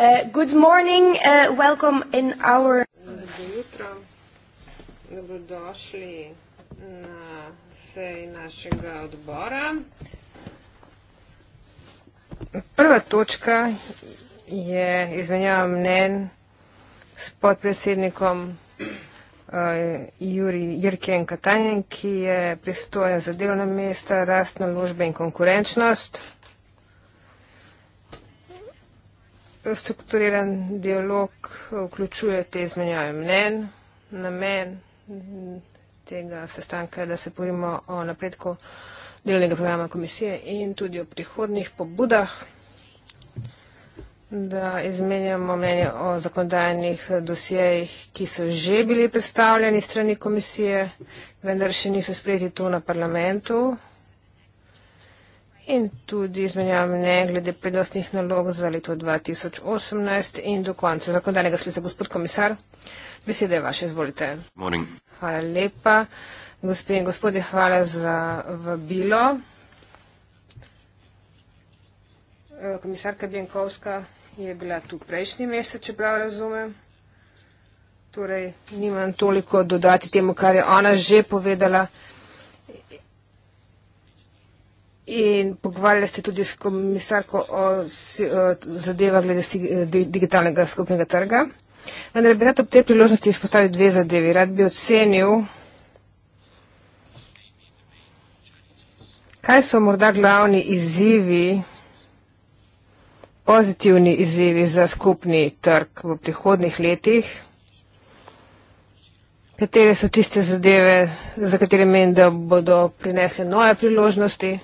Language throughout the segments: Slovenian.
Eh, good morning, eh, welcome in our. Jutro, dobrodošli na seji našega odbora. Prva točka je izmenjava mnen s podpredsednikom eh, Jurkijem Katanjem, ki je pristojen za delovna mesta, rast naložbe in konkurenčnost. strukturiran dialog vključuje te izmenjave mnen, namen tega sestanka, da se porimo o napredku delovnega programa komisije in tudi o prihodnih pobudah, da izmenjamo mnenje o zakonodajnih dosjejih, ki so že bili predstavljeni strani komisije, vendar še niso sprejeti tu na parlamentu, in tudi izmenjava mnenj glede prednostnih nalog za leto 2018 in do konca zakonodajnega sklica. Gospod komisar, beseda je vaša, izvolite. Morning. Hvala lepa. Gospe in gospodje, hvala za vabilo. Eh, komisarka Bjenkovska je bila tu prejšnji mesec, če prav razumem. Torej, nimam toliko dodati temu, kar je ona že povedala. In pogovarjali ste tudi s komisarko o zadevah glede eh, digitalnega skupnega trga. Vendar bi rad ob tej priložnosti izpostavil dve zadevi. Rad bi ocenil, kaj so morda glavni izzivi, pozitivni izzivi za skupni trg v prihodnih letih. Katere so tiste zadeve, za katere menim, da bodo prinesle nove priložnosti?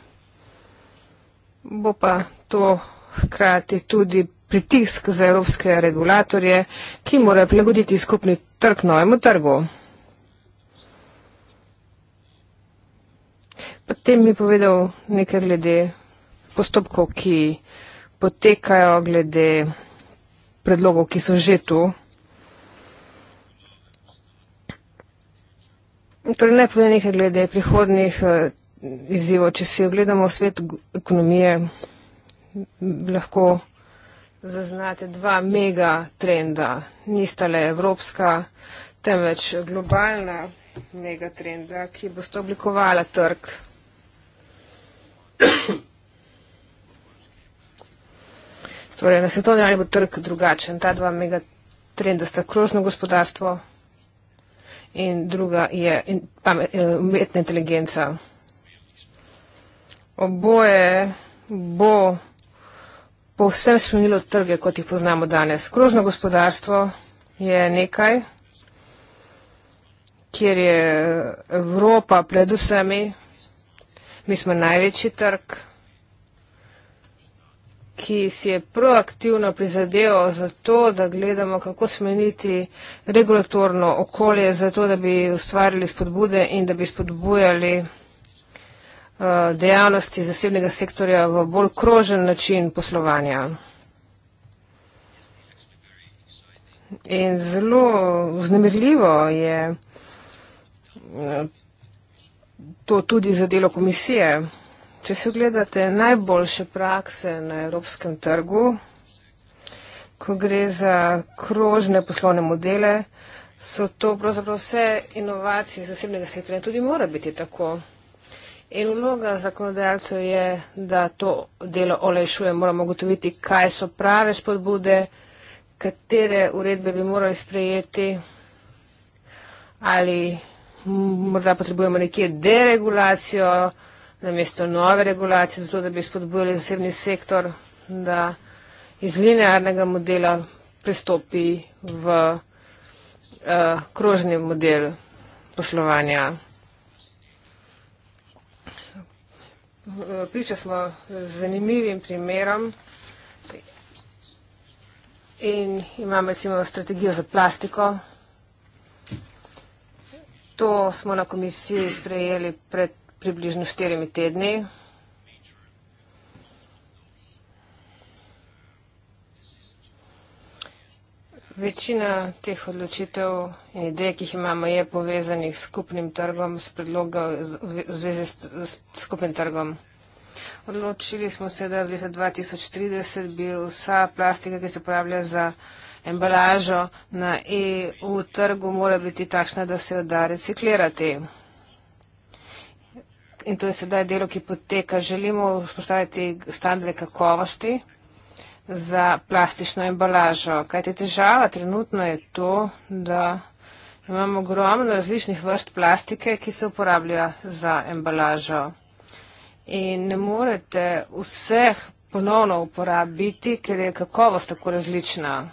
Bo pa to hkrati tudi pritisk za evropske regulatorje, ki morajo prilagoditi skupni trg novemu trgu. Potem mi je povedal nekaj glede postopkov, ki potekajo, glede predlogov, ki so že tu. Torej, ne povem nekaj glede prihodnih eh, izzivov. Če si ogledamo svet ekonomije, lahko zaznate dva mega trenda. Nista le evropska, temveč globalna mega trenda, ki bo sta oblikovala trg. Torej, na svetovni ravni bo trg drugačen. Ta dva mega trenda sta krožno gospodarstvo in druga je in, pamet, eh, umetna inteligenca oboje bo povsem spremenilo trge, kot jih poznamo danes. Krožno gospodarstvo je nekaj, kjer je Evropa pred vsemi, mi smo največji trg, ki si je proaktivno prizadeval za to, da gledamo, kako spremeniti regulatorno okolje, za to, da bi ustvarili spodbude in da bi spodbujali Eh, dejavnosti zasebnega sektorja v bolj krožen način poslovanja. In zelo vznemirljivo je eh, to tudi za delo komisije. Če se ogledate najboljše prakse na evropskem trgu, ko gre za krožne poslovne modele, so to pravzaprav vse inovacije zasebnega sektorja. Tudi mora biti tako. In vloga zakonodajalcev je, da to delo olajšuje. Moramo gotoviti, kaj so prave spodbude, katere uredbe bi morali sprejeti ali morda potrebujemo nekje deregulacijo namesto nove regulacije, zato da bi spodbujali zasebni sektor, da iz linearnega modela pristopi v uh, krožni model poslovanja. priča smo zanimivim primerom in imam recimo strategijo za plastiko. To smo na komisiji sprejeli pred približno štirimi tedni. Večina teh odločitev in idej, ki jih imamo, je povezanih s skupnim trgom, s predlogom v zvezi s, s skupnim trgom. Odločili smo se, da v letu 2030 bi vsa plastika, ki se uporablja za embalažo na EU trgu, mora biti takšna, da se jo da reciklirati. In to je sedaj delo, ki poteka. Želimo spostaviti standarde kakovosti za plastično embalažo. Kajte težava trenutno je to, da imamo ogromno različnih vrst plastike, ki se uporablja za embalažo. In ne morete vseh ponovno uporabiti, ker je kakovost tako različna.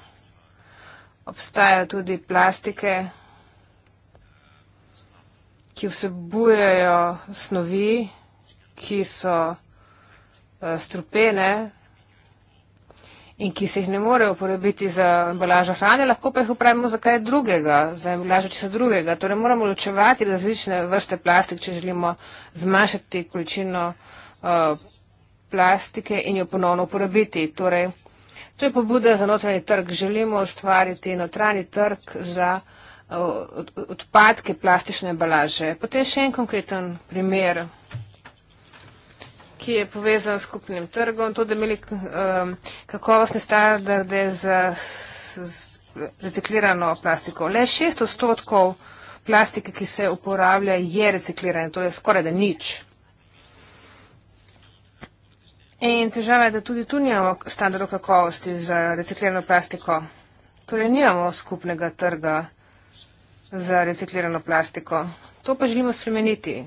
Obstajajo tudi plastike, ki vsebujejo snovi, ki so eh, strupene, in ki se jih ne more uporabiti za embalažo hrane, lahko pa jih uporabimo za kaj drugega, za embalažo česa drugega. Torej moramo ločevati različne vrste plastik, če želimo zmanjšati količino uh, plastike in jo ponovno uporabiti. Torej, to je pobuda za notranji trg. Želimo ustvariti notranji trg za uh, odpadke plastične embalaže. Potem še en konkreten primer ki je povezan s skupnim trgom, to, da imeli um, kakovostne standarde za reciklirano plastiko. Le šest odstotkov plastike, ki se uporablja, je reciklirane, to je skoraj da nič. In težava je, da tudi tu nimamo standardov kakovosti za reciklirano plastiko. Torej nimamo skupnega trga za reciklirano plastiko. To pa želimo spremeniti.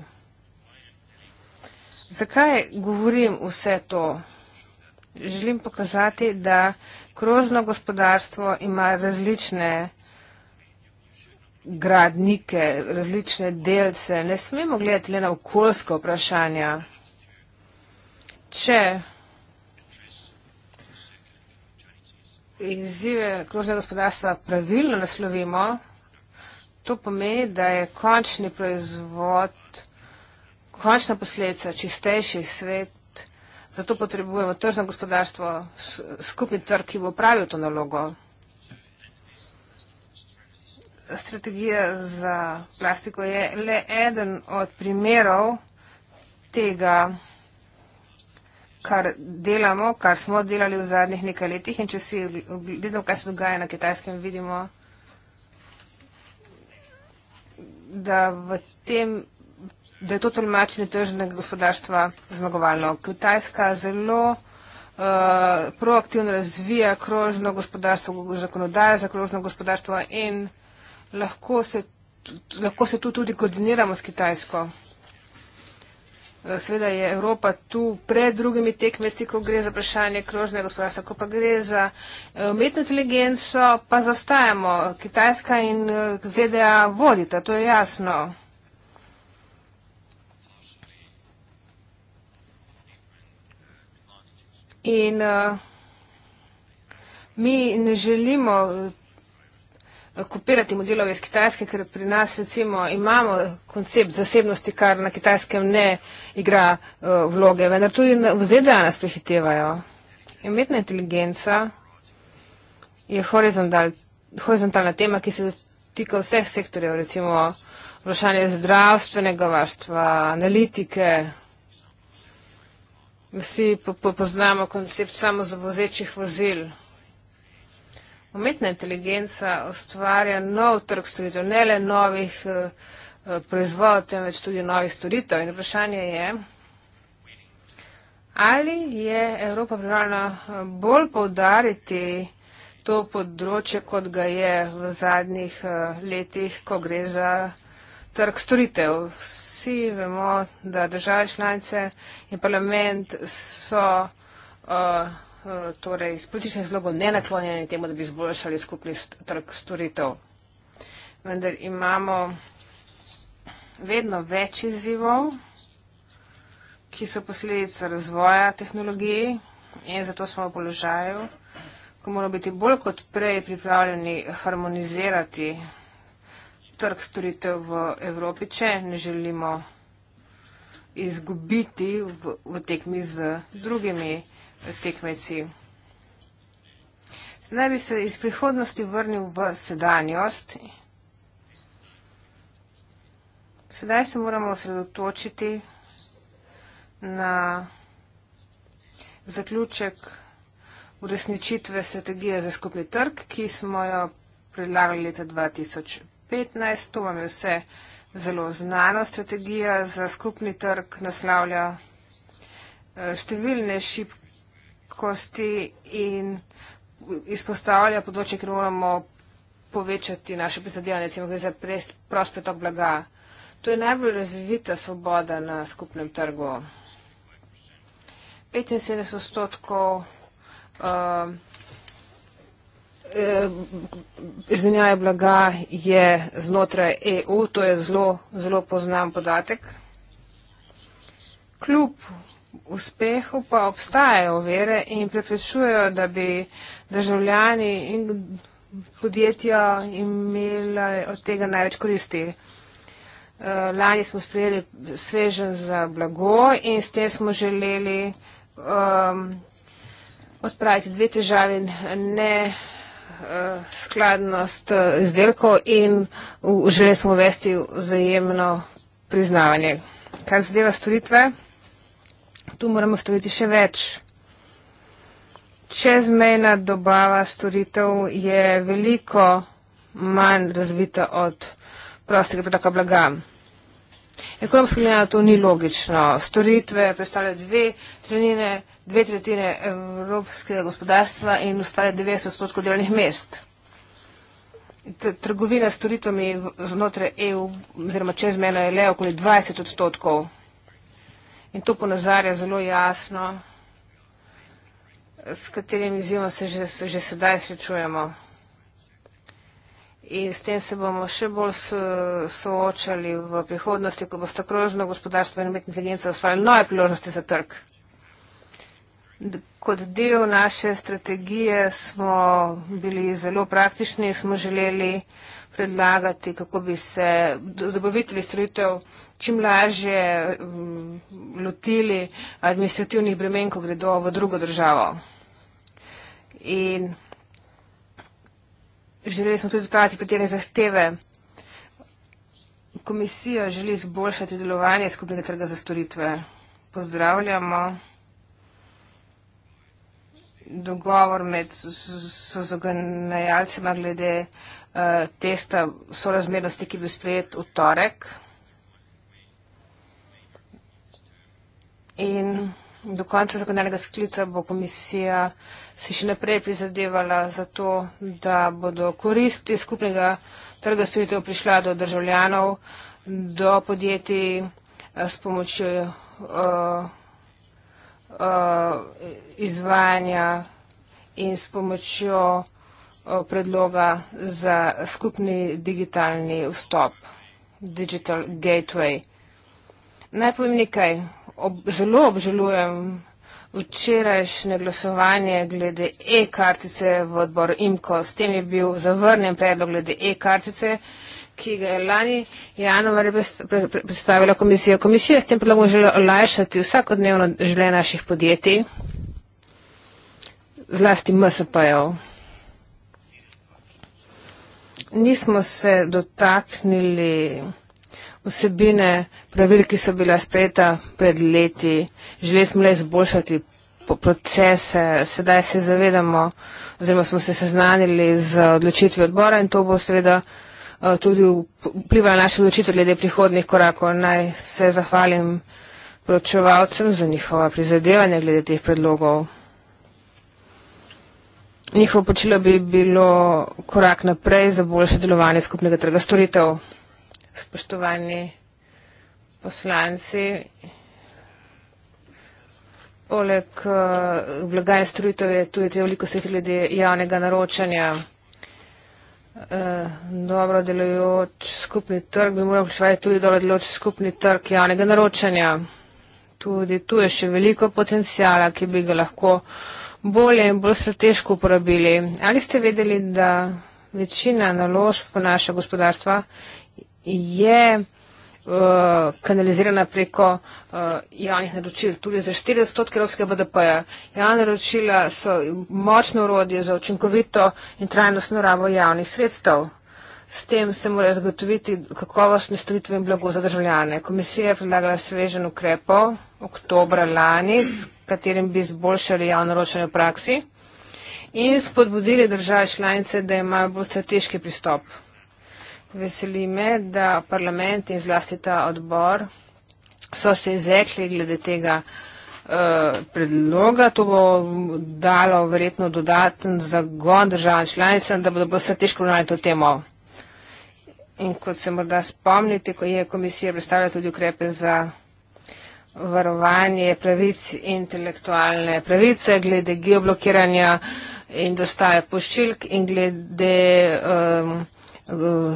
Zakaj govorim vse to? Želim pokazati, da krožno gospodarstvo ima različne gradnike, različne delce. Ne smemo gledati le na okoljsko vprašanje. Če izzive krožnega gospodarstva pravilno naslovimo, to pomeni, da je končni proizvod končna posledica čistejši svet. Zato potrebujemo tržno gospodarstvo, skupni trg, ki bo upravil to nalogo. Strategija za plastiko je le eden od primerov tega, kar delamo, kar smo delali v zadnjih nekaj letih in če si gledamo, kaj se dogaja na kitajskem, vidimo, da v tem da je to tolmačenje tržnega gospodarstva zmagovalno. Kitajska zelo uh, proaktivno razvija krožno gospodarstvo, zakonodajo za krožno gospodarstvo in lahko se, lahko se tu tudi koordiniramo s Kitajsko. Eh, Sveda je Evropa tu pred drugimi tekmeci, ko gre za vprašanje krožnega gospodarstva, ko pa gre za eh, umetno inteligenco, pa zaostajamo. Kitajska in ZDA vodita, to je jasno. In uh, mi ne želimo eh, kopirati modelov iz Kitajske, ker pri nas recimo imamo koncept zasebnosti, kar na Kitajskem ne igra uh, vloge, vendar tudi v ZDA nas prehitevajo. Umetna inteligenca je horizontal, horizontalna tema, ki se dotika vseh sektorjev, recimo vprašanje zdravstvenega varstva, analitike, vsi po, po, poznamo koncept samozavozečih vozil. Umetna inteligenca ustvarja nov trg storitev, ne le novih uh, proizvodov, temveč tudi novih storitev. In vprašanje je, ali je Evropa pripravljena eh, bolj poudariti to področje, kot ga je v zadnjih uh, letih, ko gre za trg storitev vsi vemo, da države članice in parlament so uh, uh torej iz političnih zlogov nenaklonjeni temu, da bi izboljšali skupni trg storitev. Vendar imamo vedno več izzivov, ki so posledica razvoja tehnologij in zato smo v položaju, ko moramo biti bolj kot prej pripravljeni harmonizirati trg storitev v Evropi, če ne želimo izgubiti v, v tekmi z drugimi tekmeci. Zdaj bi se iz prihodnosti vrnil v sedanjost. Sedaj se moramo osredotočiti na zaključek uresničitve strategije za skupni trg, ki smo jo predlagali leta 2015. 15, to vam je vse zelo znana strategija za skupni trg, naslavlja eh, številne šibkosti in izpostavlja področje, ki moramo povečati naše prizadevanje, recimo gre za prost pretok blaga. To je najbolj razvita svoboda na skupnem trgu. 75 odstotkov eh, Eh, izmenjave blaga je znotraj EU, to je zelo, zelo poznan podatek. Kljub uspehu pa obstajajo vere in preprečujejo, da bi državljani in podjetja imeli od tega največ koristi. Eh, lani smo sprejeli svežen za blago in s tem smo želeli um, odpraviti dve težave. Ne, uh, Eh, skladnost eh, izdelkov in želeli smo uvesti vzajemno priznavanje. Kar zadeva storitve, tu moramo storiti še več. Čezmejna dobava storitev je veliko manj razvita od prostega pretoka blaga. Ekonomsko gledano to ni logično. Storitve predstavljajo dve tretjine, dve tretjine evropskega gospodarstva in ustvarjajo 90 odstotkov delovnih mest. Trgovina s storitvami znotraj EU oziroma čez mena je le okoli 20 odstotkov. In to ponazarja zelo jasno, s katerim izjemom se že, se že sedaj srečujemo in s tem se bomo še bolj soočali v prihodnosti, ko boste krožno gospodarstvo in umetna inteligenca osvajali nove priložnosti za trg. Kot del naše strategije smo bili zelo praktični in smo želeli predlagati, kako bi se dobavitelji storitev čim lažje mm, lotili administrativnih bremen, ko gredo v drugo državo. In Želeli smo tudi odpraviti pretirane zahteve. Komisija želi izboljšati delovanje skupnega trga za storitve. Pozdravljamo dogovor med sozagonajalcema glede eh, testa sorazmernosti, ki bi sprejet v torek. In Do konca zakonodajnega sklica bo komisija se še naprej prizadevala za to, da bodo koristi skupnega trga storitev prišla do državljanov, do podjetij eh, s pomočjo uh, uh, izvajanja in s pomočjo uh, predloga za skupni digitalni vstop, Digital Gateway. Naj povem nekaj ob, zelo obžalujem včerajšnje glasovanje glede e-kartice v odboru IMKO. S tem je bil zavrnen predlog glede e-kartice, ki ga je lani januarja predstavila komisija. Komisija s tem predlogom želi olajšati vsakodnevno življenje naših podjetij, zlasti MSP-jev. Nismo se dotaknili vsebine pravil, ki so bila sprejeta pred leti. Želeli smo le izboljšati procese, sedaj se zavedamo oziroma smo se seznanili z odločitvi odbora in to bo seveda eh, tudi vplivalo na naše odločitve glede prihodnih korakov. Naj se zahvalim poročevalcem za njihova prizadevanja glede teh predlogov. Njihovo počilo bi bilo korak naprej za boljše delovanje skupnega trga storitev spoštovani poslanci. Oleg uh, eh, blagaj strujitev je tudi veliko sredstvo glede javnega naročanja. Uh, dobro delujoč skupni trg bi moral prišvajati tudi dobro delujoč skupni trg javnega naročanja. Tudi tu je še veliko potencijala, ki bi ga lahko bolje in bolj strateško uporabili. Ali ste vedeli, da večina naložb po našem gospodarstvu je uh, kanalizirana preko uh, javnih naročil, tudi za 40 odkrovskega BDP-ja. Javna naročila so močno urodje za učinkovito in trajnostno rabo javnih sredstev. S tem se mora zagotoviti kakovostne storitve in blago za državljane. Komisija je predlagala svežen ukrepov oktobra lani, s katerim bi izboljšali javno ročanje v praksi in spodbudili države članice, da imajo bolj strateški pristop. Veseli me, da parlament in zlasti ta odbor so se izrekli glede tega eh, predloga. To bo dalo verjetno dodaten zagon državam članicam, da bodo bo strateško ravnali to temo. In kot se morda spomnite, ko je komisija predstavila tudi ukrepe za varovanje pravic intelektualne pravice glede geoblokiranja in dostave pošiljk in glede um,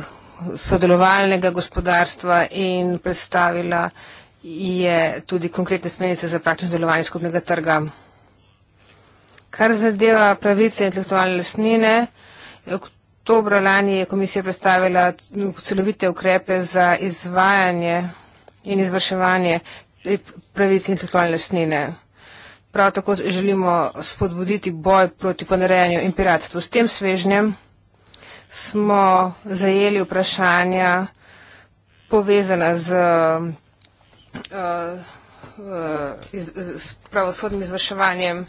sodelovalnega gospodarstva in predstavila je tudi konkretne smernice za praktično delovanje skupnega trga. Kar zadeva pravice intelektualne lesnine, oktobra lani je komisija predstavila celovite ukrepe za izvajanje in izvrševanje pravice intelektualne lesnine. Prav tako želimo spodbuditi boj proti ponarejanju in piratstvu. S tem svežnjem smo zajeli vprašanja povezana z, eh, eh, z pravosodnim izvrševanjem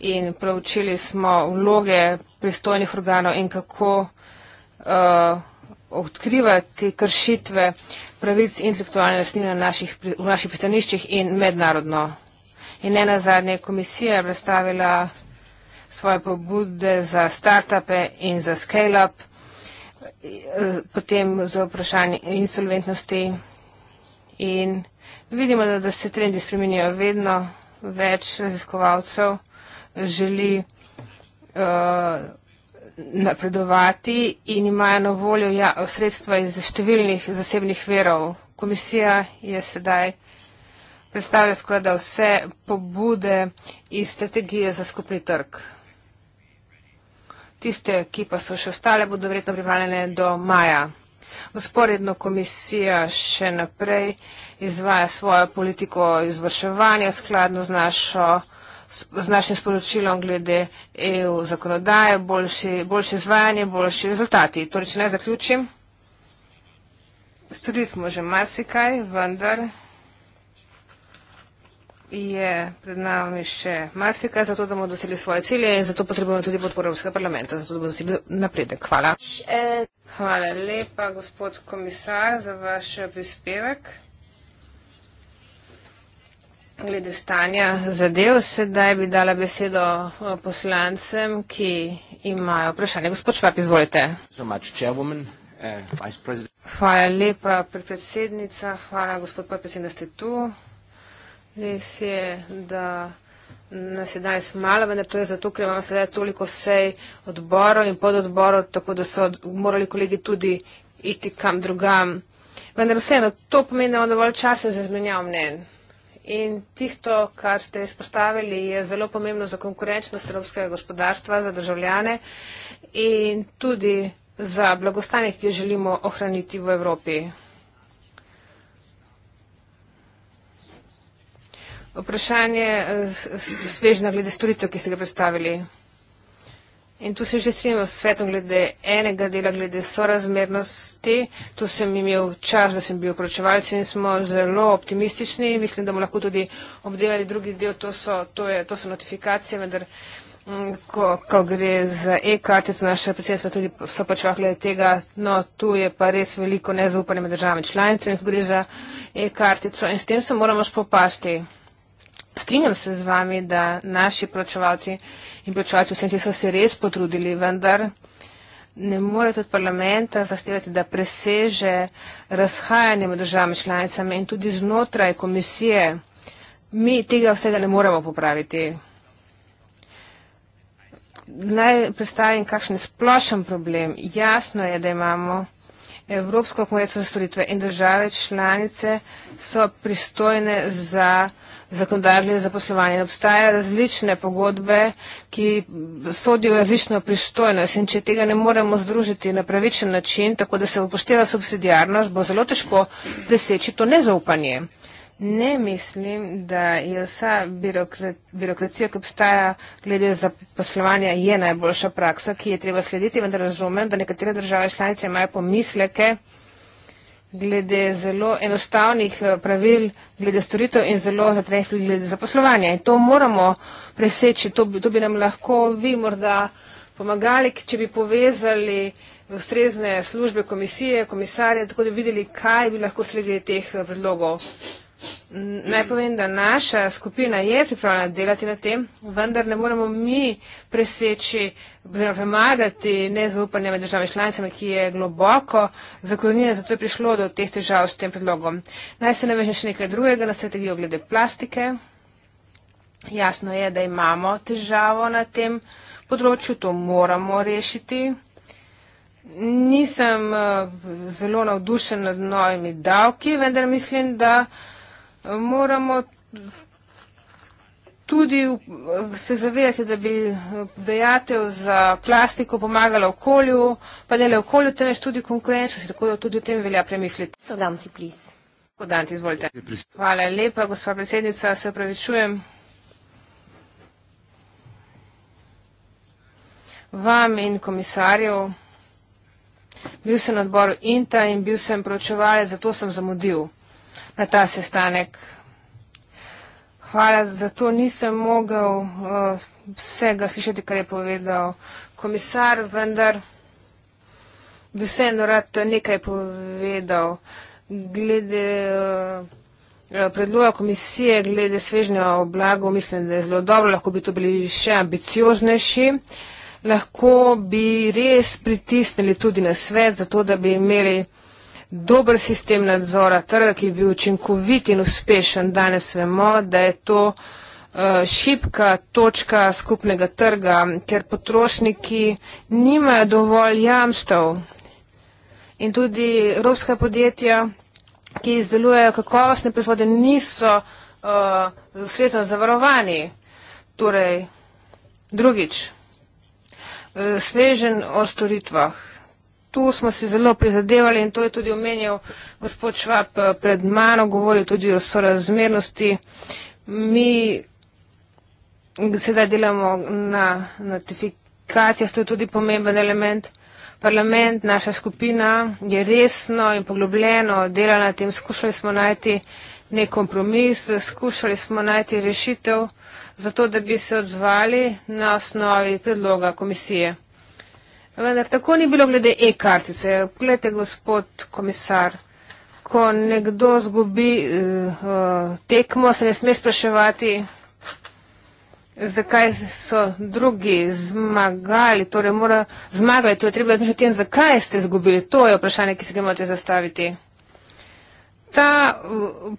in preučili smo vloge pristojnih organov in kako eh, odkrivati kršitve pravic intelektualne lastnine v naših, v naših pristaniščih in mednarodno. In ne nazadnje, komisija je predstavila svoje pobude za start-upe in za scale-up potem za vprašanje insolventnosti in vidimo, da, da se trendi spremenijo vedno več raziskovalcev želi uh, napredovati in imajo na voljo ja, sredstva iz številnih zasebnih verov. Komisija je sedaj predstavlja skoraj da vse pobude iz strategije za skupni trg. Tiste, ki pa so še ostale, bodo verjetno pripravljene do maja. Vzporedno komisija še naprej izvaja svojo politiko izvrševanja skladno z, našo, z našim sporočilom glede EU zakonodaje, boljši, boljše izvajanje, boljši rezultati. Torej, če ne zaključim, storili smo že marsikaj, vendar je pred nami še marsikaj, zato da bomo dosegli svoje cilje in zato potrebujemo tudi podporo Evropskega parlamenta, zato da bomo dosegli napredek. Hvala. Hvala lepa, gospod komisar, za vaš prispevek. Glede stanja zadev, sedaj bi dala besedo eh, poslancem, ki imajo vprašanje. Gospod Švab, izvolite. Eh, Hvala lepa, predsednica. Hvala, gospod podpredsednik, da ste tu. Res je, da nas je danes malo, vendar to je zato, ker imamo sedaj toliko sej odborov in pododborov, tako da so morali kolegi tudi iti kam drugam. Vendar vseeno, to pomeni, da imamo dovolj časa za zmenjav mnen. In tisto, kar ste izpostavili, je zelo pomembno za konkurenčnost evropskega gospodarstva, za državljane in tudi za blagostanje, ki ga želimo ohraniti v Evropi. vprašanje eh, svežna glede storitev, ki ste ga predstavili. In tu se že strinjamo s svetom glede enega dela, glede sorazmernosti. Tu sem imel čas, da sem bil poročevalci in smo zelo optimistični. Mislim, da bomo lahko tudi obdelali drugi del, to so, to je, to so notifikacije, vendar mm, ko, ko gre za e-karte, so naše predsedstva tudi so pač glede tega, no tu je pa res veliko nezaupanje med državami članicami, ko gre za e-kartico in s tem se moramo spopasti. popasti. Strinjam se z vami, da naši plačevalci in plačevalci v senci so se res potrudili, vendar ne more tudi parlamenta zahtevati, da preseže razhajanje med državami članicami in tudi znotraj komisije. Mi tega vsega ne moremo popraviti. Naj predstavim, kakšen splošen problem. Jasno je, da imamo Evropsko konkurenco za storitve in države članice so pristojne za zakonodaja glede zaposlovanja. Obstaja različne pogodbe, ki sodijo različno pristojnost in če tega ne moremo združiti na pravičen način, tako da se upošteva subsidijarnost, bo zelo težko preseči to nezaupanje. Ne mislim, da je vsa birokracija, ki obstaja glede zaposlovanja, je najboljša praksa, ki je treba slediti, vendar razumem, da nekatere države članice imajo pomisleke, glede zelo enostavnih eh, pravil, glede storitev in zelo zapletenih pravil glede zaposlovanja. In to moramo preseči, to bi, to bi nam lahko vi morda pomagali, če bi povezali ustrezne službe, komisije, komisarje, tako da bi videli, kaj bi lahko sledili teh eh, predlogov. Naj povem, da naša skupina je pripravljena delati na tem, vendar ne moremo mi preseči oziroma premagati nezaupanja med državami članicami, ki je globoko zakonjeno, zato je prišlo do teh težav s tem predlogom. Naj se navežem še nekaj drugega na strategijo glede plastike. Jasno je, da imamo težavo na tem področju, to moramo rešiti. Nisem eh, zelo navdušen nad novimi davki, vendar mislim, da moramo tudi se zavedati, da bi dejatev za plastiko pomagala okolju, pa ne le okolju, temveč tudi konkurenčnosti, tako da tudi o tem velja premisliti. Sodanci, plis. Sodanci, izvolite. Hvala lepa, gospa predsednica, se opravičujem. Vam in komisarjev, bil sem na odboru INTA in bil sem pročevalec, zato sem zamudil na ta sestanek. Hvala, zato nisem mogel uh, vsega slišati, kar je povedal komisar, vendar bi vseeno rad nekaj povedal glede uh, uh predloga komisije, glede svežnja oblago. Mislim, da je zelo dobro, lahko bi to bili še ambicioznejši. Lahko bi res pritisnili tudi na svet, zato da bi imeli dober sistem nadzora trga, ki bi bil učinkovit in uspešen, danes vemo, da je to eh, šipka točka skupnega trga, ker potrošniki nimajo dovolj jamstev in tudi evropska podjetja, ki izdelujejo kakovostne proizvode, niso eh, ustrezno zavarovani. Torej, drugič, eh, svežen o storitvah tu smo si zelo prizadevali in to je tudi omenjal gospod Švab eh, pred mano, govoril tudi o sorazmernosti. Mi sedaj delamo na notifikacijah, to je tudi pomemben element. Parlament, naša skupina je resno in poglobljeno delala na tem, skušali smo najti nek kompromis, skušali smo najti rešitev, zato da bi se odzvali na osnovi predloga komisije. Vendar tako ni bilo glede e-kartice. Poglejte, gospod komisar, ko nekdo zgubi uh, tekmo, se ne sme spraševati, zakaj so drugi zmagali. Torej, mora zmagati, to je treba razmišljati o tem, zakaj ste zgubili. To je vprašanje, ki se ga morate zastaviti. Ta uh,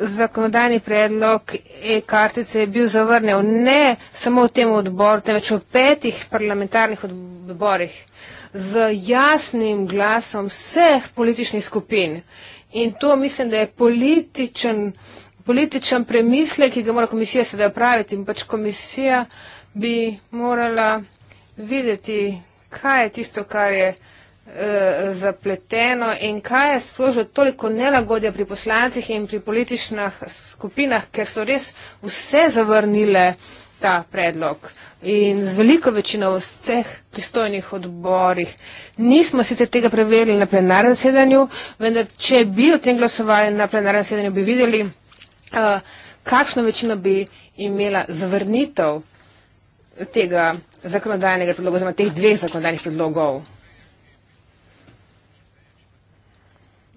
zakonodajni predlog e-kartice je bil zavrnjen ne samo v tem odboru, temveč v petih parlamentarnih odborih z jasnim glasom vseh političnih skupin. In to mislim, da je političen, političen premislek, ki ga mora komisija sedaj opraviti. In pač komisija bi morala videti, kaj je tisto, kar je e, zapleteno in kaj je sploh že toliko nelagodja pri poslancih in pri političnih skupinah, ker so res vse zavrnile ta predlog in z veliko večino v vseh pristojnih odborih. Nismo sicer tega preverili na plenarnem sedanju, vendar če bi o tem glasovali na plenarnem sedanju, bi videli, uh, kakšno večino bi imela zavrnitev tega zakonodajnega predloga, oziroma teh dveh zakonodajnih predlogov.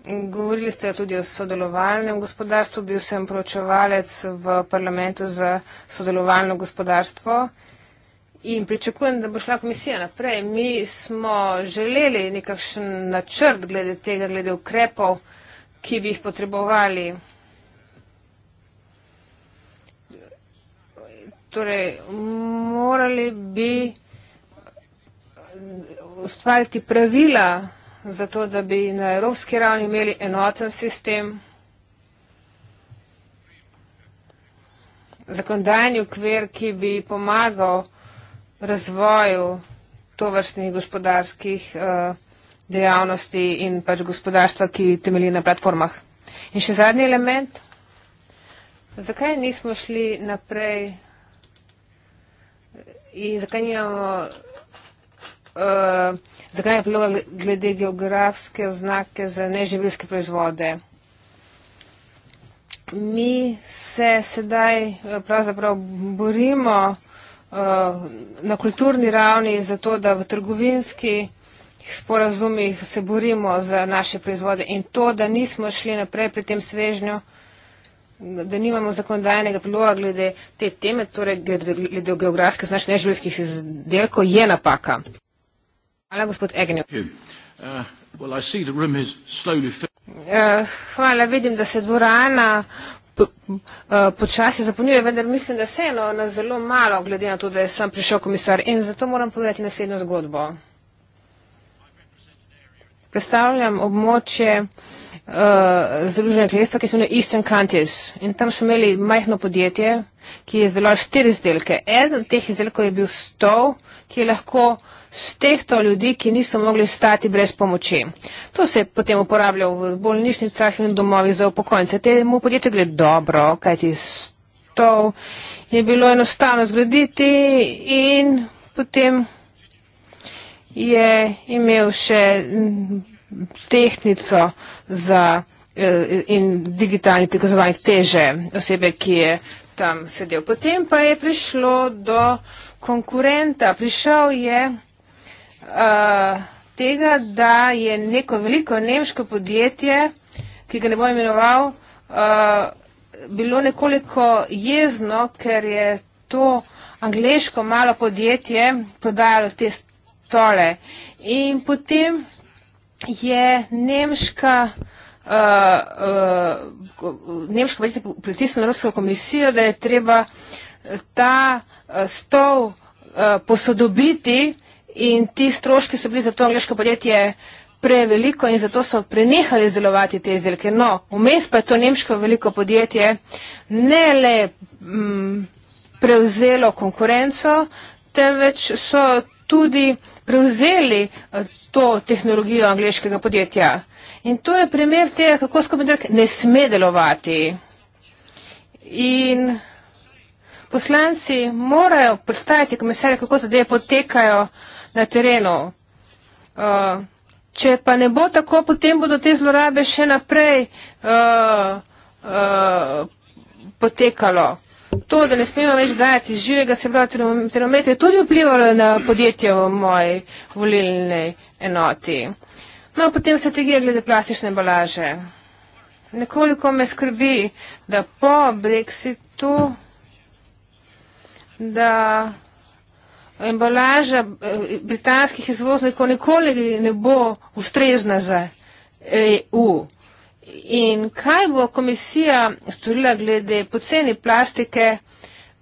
Govorili ste tudi o sodelovalnem gospodarstvu. Bil sem poročevalec v parlamentu za sodelovalno gospodarstvo in pričakujem, da bo šla komisija naprej. Mi smo želeli nekakšen načrt glede tega, glede ukrepov, ki bi jih potrebovali. Torej, morali bi ustvariti pravila zato da bi na evropski ravni imeli enoten sistem, zakondajni okvir, ki bi pomagal razvoju tovrstnih gospodarskih uh, dejavnosti in pač gospodarstva, ki temelji na platformah. In še zadnji element. Zakaj nismo šli naprej in zakaj nimamo uh, zakaj je priloga glede geografske oznake za neživljske proizvode. Mi se sedaj eh, pravzaprav borimo uh, na kulturni ravni za to, da v trgovinski sporazumih se borimo za naše proizvode in to, da nismo šli naprej pri tem svežnju, da nimamo zakonodajnega priloga glede te teme, torej glede geografske znašnje življenjskih izdelkov, je napaka. Hvala, gospod Egnjo. Uh, well, uh, hvala, vidim, da se dvorana eh, počasi zapolnjuje, vendar mislim, da se eno na zelo malo, glede na to, da je sam prišel komisar. In zato moram povedati naslednjo zgodbo. Predstavljam območje uh, Združenega kraljestva, ki se imenuje Eastern Counties. In tam smo imeli majhno podjetje, ki je izdelalo štiri izdelke. Eden od teh izdelkov je bil stol, ki je lahko stehto ljudi, ki niso mogli stati brez pomoči. To se je potem uporabljalo v bolnišnicah in domovih za upokojence. Temu podjetju gre dobro, kajti stol je bilo enostavno zgraditi in potem je imel še tehnico za eh, in digitalni prikazovanje teže osebe, ki je tam sedel. Potem pa je prišlo do uh, konkurenta. Prišel je uh, tega, da je neko veliko nemško podjetje, ki ga ne bo imenoval, uh, bilo nekoliko jezno, ker je to angliško malo podjetje prodajalo te stole. In potem je nemška. Uh, uh, Nemško podjetje pritisnilo na Evropsko komisijo, da je treba uh, ta eh, stol eh, posodobiti in ti stroški so bili za to angliško podjetje preveliko in zato so prenehali izdelovati te izdelke. No, vmes pa je to nemško veliko podjetje ne le m, mm, prevzelo konkurenco, temveč so tudi prevzeli eh, to tehnologijo angliškega podjetja. In to je primer tega, kako skupaj ne sme delovati. In poslanci morajo predstaviti komisarju, kako zadeve potekajo na terenu. Uh, če pa ne bo tako, potem bodo te zlorabe še naprej uh, uh, potekalo. To, da ne smemo več dajati živega sebra termometra, je tudi vplivalo na podjetje v moji volilni enoti. No, potem strategija glede plastične embalaže. Nekoliko me skrbi, da po Brexitu da embalaža eh, britanskih izvoznikov nikoli ne bo ustrezna za EU. In kaj bo komisija storila glede poceni plastike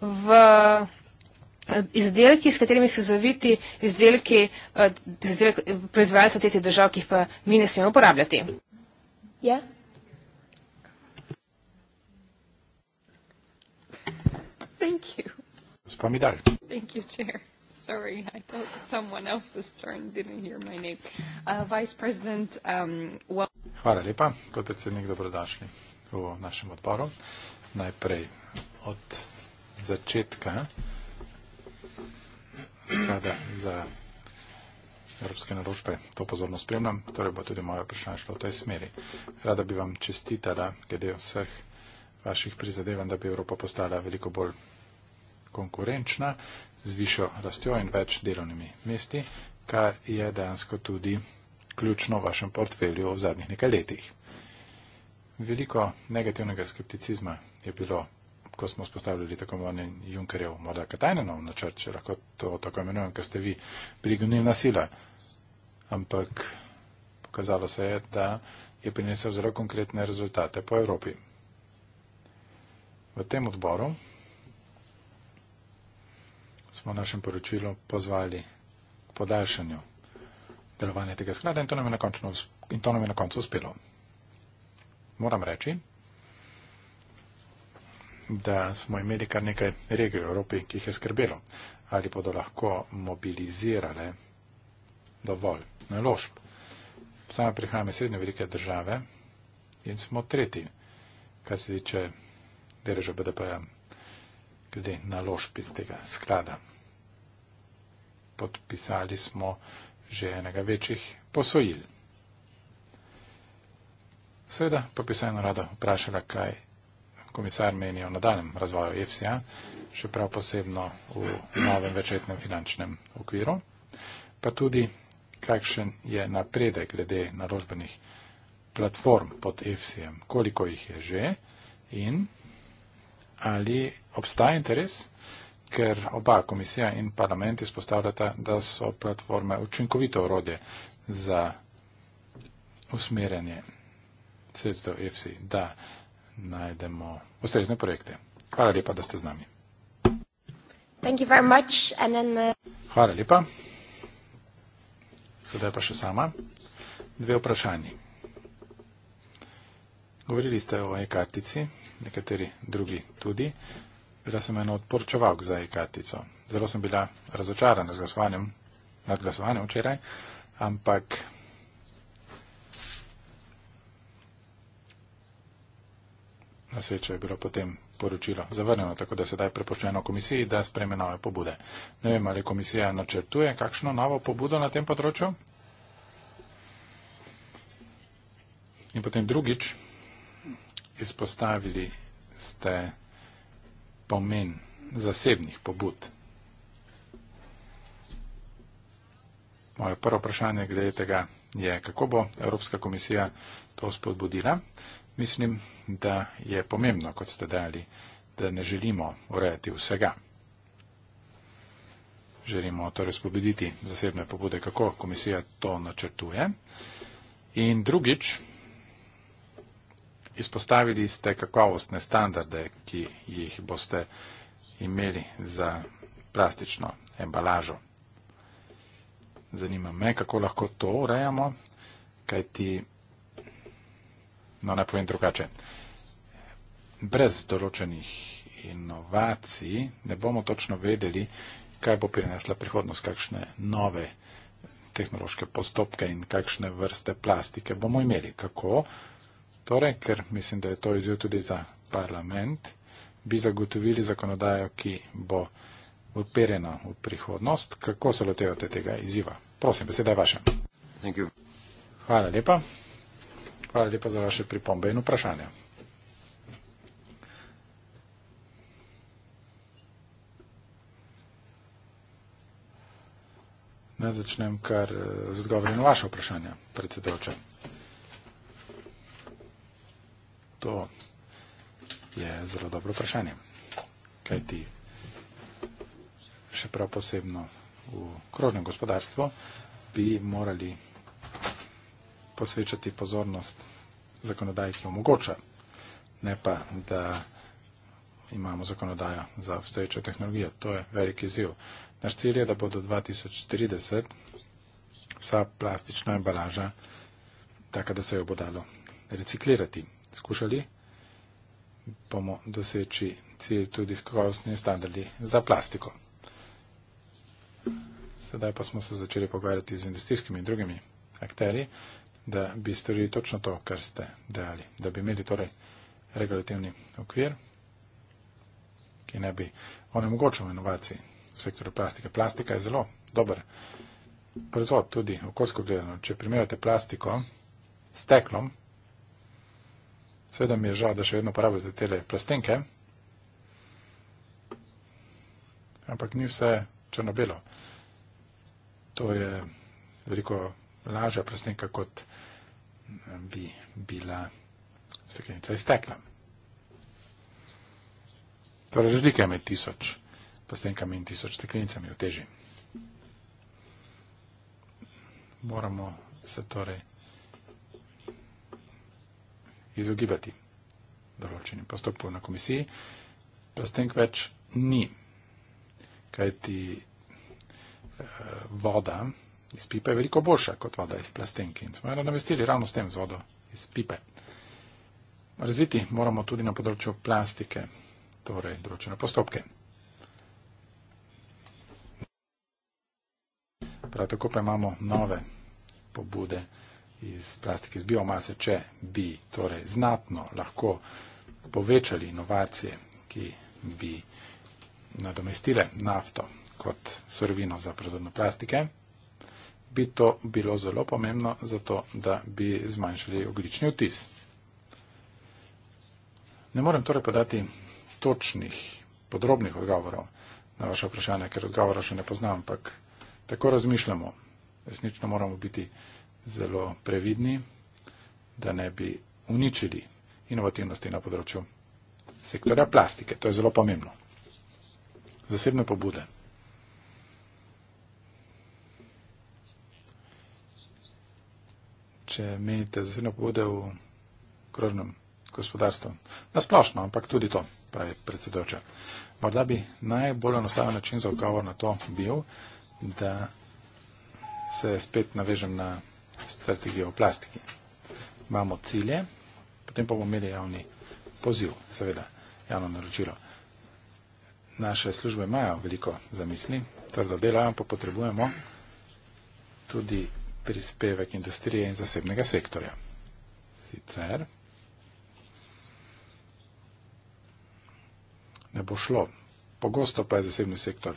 v eh, izdelki, s katerimi so zaviti izdelki eh, izdelk, proizvajalcev tretjih držav, ki jih pa mi ne smemo uporabljati? Ja. Thank you gospa Midal. Sorry, I thought someone else's turn didn't hear my name. Uh, Vice President, um, well. Hvala lepa, kot predsednik, dobrodošli v našem odboru. Najprej od začetka sklada za evropske naložbe to pozorno spremljam, torej bo tudi moje vprašanje šlo v tej smeri. Rada bi vam čestitala, glede vseh vaših prizadevanj, da bi Evropa postala veliko bolj konkurenčna z višjo rastjo in več delovnimi mesti, kar je dejansko tudi ključno v vašem portfelju v zadnjih nekaj letih. Veliko negativnega skepticizma je bilo, ko smo spostavljali tako imenovan Junkerjev, morda Katajnenov načrt, če lahko to tako imenujem, ker ste vi prigonilna sila. Ampak pokazalo se je, da je prinesel zelo konkretne rezultate po Evropi. V tem odboru smo v našem poročilu pozvali k podaljšanju delovanja tega sklada in to nam je na, končno, in to nam je na koncu uspelo. Moram reči, da smo imeli kar nekaj regij v Evropi, ki jih je skrbelo, ali bodo lahko mobilizirale dovolj naložb. Sama prihajam iz srednje velike države in smo tretji, kar se tiče deleža BDP-ja glede naložb iz tega sklada. Podpisali smo že enega večjih posojil. Seveda pa bi se eno rada vprašala, kaj komisar meni o nadaljem razvoju EFSA, še prav posebno v novem večetnem finančnem okviru, pa tudi kakšen je napredek glede naložbenih platform pod EFSA, koliko jih je že in ali obstaja interes, ker oba komisija in parlament izpostavljata, da so platforme učinkovito orodje za usmerjanje sredstev EFSI, da najdemo ustrezne projekte. Hvala lepa, da ste z nami. Thank you very much, and then, uh... Hvala lepa. Sedaj pa še sama. Dve vprašanji. Govorili ste o e-kartici, nekateri drugi tudi bila sem eno odporčevalk za ikatico. Zelo sem bila razočarana z glasovanjem, nad glasovanjem včeraj, ampak na srečo je bilo potem poročilo zavrnjeno, tako da se daj prepoščeno komisiji, da spreme nove pobude. Ne vem, ali komisija načrtuje kakšno novo pobudo na tem področju. In potem drugič izpostavili ste pomen zasebnih pobud. Moje prvo vprašanje glede tega je, kako bo Evropska komisija to spodbudila. Mislim, da je pomembno, kot ste dali, da ne želimo urejati vsega. Želimo torej spobediti zasebne pobude, kako komisija to načrtuje. In drugič, Izpostavili ste kakovostne standarde, ki jih boste imeli za plastično embalažo. Zanima me, kako lahko to urejamo, kaj ti, no ne povem drugače, brez določenih inovacij ne bomo točno vedeli, kaj bo prinesla prihodnost, kakšne nove tehnološke postopke in kakšne vrste plastike bomo imeli. Kako? Torej, ker mislim, da je to izjiv tudi za parlament, bi zagotovili zakonodajo, ki bo uperjena v prihodnost. Kako se lotevate tega izjiva? Prosim, beseda je vaša. Hvala lepa. Hvala lepa za vaše pripombe in vprašanja. Naj začnem kar eh, z odgovorjem na vaše vprašanje, predsedoča. to je zelo dobro vprašanje. Kaj ti še prav posebno v krožnem gospodarstvu bi morali posvečati pozornost zakonodaji, ki omogoča, ne pa, da imamo zakonodajo za obstoječo tehnologijo. To je veliki ziv. Naš cilj je, da bo do 2030 vsa plastična embalaža taka, da se jo bo dalo reciklirati skušali, bomo doseči cilj tudi skrozni standardi za plastiko. Sedaj pa smo se začeli pogovarjati z industrijskimi in drugimi akteri, da bi storili točno to, kar ste dejali, da bi imeli torej regulativni okvir, ki ne bi onemogočil inovacij v sektorju plastike. Plastika je zelo dober proizvod, tudi okoljsko gledano. Če primerjate plastiko s steklom, Seveda mi je žal, da še vedno uporabljate tele plastenke, ampak ni vse črno-belo. To je veliko lažja plastenka, kot bi bila steklenica iztekla. Torej, razlika je med tisoč plastenkami in tisoč steklenicami v teži. Moramo se torej izogibati določenim postopkom na komisiji, pa s tem več ni. Kaj ti eh, voda iz pipe je veliko boljša kot voda iz plastenke in smo jo namestili ravno s tem, z vodo iz pipe. Razviti moramo tudi na področju plastike, torej določene postopke. Prav tako pa imamo nove pobude iz plastike, iz biomase, če bi torej znatno lahko povečali inovacije, ki bi nadomestile nafto kot sorovino za predodno plastike, bi to bilo zelo pomembno za to, da bi zmanjšali oglični vtis. Ne morem torej podati točnih, podrobnih odgovorov na vaše vprašanje, ker odgovora še ne poznam, ampak tako razmišljamo. Resnično moramo biti zelo previdni, da ne bi uničili inovativnosti na področju sektorja plastike. To je zelo pomembno. Zasebne pobude. Če menite zasebne pobude v krožnem gospodarstvu, na splošno, ampak tudi to, pravi predsedoča. Morda bi najbolj enostaven način za odgovor na to bil, da se spet navežem na strategijo o plastiki. Imamo cilje, potem pa bomo imeli javni poziv, seveda javno naročilo. Naše službe imajo veliko zamisli, trdo delo, ampak potrebujemo tudi prispevek industrije in zasebnega sektorja. Sicer ne bo šlo. Pogosto pa je zasebni sektor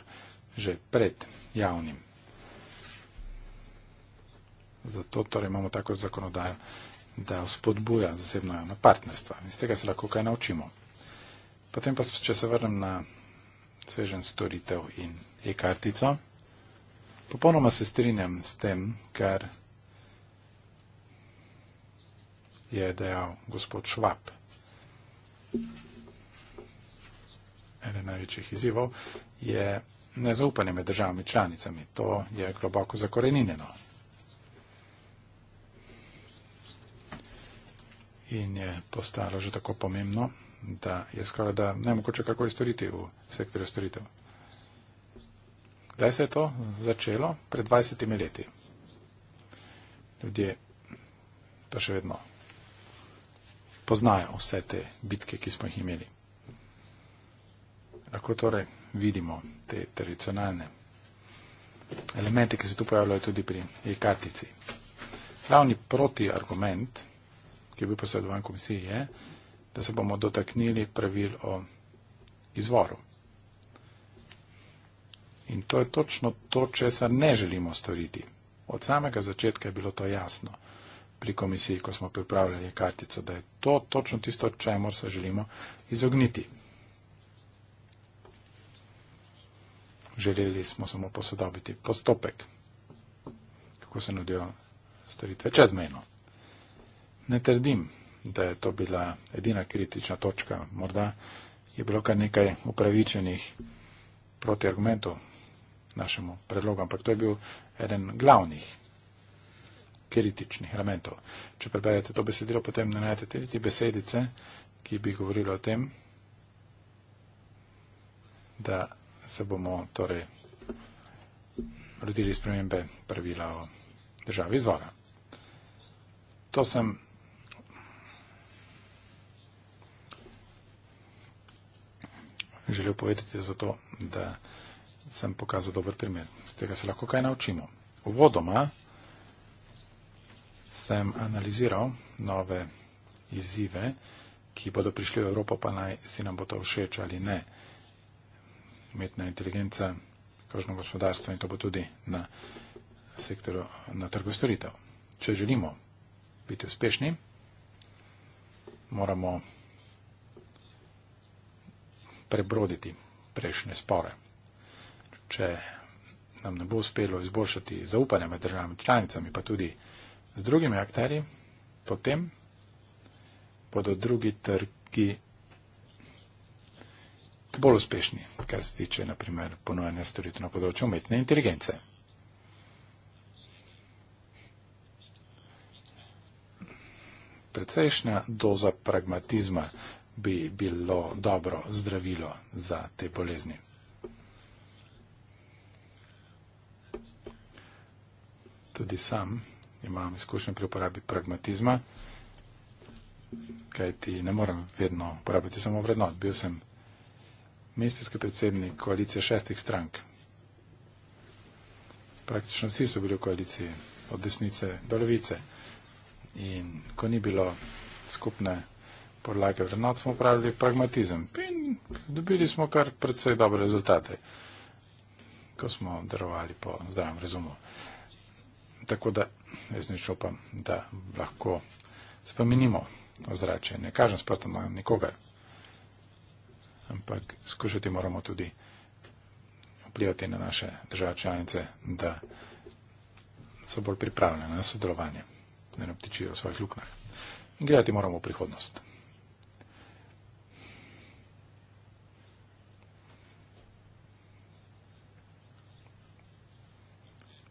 že pred javnim Zato torej imamo tako zakonodajo, da spodbuja zasebno javno partnerstvo. Iz tega se lahko kaj naučimo. Potem pa, če se vrnem na svežen storitev in e-kartico, popolnoma se strinjam s tem, kar je dejal gospod Švab. Eden največjih izzivov je nezaupanje med državami članicami. To je globoko zakorenjeno. in je postalo že tako pomembno, da je skoraj da nemogoče kako je storiti v sektorju storitev. Kdaj se je to začelo? Pred 20 leti. Ljudje pa še vedno poznajo vse te bitke, ki smo jih imeli. Lahko torej vidimo te tradicionalne elemente, ki se tu pojavljajo tudi pri e-kartici. Glavni protiargument ki je bil posredovan komisiji, je, da se bomo dotaknili pravil o izvoru. In to je točno to, česar ne želimo storiti. Od samega začetka je bilo to jasno pri komisiji, ko smo pripravljali kartico, da je to točno tisto, čemor se želimo izogniti. Želeli smo samo posodobiti postopek, kako se nudijo storitve čezmejno. Ne trdim, da je to bila edina kritična točka. Morda je bilo kar nekaj upravičenih protiargumentov našemu predlogu, ampak to je bil eden glavnih kritičnih elementov. Če preberete to besedilo, potem ne najdete tudi besedice, ki bi govorilo o tem, da se bomo torej rodili spremembe pravila o državi izvora. To sem želel povedati je zato, da sem pokazal dober primer. Tega se lahko kaj naučimo. Uvodoma sem analiziral nove izzive, ki bodo prišli v Evropo, pa naj si nam bo to všeč ali ne. Umetna inteligenca, kožno gospodarstvo in to bo tudi na sektorju, na trgu storitev. Če želimo biti uspešni, moramo prebroditi prejšnje spore. Če nam ne bo uspelo izboljšati zaupanja med državami članicami, pa tudi z drugimi akterji, potem bodo drugi trgi bolj uspešni, kar se tiče naprimer ponujanja storitev na področju umetne inteligence. Precejšnja doza pragmatizma bi bilo dobro zdravilo za te bolezni. Tudi sam imam izkušnje pri uporabi pragmatizma, kajti ne morem vedno uporabiti samo vrednot. Bil sem ministrski predsednik koalicije šestih strank. Praktično vsi so bili v koaliciji, od desnice do levice. In ko ni bilo skupne podlage vrednot smo pravili pragmatizem in dobili smo kar predvsej dobre rezultate, ko smo darovali po zdravem razumu. Tako da jaz ne čupam, da lahko spomenimo ozračje. Ne kažem sprostom na nikogar, ampak skušati moramo tudi vplivati na naše države članice, da so bolj pripravljene na sodelovanje, da ne obtičijo v svojih luknah. In gledati moramo v prihodnost.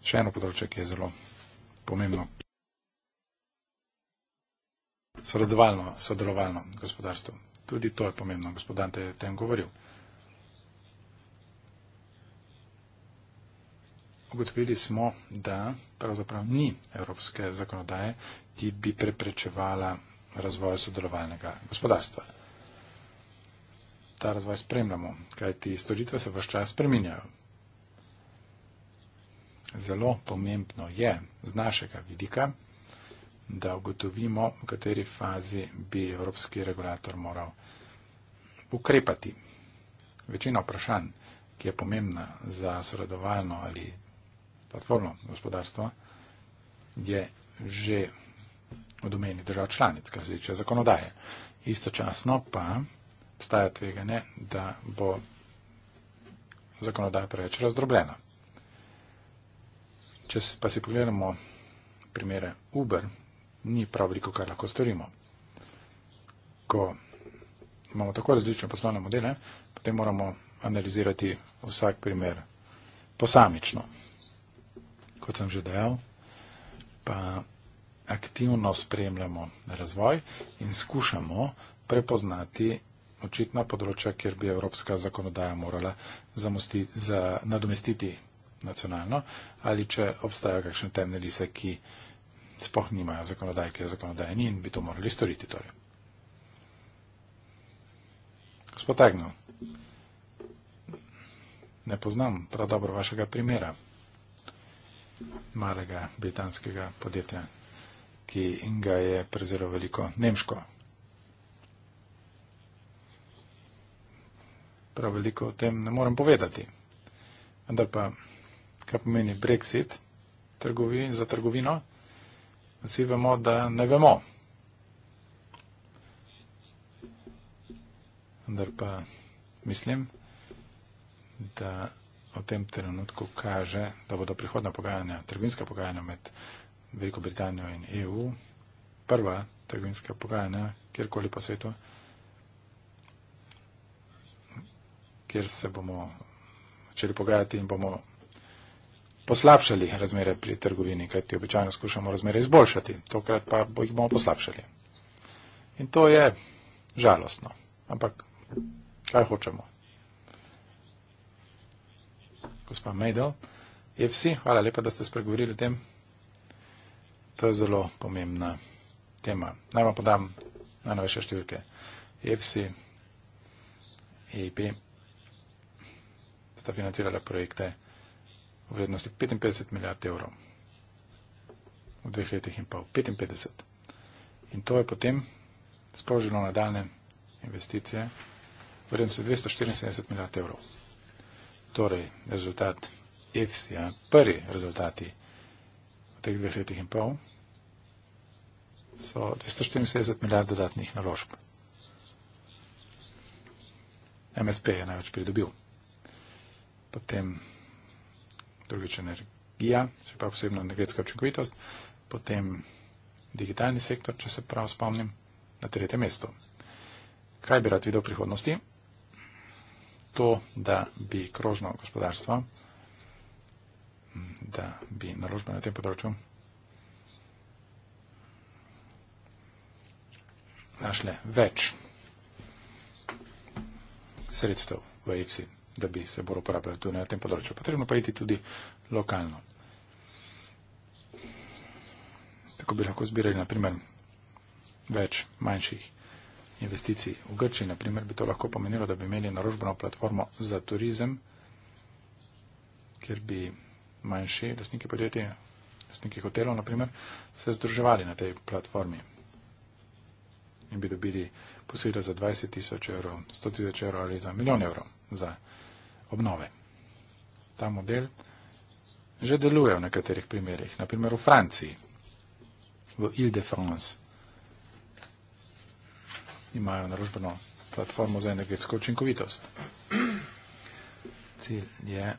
še eno področje, ki je zelo pomembno. Sodelovalno, sodelovalno gospodarstvo. Tudi to je pomembno, gospodar te je tem govoril. Ugotovili smo, da pravzaprav ni evropske zakonodaje, ki bi preprečevala razvoj sodelovalnega gospodarstva. Ta razvoj spremljamo, kajti storitve se vse čas spreminjajo. Zelo pomembno je z našega vidika, da ugotovimo, v kateri fazi bi evropski regulator moral ukrepati. Večina vprašanj, ki je pomembna za sredovalno ali platformno gospodarstvo, je že v domeni držav članic, kar se tiče zakonodaje. Istočasno pa obstaja tveganje, da bo zakonodaja preveč razdrobljena. Če pa si pogledamo primere Uber, ni prav veliko, kar lahko storimo. Ko imamo tako različne poslovne modele, potem moramo analizirati vsak primer posamično. Kot sem že dejal, pa aktivno spremljamo razvoj in skušamo prepoznati očitna področja, kjer bi evropska zakonodaja morala zamosti, za, nadomestiti nacionalno, ali če obstajajo kakšne temne lise, ki spoh nimajo zakonodaj, ki je zakonodaj ni in bi to morali storiti. Torej. Gospod Agnew, ne poznam prav dobro vašega primera malega britanskega podjetja, ki ga je prezelo veliko nemško. Prav veliko o tem ne morem povedati. Vendar pa kaj pomeni Brexit trgovi, za trgovino, vsi vemo, da ne vemo. Vendar pa mislim, da v tem trenutku kaže, da bodo prihodna pogajanja, trgovinska pogajanja med Veliko Britanijo in EU, prva trgovinska pogajanja kjerkoli po svetu, kjer se bomo začeli pogajati in bomo poslabšali razmere pri trgovini, kajti običajno skušamo razmere izboljšati, tokrat pa jih bomo poslabšali. In to je žalostno. Ampak kaj hočemo? Gospa Mejdel, EFSI, hvala lepa, da ste spregovorili o tem. To je zelo pomembna tema. Naj vam podam najnovejše številke. EFSI, EIP sta financirala projekte v vrednosti 55 milijard evrov v dveh letih in pol. 55. In to je potem sprožilo nadaljne investicije v vrednosti 274 milijard evrov. Torej, rezultat EFSI-ja, prvi rezultati v teh dveh letih in pol, so 274 milijard dodatnih naložb. MSP je največ pridobil. Potem drugič energija, še prav posebno energetska učinkovitost, potem digitalni sektor, če se prav spomnim, na tretjem mestu. Kaj bi rad videl v prihodnosti? To, da bi krožno gospodarstvo, da bi naložbe na tem področju našle več sredstev v IFSI da bi se bolj uporabljali tudi na tem področju. Potrebno pa iti tudi lokalno. Tako bi lahko zbirali naprimer več manjših investicij. V Grči naprimer bi to lahko pomenilo, da bi imeli naročbeno platformo za turizem, kjer bi manjši lastniki podjetij, lastniki hotelov naprimer, se združevali na tej platformi in bi dobili posojila za 20 tisoč evrov, 100 tisoč evrov ali za milijon evrov za turizem obnove. Ta model že deluje v nekaterih primerjih, naprimer v Franciji, v Ile-de-France. Imajo naložbeno platformo za energetsko učinkovitost. Cilj je,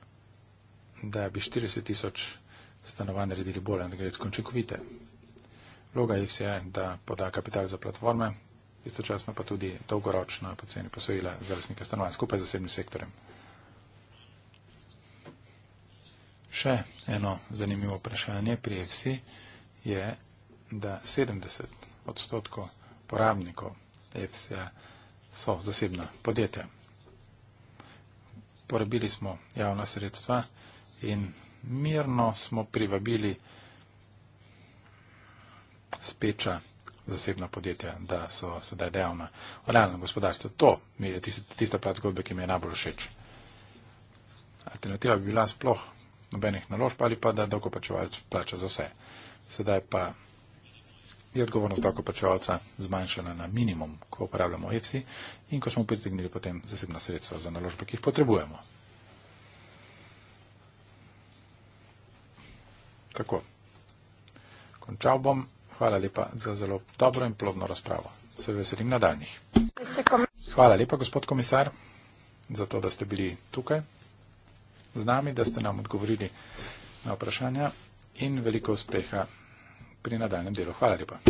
da bi 40 tisoč stanovanj naredili bolj energetsko učinkovite. Vloga jih je, da poda kapital za platforme, istočasno pa tudi dolgoročna poceni posojila za lasnike stanovanj skupaj z zasebnim sektorjem. Še eno zanimivo vprašanje pri EFSI je, da 70 odstotkov porabnikov EFSI-ja so zasebna podjetja. Porabili smo javna sredstva in mirno smo privabili speča zasebna podjetja, da so sedaj dejavna. V realnem gospodarstvu to je tista plat zgodbe, ki mi je najbolj všeč. Alternativa bi bila sploh nobenih naložb ali pa da dokopačevalc plača za vse. Sedaj pa je odgovornost dokopačevalca zmanjšana na minimum, ko uporabljamo EFSI in ko smo pritegnili potem zasebna sredstva za naložbe, ki jih potrebujemo. Tako. Končal bom. Hvala lepa za zelo dobro in plodno razpravo. Se veselim nadaljnih. Hvala lepa, gospod komisar, za to, da ste bili tukaj z nami, da ste nam odgovorili na vprašanja in veliko uspeha pri nadaljem delu. Hvala lepa.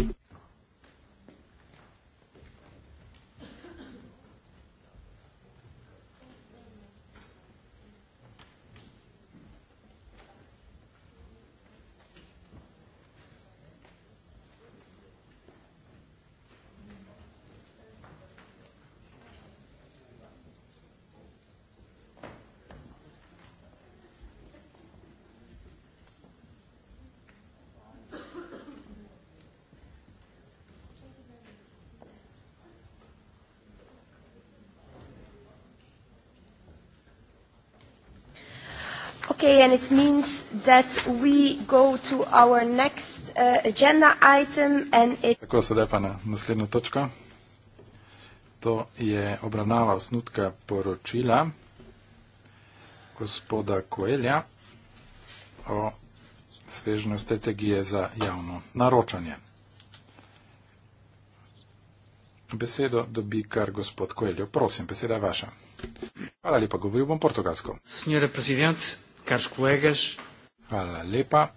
that we go to our next uh, agenda item and it... Tako sedaj pa na naslednjo točko. To je obravnava osnutka poročila gospoda Koelja o svežnju strategije za javno naročanje. Besedo dobi kar gospod Koelj. Prosim, beseda je vaša. Hvala lepa, govoril bom portugalsko. Senjora prezident, kar kolegas, Hvala lepa,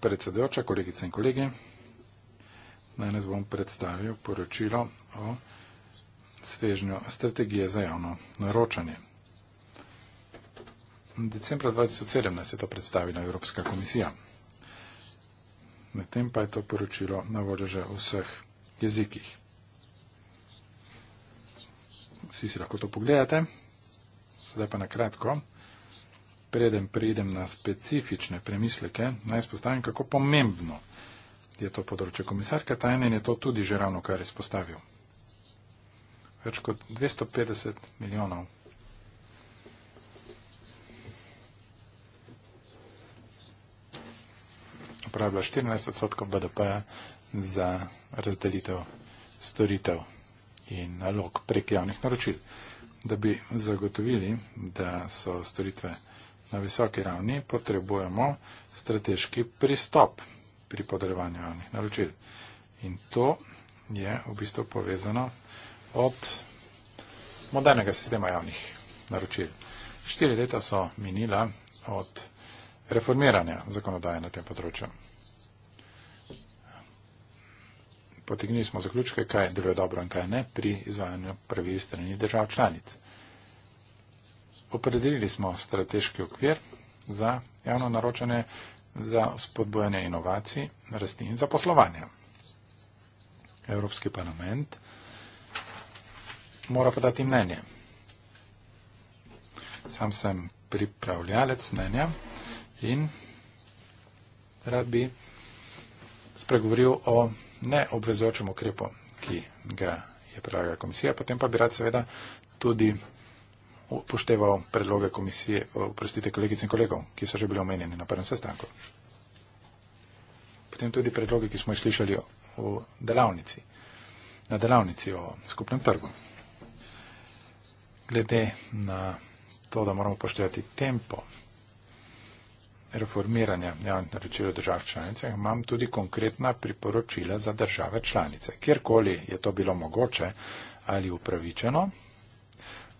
predsedujoča, kolegice in kolegi. Danes bom predstavil poročilo o svežnju strategije za javno naročanje. Decembra 2017 je to predstavila Evropska komisija. Medtem pa je to poročilo na voljo že v vseh jezikih. Vsi si lahko to pogledate. Sedaj pa na kratko preden pridem na specifične premisleke, naj spostavim, kako pomembno je to področje. Komisarka Tajnen je to tudi že ravno kar izpostavil. Več kot 250 milijonov. Upravlja 14 odstotkov BDP-ja za razdelitev storitev in nalog prek javnih naročil, da bi zagotovili, da so storitve vsega, na visoki ravni potrebujemo strateški pristop pri podeljevanju javnih naročil. In to je v bistvu povezano od modernega sistema javnih naročil. Štiri leta so minila od reformiranja zakonodaje na tem področju. Potegnili smo zaključke, kaj deluje dobro in kaj ne pri izvajanju pravil strani držav članic. Opredelili smo strateški okvir za javno naročanje, za spodbojanje inovacij, rasti in zaposlovanja. Evropski parlament mora podati mnenje. Sam sem pripravljalec mnenja in rad bi spregovoril o neobvezočem ukrepu, ki ga je predlagala komisija, potem pa bi rad seveda tudi upošteval predloge komisije, eh, oprostite, kolegic in kolegov, ki so že bili omenjeni na prvem sestanku. Potem tudi predloge, ki smo jih slišali v delavnici, na delavnici o skupnem trgu. Glede na to, da moramo upoštevati tempo reformiranja javnih naročil v državah članicah, imam tudi konkretna priporočila za države članice. Kjerkoli je to bilo mogoče ali upravičeno,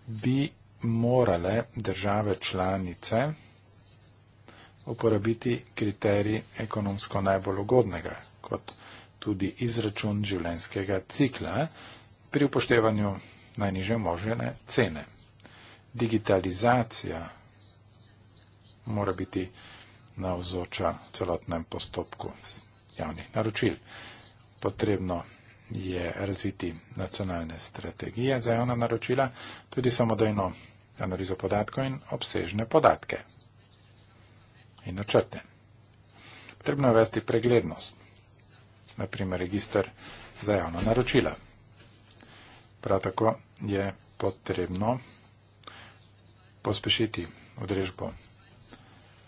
bi morale države članice uporabiti kriterij ekonomsko najbolj ugodnega, kot tudi izračun življenjskega cikla pri upoštevanju najniže možene cene. Digitalizacija mora biti navzoča v celotnem postopku javnih naročil. Potrebno je razviti nacionalne strategije za javna naročila, tudi samodejno analizo podatkov in obsežne podatke in načrte. Potrebno je uvesti preglednost, naprimer registr za javno naročila. Prav tako je potrebno pospešiti odrežbo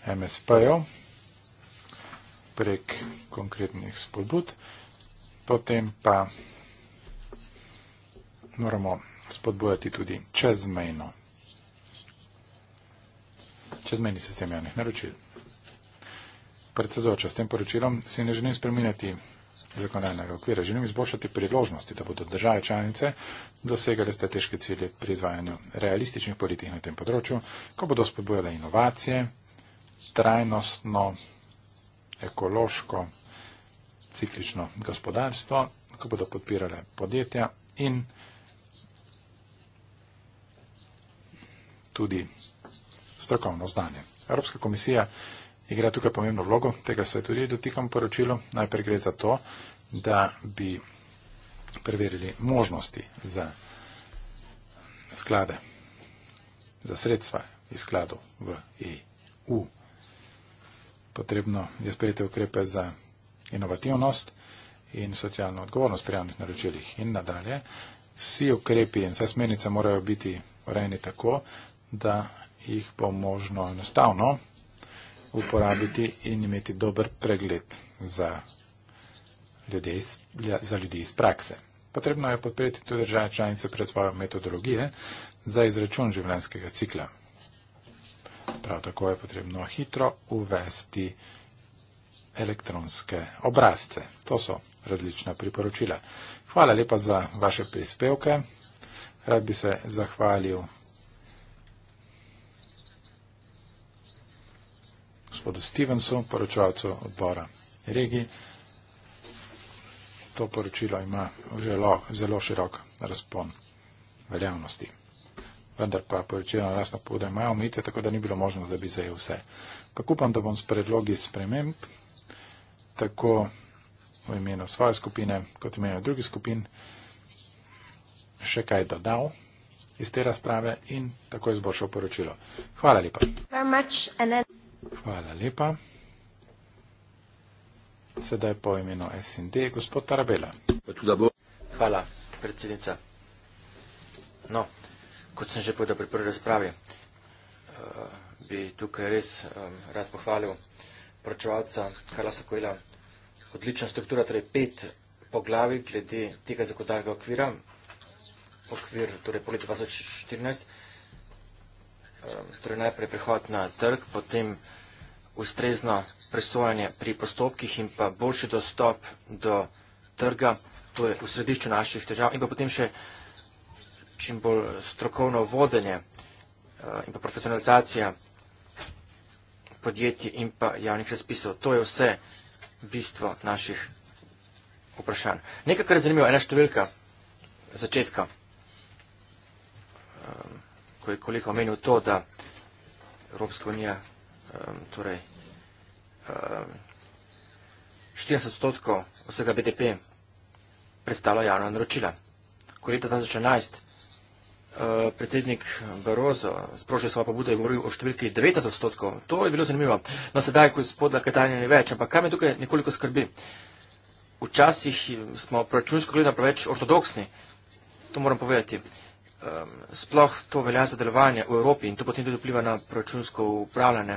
MSP-jev prek konkretnih spodbud, potem pa moramo spodbujati tudi čezmejno odrežbo čezmeni sistem javnih naročil. Predsedujoča, s tem poročilom si ne želim spreminjati zakonodajnega okvira, želim izboljšati priložnosti, da bodo države članice dosegale strateške cilje pri izvajanju realističnih politik na tem področju, ko bodo spodbujale inovacije, trajnostno, ekološko, ciklično gospodarstvo, ko bodo podpirale podjetja in tudi strokovno znanje. Evropska komisija igra tukaj pomembno vlogo, tega se tudi dotikam v poročilu. Najprej gre za to, da bi preverili možnosti za sklade, za sredstva iz skladov v EU. Potrebno je sprejeti ukrepe za inovativnost in socialno odgovornost pri javnih naročilih in nadalje. Vsi ukrepi in vse smernice morajo biti urejeni tako, da jih bo možno enostavno uporabiti in imeti dober pregled za ljudi iz, ja, za ljudi iz prakse. Potrebno je podpreti tudi države članice pred svojo metodologije za izračun življenjskega cikla. Prav tako je potrebno hitro uvesti elektronske obrazce. To so različna priporočila. Hvala lepa za vaše prispevke. Rad bi se zahvalil. gospodu Stevensu, poročalcu odbora regij. To poročilo ima želo, zelo širok razpon veljavnosti. Vendar pa poročilo jasno povedo imajo omite, tako da ni bilo možno, da bi zajel vse. Pa upam, da bom s predlogi sprememb tako v imenu svoje skupine, kot v imenu drugih skupin, še kaj dodal iz te razprave in tako izboljšal poročilo. Hvala lepa. Very much, and then... Hvala lepa. Sedaj po imenu SND, gospod Tarabela. Hvala, predsednica. No, kot sem že povedal pri prvi razpravi, eh, bi tukaj res rad pohvalil pročevalca Karla Sokojla. Odlična struktura, torej pet poglavi glede tega zakonodajnega okvira, okvir torej po letu 2014, torej najprej prihod na trg, potem ustrezno presojanje pri postopkih in pa boljši dostop do trga, to je v središču naših težav in pa potem še čim bolj strokovno vodenje eh, in pa profesionalizacija podjetij in pa javnih razpisov. To je vse bistvo naših vprašanj. Nekaj, kar je zanimivo, ena številka začetka, eh, ko je koliko omenil to, da Evropska unija torej 40 odstotkov vsega BDP predstavlja javna naročila. Ko leta 2011 e, predsednik Barozo sprošil svojo pobudo in govoril o številki 90 odstotkov, to je bilo zanimivo. No sedaj, ko spodla Katanja ni več, ampak kaj me tukaj nekoliko skrbi? Včasih smo proračunsko gledali preveč ortodoksni, to moram povedati. Sploh to velja za delovanje v Evropi in to potem tudi vpliva na proračunsko upravljanje.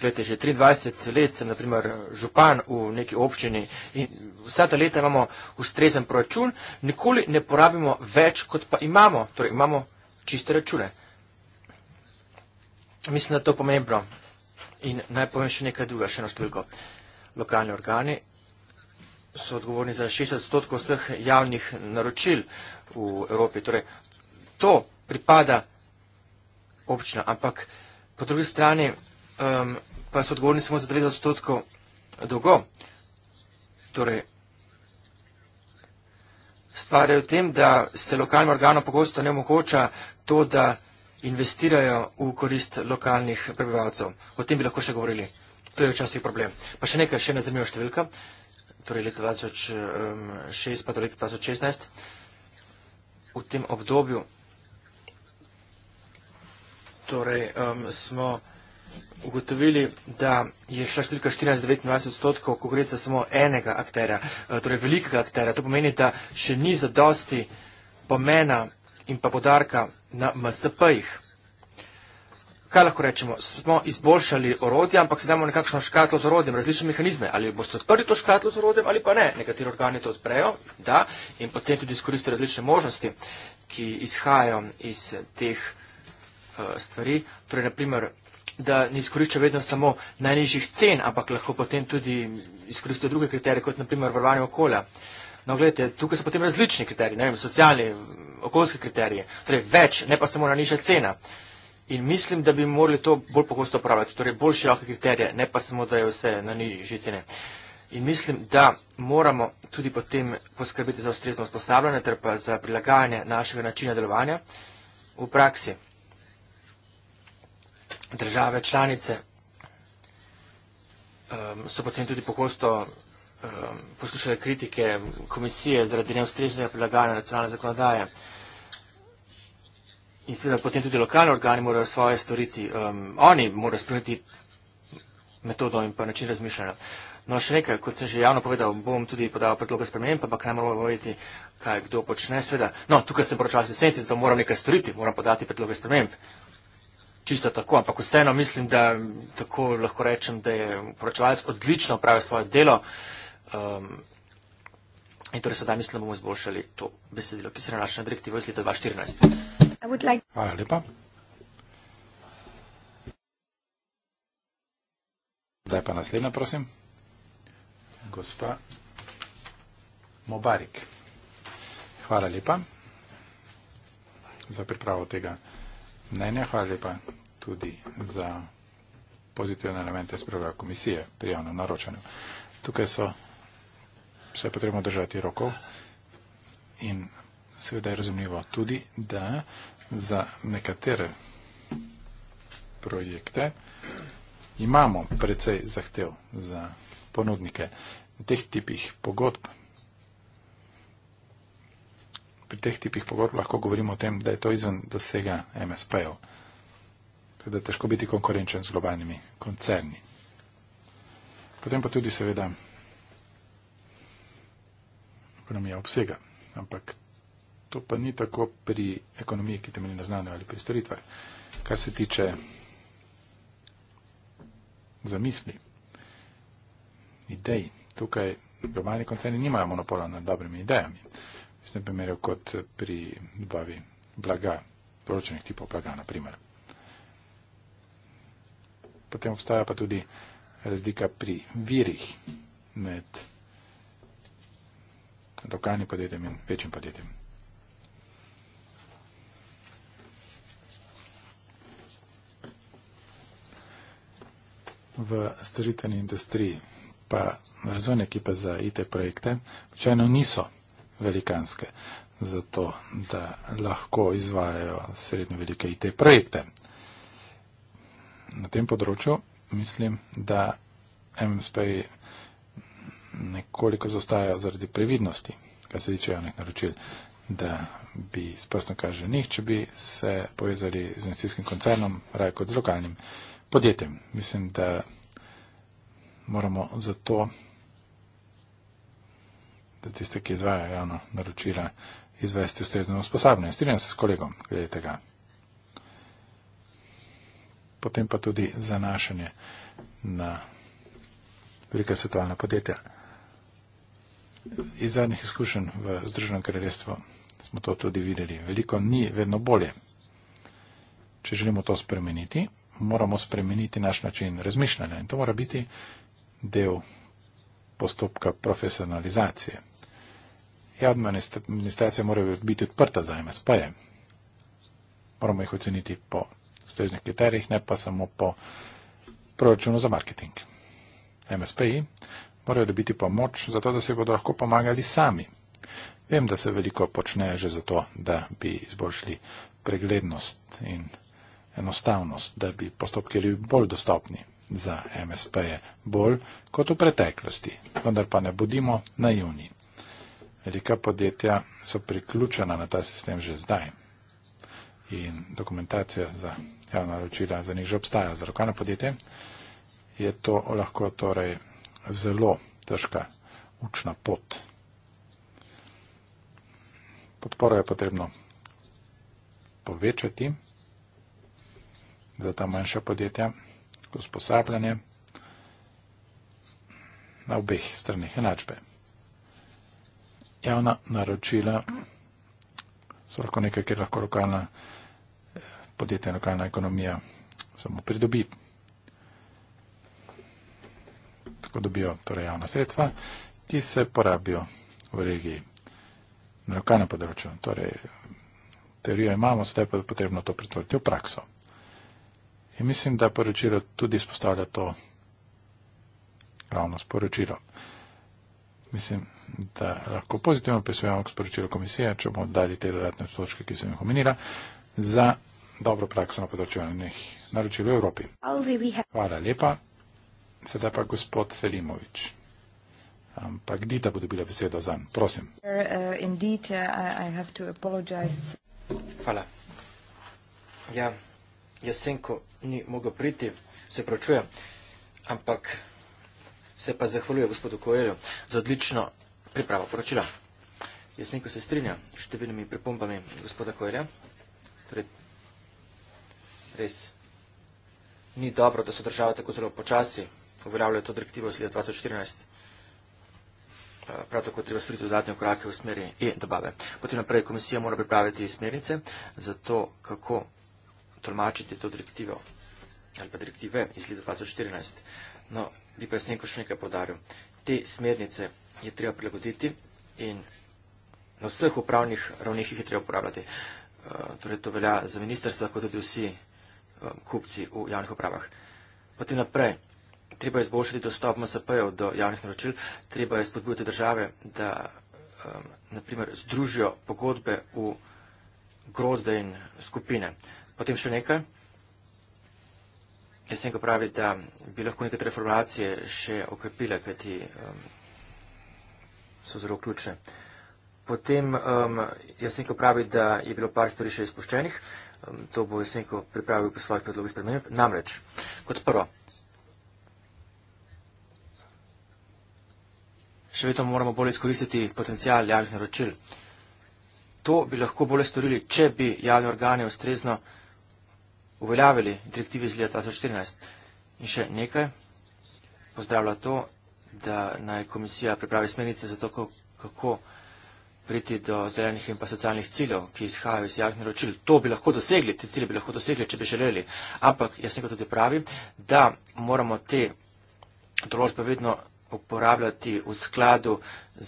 Glede, že 23 let sem, naprimer, župan v neki občini in vsa ta leta imamo ustrezen proračun, nikoli ne porabimo več, kot pa imamo, torej imamo čiste račune. Mislim, da to pomembno. In naj povem še nekaj druga, še eno številko. Lokalni organi so odgovorni za 60 odstotkov vseh javnih naročil v Evropi. Torej, to pripada občina, ampak po drugi strani um, pa so odgovorni samo za 90 odstotkov dolgov. Torej, stvar je v tem, da se lokalnim organom pogosto ne omogoča to, da investirajo v korist lokalnih prebivalcev. O tem bi lahko še govorili. To je včasih problem. Pa še nekaj, še ena zanimiva številka. Torej, leta 2006 pa do leta 2016. V tem obdobju torej, um, smo ugotovili, da je šla številka 14-29 odstotkov, ko gre za samo enega akterja, eh, torej velikega akterja. To pomeni, da še ni zadosti pomena in pa podarka na MSP-jih. Kaj lahko rečemo? Smo izboljšali orodje, ampak sedajmo nekakšno škatlo z orodjem, različne mehanizme. Ali boste odprli to škatlo z orodjem ali pa ne? Nekateri organi to odprejo, da, in potem tudi izkoristijo različne možnosti, ki izhajajo iz teh uh, stvari. Torej, naprimer, da ne izkorišča vedno samo najnižjih cen, ampak lahko potem tudi izkoristijo druge kriterije, kot naprimer varovanje okolja. No, gledajte, tukaj so potem različni kriteriji, ne vem, socialni, okoljski kriteriji, torej več, ne pa samo najnižja cena. In mislim, da bi morali to bolj pogosto upravljati, torej bolj široke kriterije, ne pa samo, da je vse na nižji cene. In mislim, da moramo tudi potem poskrbeti za ustrezno usposabljanje ter pa za prilagajanje našega načina delovanja v praksi države članice um, so potem tudi pogosto um, poslušale kritike komisije zaradi neustreznega prilagajanja nacionalne zakonodaje. In seveda potem tudi lokalni organi morajo svoje storiti, um, oni morajo spremeniti metodo in pa način razmišljanja. No, še nekaj, kot sem že javno povedal, bom tudi podal predloge spremenb, ampak ne moramo povedati, kaj kdo počne, seveda. No, tukaj sem poročal v senci, zato moram nekaj storiti, moram podati predloge spremenb čisto tako, ampak vseeno mislim, da tako lahko rečem, da je poročevalec odlično opravil svoje delo. Um, in torej sedaj mislim, da bomo izboljšali to besedilo, ki se nanaša na direktivo iz leta 2014. Like... Hvala lepa. Zdaj pa naslednja, prosim. Gospa Mobarik. Hvala lepa za pripravo tega mnenja, hvala lepa tudi za pozitivne elemente sprave komisije pri javnem naročanju. Tukaj so vse potrebno držati rokov in seveda je razumljivo tudi, da za nekatere projekte imamo precej zahtev za ponudnike. V teh tipih pogodb pri teh tipih pogodb lahko govorimo o tem, da je to izven dosega MSP-ov. Da je težko biti konkurenčen z globalnimi koncerni. Potem pa tudi seveda ekonomija obsega, ampak to pa ni tako pri ekonomiji, ki temelji na znanju ali pri storitvah. Kar se tiče zamisli, idej, tukaj globalni koncerni nimajo monopola nad dobrimi idejami v tem primeru kot pri dobavi blaga, določenih tipov blaga, na primer. Potem obstaja pa tudi razlika pri virih med lokalnim podjetjem in večjim podjetjem. V storitveni industriji pa razvojne ekipe za IT projekte, včajno niso velikanske za to, da lahko izvajajo srednje velike IT projekte. Na tem področju mislim, da MSP-ji nekoliko zostajajo zaradi previdnosti, kar se tiče javnih naročil, da bi s prstom kaže njih, če bi se povezali z investicijskim koncernom, raje kot z lokalnim podjetjem. Mislim, da moramo zato da tiste, ki izvajajo javno naročila, izvesti ustrezno usposabljanje. Strinjam se s kolegom, glede tega. Potem pa tudi zanašanje na velika svetovna podjetja. Iz zadnjih izkušenj v Združenem kraljestvu smo to tudi videli. Veliko ni vedno bolje. Če želimo to spremeniti, moramo spremeniti naš način razmišljanja in to mora biti del postopka profesionalizacije ja, administracija mora biti odprta za MS, pa je. Moramo jih oceniti po stežnih kriterijih, ne pa samo po proračunu za marketing. MSPI morajo dobiti pomoč, zato da se bodo lahko pomagali sami. Vem, da se veliko počne že zato, da bi izboljšali preglednost in enostavnost, da bi postopki bili bolj dostopni za MSP-je, bolj kot v preteklosti, vendar pa ne bodimo naivni. Velika podjetja so priključena na ta sistem že zdaj in dokumentacija za javna ročila za njih že obstaja. Za lokalne podjetje je to lahko torej zelo težka učna pot. Podporo je potrebno povečati za ta manjša podjetja, usposabljanje na obeh stranih enačbe javna naročila so lahko nekaj, kjer lahko lokalna podjetja, lokalna ekonomija samo pridobi. Tako dobijo torej javna sredstva, ki se porabijo v regiji na lokalnem področju. Torej, teorijo imamo, sedaj pa je potrebno to pretvoriti v prakso. In mislim, da poročilo tudi izpostavlja to ravno sporočilo. Mislim, da lahko pozitivno prisvojamo k sporočilu komisije, če bomo dali te dodatne točke, ki sem jih omenila, za dobro prakso na področju javnih naročil v Evropi. Hvala lepa. Sedaj pa gospod Selimovič. Ampak Dita bo dobila besedo zanj. Prosim. Uh, uh, Hvala. Ja, Jasenko ni mogel priti, se pravčujem, ampak se pa zahvaljujem gospodu Koelju za odlično pripravo poročila. Jaz nekaj se strinjam s številnimi pripombami gospoda Kojlja. Torej, res ni dobro, da so države tako zelo počasi uveljavljajo to direktivo z leta 2014. Eh, prav tako treba storiti dodatne korake v smeri e-dobave. Potem naprej komisija mora pripraviti smernice za to, kako tolmačiti to direktivo ali pa direktive iz leta 2014. No, bi pa jaz nekaj še nekaj podaril. Te smernice je treba prilagoditi in na vseh upravnih ravneh je treba uporabljati. Eh, torej, to velja za ministrstva, kot tudi vsi eh, kupci v javnih upravah. Potem naprej, treba je izboljšati dostop MSP-jev do javnih naročil, treba je spodbujati države, da eh, naprimer združijo pogodbe v grozde in skupine. Potem še nekaj. Jaz sem ga pravi, da bi lahko nekatere formulacije še okrepile, kajti so zelo ključne. Potem um, Jasenko pravi, da je bilo par stvari še izpuščenih. Um, to bo Jasenko pripravil po svojih predlogih spremenjen. Namreč, kot prvo, še vedno moramo bolje izkoristiti potencijal javnih naročil. To bi lahko bolje storili, če bi javne organe ustrezno uveljavili direktivi iz leta 2014. In še nekaj, pozdravlja to, da naj komisija pripravi smernice za to, kako priti do zelenih in pa socialnih ciljev, ki izhajajo iz javnih naročil. To bi lahko dosegli, te cilje bi lahko dosegli, če bi želeli. Ampak jaz nekaj tudi pravim, da moramo te določbe vedno uporabljati v skladu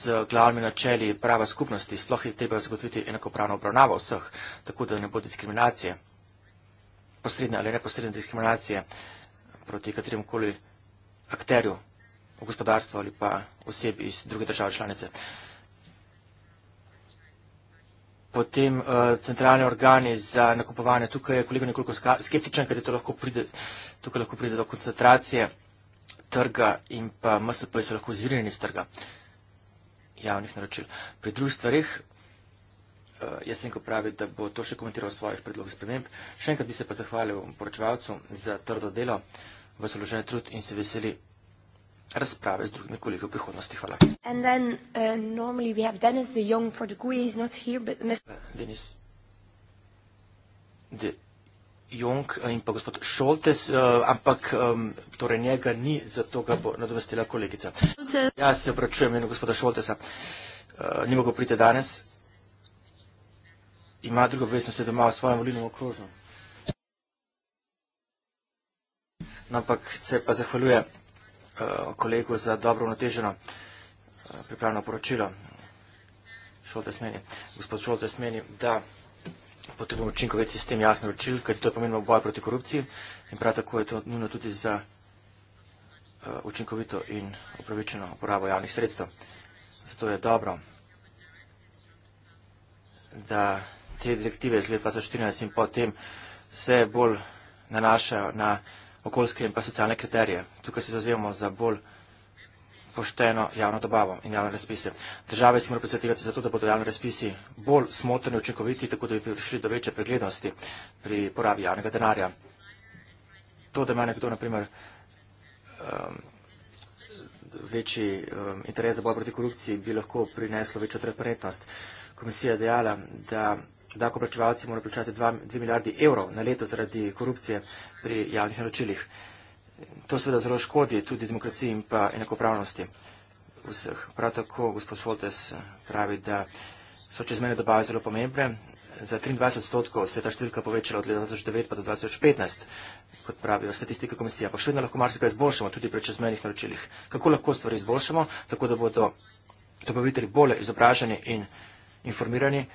z glavnimi načeli prava skupnosti. Sploh je treba zagotoviti enakopravno obravnavo vseh, tako da ne bo diskriminacije, posredne ali neposredne diskriminacije proti katerimkoli akterju v gospodarstvo ali pa oseb iz druge države članice. Potem uh, centralni organi za nakupovanje. Tukaj je kolega nekoliko skeptičen, ker to lahko pride, tukaj lahko pride do koncentracije trga in pa MSP so lahko zirjeni iz trga javnih naročil. Pri drugih stvarih, uh, eh, jaz sem ko pravi, da bo to še komentiral svojih predlogov sprememb. Še enkrat bi se pa zahvalil poročevalcu za trdo delo, vas vložen trud in se veseli razprave z drugimi kolegi v prihodnosti. Hvala. Then, uh, Denis, the here, Denis. De Jong eh, in pa gospod Šoltes, uh, ampak um, torej njega ni, zato ga bo nadomestila kolegica. Ja, se vprašujem eno gospoda Šoltesa. Uh, ni mogel priti danes. Ima drugo obveznost, da doma v svojem volilnem okrožju. No, ampak se pa zahvaljujem. Eh, kolegu za dobro noteženo eh, pripravljeno poročilo. Šoltes meni, gospod Šoltes meni, da potrebujemo učinkovec sistem javnih naročil, ker to je pomenilo boja proti korupciji in prav tako je to nujno tudi za eh, učinkovito in upravičeno uporabo javnih sredstev. Zato je dobro, da te direktive iz leta 2014 in potem vse bolj nanašajo na učinkovito okoljske in pa socialne kriterije. Tukaj se zauzemamo za bolj pošteno javno dobavo in javne razpise. Države si morajo posvetivati za to, da bodo javni razpisi bolj smotrni, učinkoviti, tako da bi prišli do večje preglednosti pri porabi javnega denarja. To, da ima nekdo, naprimer, um, večji um, interes za boj proti korupciji, bi lahko prineslo večjo transparentnost. Komisija je dejala, da Dakoplačevalci morajo plačati 2 milijardi evrov na leto zaradi korupcije pri javnih naročilih. To seveda zelo škodi tudi demokraciji in pa enakopravnosti vseh. Prav tako gospod Šoltes pravi, da so čezmene dobave zelo pomembne. Za 23 odstotkov se je ta številka povečala od leta 2009 pa do 2015, kot pravijo statistike komisije. Pa še vedno lahko marsikaj izboljšamo tudi pri čezmenih naročilih. Kako lahko stvari izboljšamo, tako da bodo dobavitelji bolje izobraženi in informirani?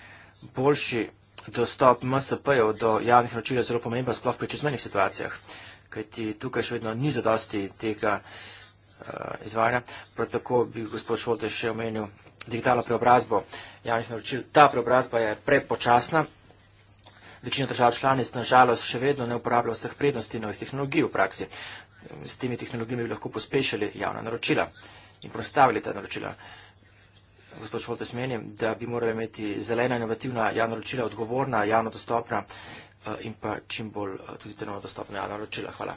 boljši dostop MSP-jev do javnih naročil je zelo pomemben, sploh pri čezmenih situacijah, kajti tukaj še vedno ni zadosti tega uh, izvajanja. Prav tako bi gospod Šolte še omenil digitalno preobrazbo javnih naročil. Ta preobrazba je prepočasna. Večina držav članic nažalost še vedno ne uporablja vseh prednosti novih tehnologij v praksi. S temi tehnologijami bi lahko pospešili javna naročila in prostavili ta naročila. Uh, gospod Šoltes, menim, da bi morali imeti zelena inovativna javna ročila, odgovorna, javno dostopna eh, in pa čim bolj eh, tudi cenovno dostopna javna ročila. Hvala.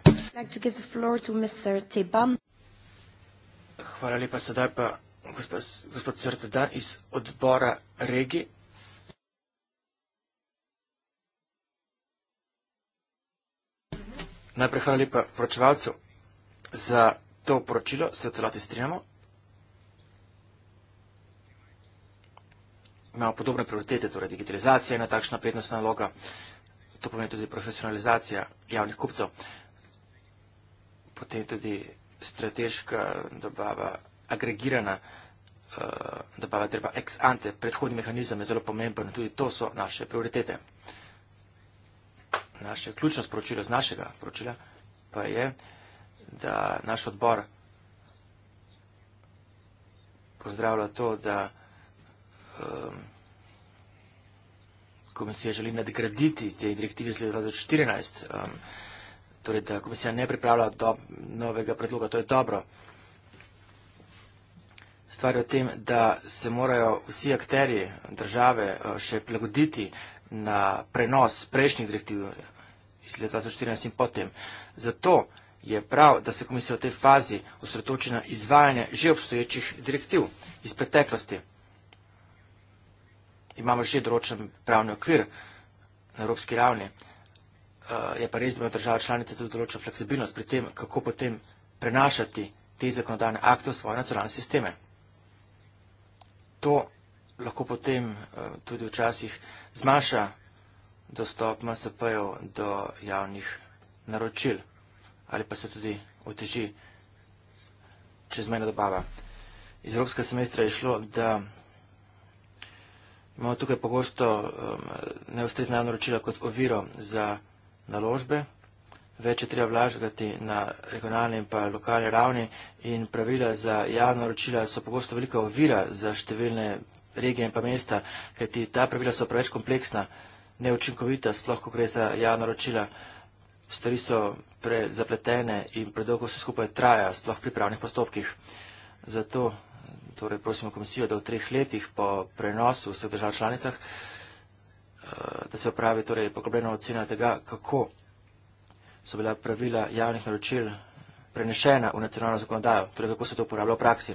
Hvala lepa. Sedaj pa gospod, gospod Srtedan iz odbora regi. Najprej hvala lepa poročevalcu za to poročilo, se v celoti strinjamo. imamo podobne prioritete, torej digitalizacija je ena takšna prednostna naloga, to pomeni tudi profesionalizacija javnih kupcev, potem tudi strateška dobava, agregirana uh, dobava, treba ex ante, predhodni mehanizem je zelo pomemben, tudi to so naše prioritete. Naše ključno sporočilo z našega poročila pa je, da naš odbor pozdravlja to, da um, komisija želi nadgraditi te direktive iz leta 2014, um, ehm, torej da komisija ne pripravlja do, novega predloga, to je dobro. Stvar je v tem, da se morajo vsi akteri države eh, še prilagoditi na prenos prejšnjih direktiv iz leta 2014 in potem. Zato je prav, da se komisija v tej fazi osredotoči na izvajanje že obstoječih direktiv iz preteklosti imamo že določen pravni okvir na evropski ravni. Eh, je pa res, da ima država članica tudi določeno fleksibilnost pri tem, kako potem prenašati te zakonodajne akte v svoje nacionalne sisteme. To lahko potem eh, tudi včasih zmanjša dostop MSP-jev do javnih naročil ali pa se tudi oteži čezmena dobava. Iz Evropskega semestra je šlo, da Imamo tukaj pogosto um, neustrezna naročila kot oviro za naložbe. Več je treba vlažati na regionalni in pa lokalni ravni in pravila za javna naročila so pogosto velika ovira za številne regije in pa mesta, kajti ta pravila so preveč kompleksna, neučinkovita, sploh ko gre za javna naročila. Stvari so prezapletene in predolgo se skupaj traja, sploh pri pravnih postopkih. Zato torej prosimo komisijo, da v treh letih po prenosu vseh držav članicah, eh, da se opravi torej poglobljena ocena tega, kako so bila pravila javnih naročil prenešena v nacionalno zakonodajo, torej kako se to uporablja v praksi.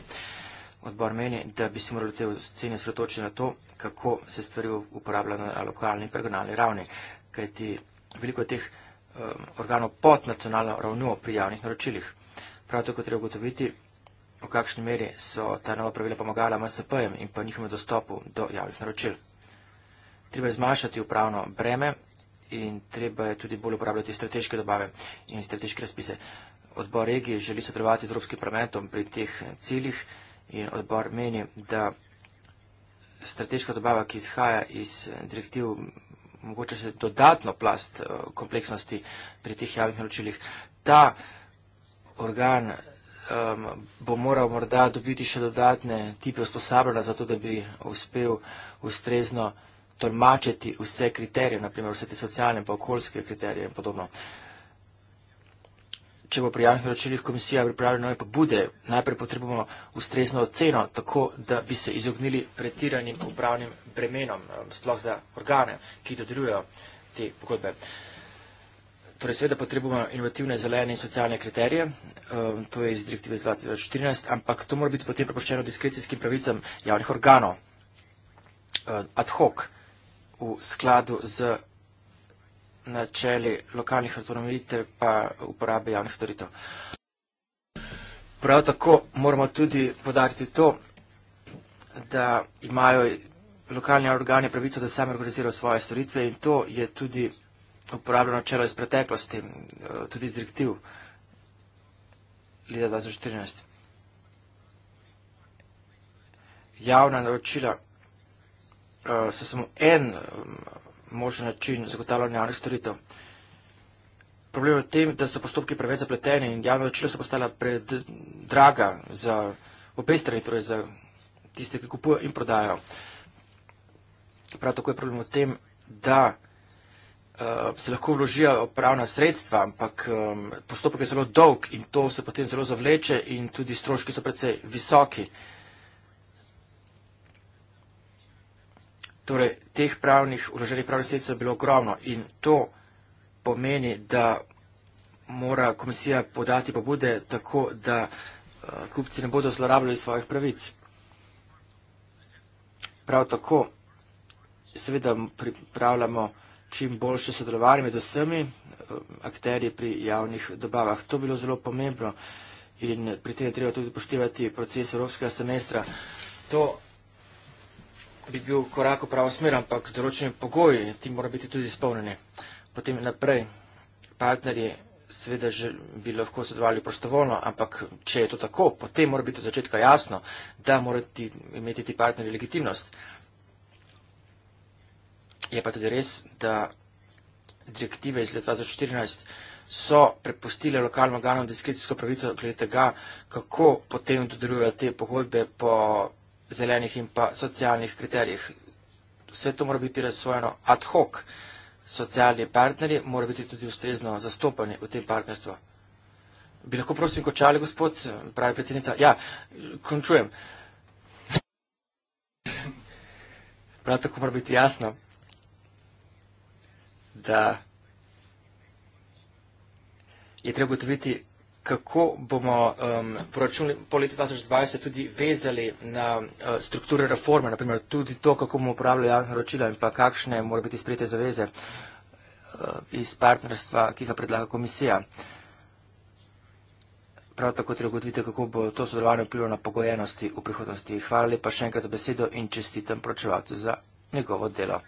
Odbor meni, da bi se morali te ocene sredotočiti na to, kako se stvari uporabljajo na lokalni in regionalni ravni, kajti veliko teh um, organov pod nacionalno ravno pri javnih naročilih. Prav tako treba ugotoviti, v kakšni meri so ta nova pravila pomagala MSP-jem in pa njihovem dostopu do javnih naročil. Treba je zmanjšati upravno breme in treba je tudi bolj uporabljati strateške dobave in strateške razpise. Odbor regije želi sodelovati z Evropskim parlamentom pri teh ciljih in odbor meni, da strateška dobava, ki izhaja iz direktiv, mogoče se dodatno plast eh, kompleksnosti pri teh javnih naročilih. Ta organ um, bo moral morda dobiti še dodatne tipe usposabljanja, zato da bi uspel ustrezno tolmačiti vse kriterije, naprimer vse te socialne, pa okoljske kriterije in podobno. Če bo pri javnih naročilih komisija pripravila nove pobude, najprej potrebujemo ustrezno oceno, tako da bi se izognili pretiranim upravnim bremenom, sploh za organe, ki dodeljujejo te pogodbe. Uh, Torej, seveda potrebujemo inovativne, zelene in socialne kriterije, um, to je iz direktive iz 2014, ampak to mora biti potem prepoščeno diskrecijskim pravicam javnih organov uh, ad hoc v skladu z načeli lokalnih autonomij ter pa uporabe javnih storitev. Prav tako moramo tudi podariti to, da imajo lokalni organi pravico, da sami organizirajo svoje storitve in to je tudi uporabljeno čelo iz preteklosti, eh, tudi iz direktiv leta 2014. Javna naročila eh, so samo en eh, možen način zagotavljanja javnih storitev. Problem je v tem, da so postopki preveč zapleteni in javna naročila so postala predraga za obe strani, torej za tiste, ki kupujo in prodajo. Prav tako je problem v tem, da Eh, se lahko vložijo pravna sredstva, ampak um, postopek je zelo dolg in to se potem zelo zavleče in tudi stroški so predvsej visoki. Torej, teh pravnih, uloženih pravnih sredstev je bilo ogromno in to pomeni, da mora komisija podati pobude tako, da uh, kupci ne bodo zlorabljali svojih pravic. Prav tako seveda pripravljamo uh, čim boljše sodelovali med vsemi eh, akterji pri javnih dobavah. To je bilo zelo pomembno in pri tem je treba tudi poštevati proces evropskega semestra. To bi bil korak v pravo smer, ampak z določenimi pogoji, ti mora biti tudi izpolnjeni. Potem naprej partnerji seveda že bi lahko sodelovali prostovoljno, ampak če je to tako, potem mora biti od začetka jasno, da morate imeti ti partnerji legitimnost je pa tudi res, da direktive iz leta 2014 so prepustile lokalno organom diskrecijsko pravico glede tega, kako potem dodelujejo te pogodbe po zelenih in pa socialnih kriterijih. Vse to mora biti razsvojeno ad hoc. Socialni partneri mora biti tudi ustrezno zastopani v tem partnerstvu. Bi lahko prosim končali, gospod, pravi predsednica? Ja, končujem. Prav tako mora biti jasno da je treba ugotoviti, kako bomo um, proračun po letu 2020 tudi vezali na uh, strukture reforme, naprimer tudi to, kako bomo upravljali javne naročila in pa kakšne morajo biti sprejete zaveze uh, iz partnerstva, ki ga predlaga komisija. Prav tako treba ugotoviti, kako bo to sodelovanje vplivalo na pogojenosti v prihodnosti. Hvala lepa še enkrat za besedo in čestitam proračevalcu za njegovo delo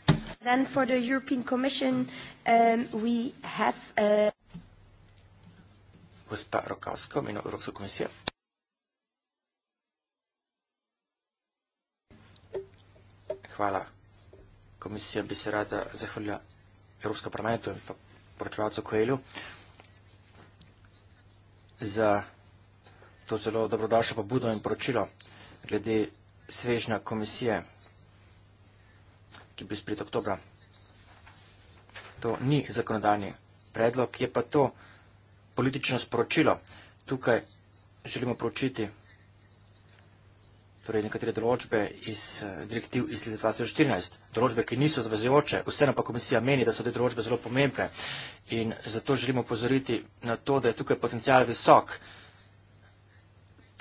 then for the European Commission, um, we have. Uh, Gospa uh Rokavsko, meno Evropske komisije. Hvala. Komisija bi se rada zahvalila Evropskem parlamentu in pa poročevalcu Koelju za to zelo dobrodošlo pobudo in poročilo glede svežnja komisije ki bi sprejet oktobra. To ni zakonodajni predlog, je pa to politično sporočilo. Tukaj želimo poročiti torej nekatere določbe iz eh, direktiv iz leta 2014, določbe, ki niso zvezujoče, vseeno pa komisija meni, da so te določbe zelo pomembne in zato želimo pozoriti na to, da je tukaj potencial visok,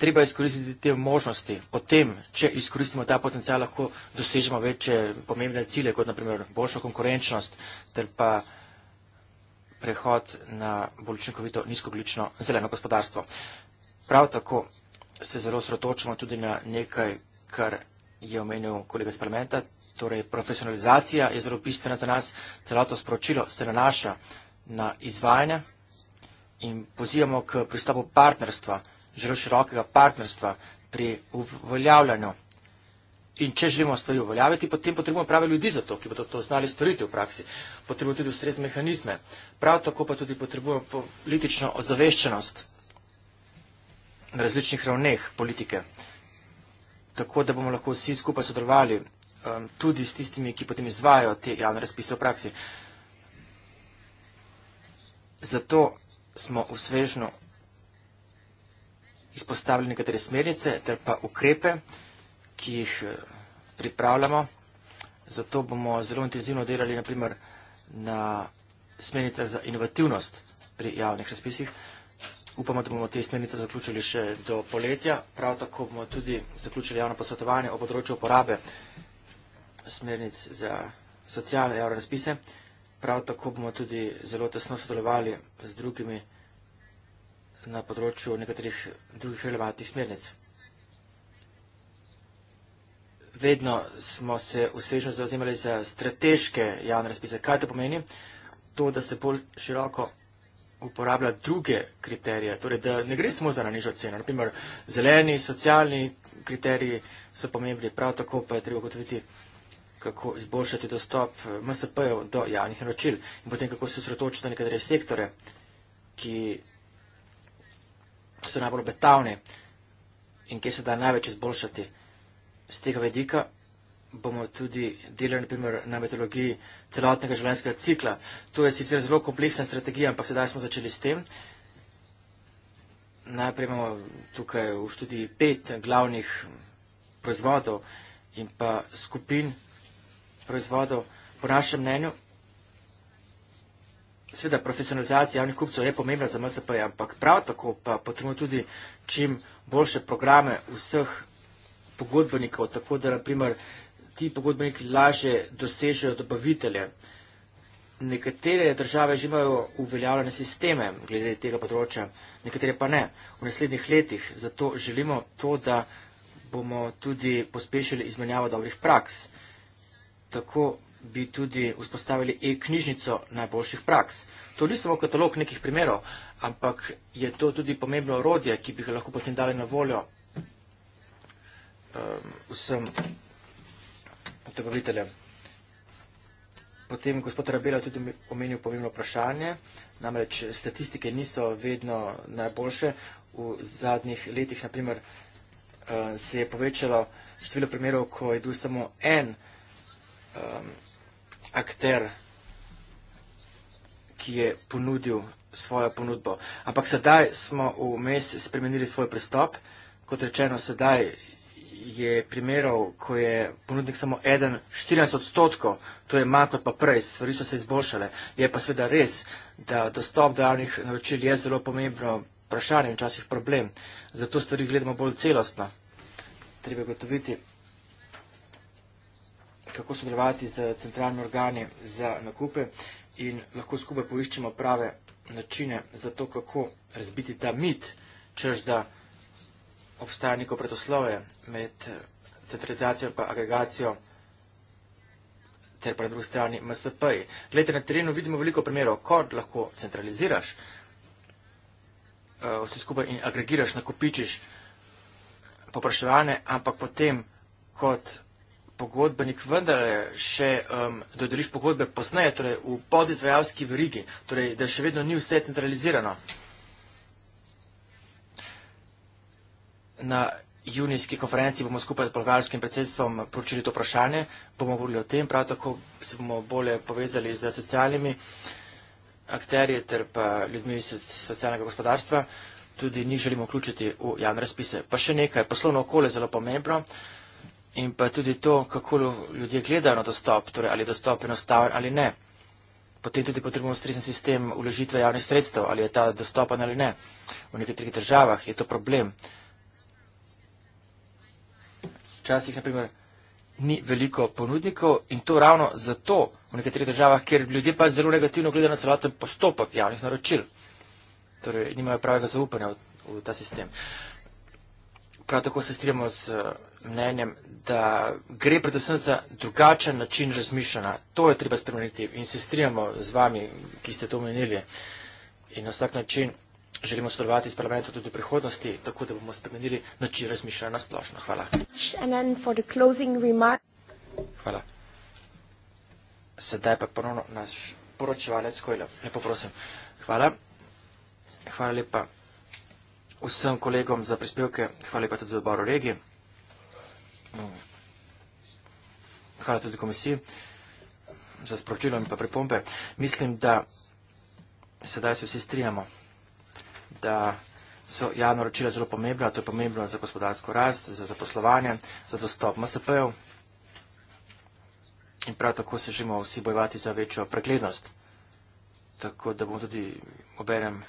treba izkoristiti te možnosti. Potem, če izkoristimo ta potencial, lahko dosežemo večje pomembne cilje, kot naprimer boljšo konkurenčnost ter pa prehod na bolj učinkovito nizkoglično zeleno gospodarstvo. Prav tako se zelo sredočamo tudi na nekaj, kar je omenil kolega iz parlamenta, torej profesionalizacija je zelo bistvena za nas, celato sporočilo se nanaša na izvajanje in pozivamo k pristopu partnerstva zelo širokega partnerstva pri uveljavljanju. In če želimo stvari uveljaviti, potem potrebujemo prave ljudi za to, ki bodo to znali storiti v praksi. Potrebujemo tudi ustrezne mehanizme. Prav tako pa tudi potrebujemo politično ozaveščenost na različnih ravneh politike. Tako, da bomo lahko vsi skupaj sodelovali um, tudi s tistimi, ki potem izvajo te javne razpise v praksi. Zato smo v svežnu izpostavili nekatere smernice ter pa ukrepe, ki jih eh, pripravljamo. Zato bomo zelo intenzivno delali naprimer na smernicah za inovativnost pri javnih razpisih. Upamo, da bomo te smernice zaključili še do poletja. Prav tako bomo tudi zaključili javno posvetovanje o področju uporabe smernic za socialne javne razpise. Prav tako bomo tudi zelo tesno sodelovali z drugimi na področju nekaterih drugih relevantnih smernic. Vedno smo se uspešno zauzemali za strateške javne razpise. Kaj to pomeni? To, da se bolj široko uporablja druge kriterije, torej da ne gre samo za na nižjo ceno. Naprimer, zeleni, socialni kriteriji so pomembni, prav tako pa je treba gotoviti, kako izboljšati dostop eh, MSP-ev do javnih naročil in potem kako se usredotočiti na nekatere sektore, ki ki so najbolj obetavni in ki se da največ izboljšati. Z tega vedika bomo tudi delali naprimer, na metodologiji celotnega življenjskega cikla. To je sicer zelo kompleksna strategija, ampak sedaj smo začeli s tem. Najprej imamo tukaj v študiji pet glavnih proizvodov in pa skupin proizvodov. Po našem mnenju Sveda, profesionalizacija javnih kupcev je pomembna za MSP, ampak prav tako pa potrebujemo tudi čim boljše programe vseh pogodbenikov, tako da naprimer ti pogodbeniki lažje dosežejo dobavitelje. Nekatere države že imajo uveljavljene sisteme glede tega področja, nekatere pa ne. V naslednjih letih zato želimo to, da bomo tudi pospešili izmenjavo dobrih praks. Tako bi tudi vzpostavili e-knjižnico najboljših praks. To ni samo katalog nekih primerov, ampak je to tudi pomembno orodje, ki bi ga lahko potem dali na voljo um, vsem dobaviteljem. Potem gospod Rabela tudi omenil pomembno vprašanje, namreč statistike niso vedno najboljše. V zadnjih letih, na primer, ehm, se je povečalo število primerov, ko je bil samo en um, akter, ki je ponudil svojo ponudbo. Ampak sedaj smo vmes spremenili svoj pristop. Kot rečeno, sedaj je primerov, ko je ponudnik samo eden, 14 odstotkov, to je manj kot pa prej, stvari so se izboljšale. Je pa seveda res, da dostop do javnih naročil je zelo pomembno vprašanje in včasih problem. Zato stvari gledamo bolj celostno. Treba gotoviti kako sodelovati z centralni organi za nakupe in lahko skupaj poiščemo prave načine za to, kako razbiti ta mit, čež da obstaja neko predosloje med eh, centralizacijo in agregacijo ter pa na drugi strani MSP-ji. Glede na terenu vidimo veliko primerov, kot lahko centraliziraš eh, vse skupaj in agregiraš, nakopičiš popraševane, ampak potem kot vse skupaj pogodbenik vendarle še um, dodeliš pogodbe posneje, torej v podizvajalski verigi, torej da še vedno ni vse centralizirano. Na junijski konferenci bomo skupaj s bolgarskim predsedstvom poročili to vprašanje, bomo govorili o tem, prav tako se bomo bolje povezali z socialnimi akterje ter pa ljudmi iz socialnega gospodarstva. Tudi njih želimo vključiti v javne razpise. Pa še nekaj, poslovno okolje je zelo pomembno. Uh, in pa tudi to, kako ljudje gledajo na dostop, torej ali je dostop enostaven ali ne. Potem tudi potrebujemo ustrezen sistem uložitve javnih sredstev, ali je ta dostopen ali ne. V nekaterih državah je to problem. Včasih, na primer, ni veliko ponudnikov in to ravno zato v nekaterih državah, ker ljudje pa zelo negativno gledajo na celoten postopek javnih naročil. Torej, nimajo pravega zaupanja v, v ta sistem. Prav tako se strijemo z mnenjem, da gre predvsem za drugačen način razmišljanja. To je treba spremeniti in se strinjamo z vami, ki ste to omenili. In na vsak način želimo sodelovati s parlamentom tudi v prihodnosti, tako da bomo spremenili način razmišljanja na splošno. Hvala. Hvala. Sedaj pa ponovno naš poročevalec Kojlo. Lepo prosim. Hvala. Hvala lepa vsem kolegom za prispevke. Hvala lepa tudi odboru regije. Hvala tudi komisiji za sporočilo in pa pripombe. Mislim, da sedaj se vsi strinjamo, da so javno ročila zelo pomembna, to je pomembno za gospodarsko rast, za zaposlovanje, za dostop MSP-ev in prav tako se želimo vsi bojevati za večjo preglednost, tako da bomo tudi obenem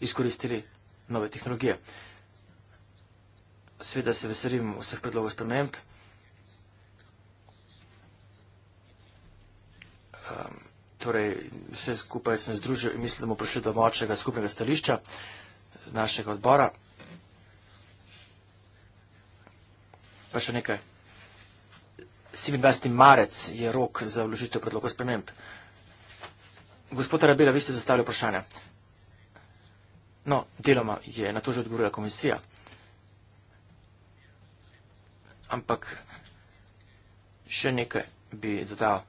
izkoristili nove tehnologije. Sveda se veselim vseh predlogov spremembe, um, torej vse skupaj sem združil in mislim, da bomo prišli do močnega skupnega stališča našega odbora. Pa še nekaj. 27. marec je rok za vložitev predlogov sprememb. Gospod Rabela, vi ste zastavili vprašanje. No, deloma je na to že odgovorila komisija. Ampak še nekaj bi dodal.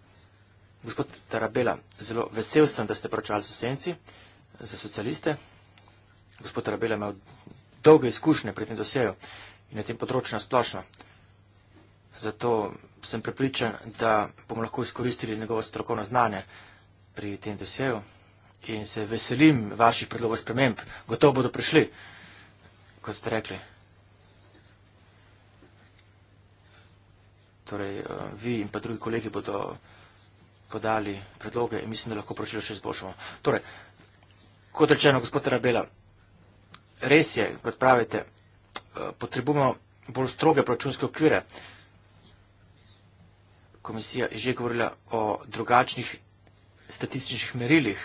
Gospod Tarabela, zelo vesel sem, da ste pročali so senci za socialiste. Gospod Tarabela ima dolge izkušnje pri tem dosejo in na tem področju nasplošno. Zato sem prepričan, da bomo lahko izkoristili njegovo strokovno znanje pri tem dosejo in se veselim vaših predlogov sprememb. Gotovo bodo prišli, kot ste rekli. Torej, eh, vi in pa drugi kolegi bodo podali predloge in mislim, da lahko poročilo še izboljšamo. Torej, kot rečeno, gospod Rabela, res je, kot pravite, eh, potrebujemo bolj stroge proračunske okvire. Komisija je že govorila o drugačnih statističnih merilih.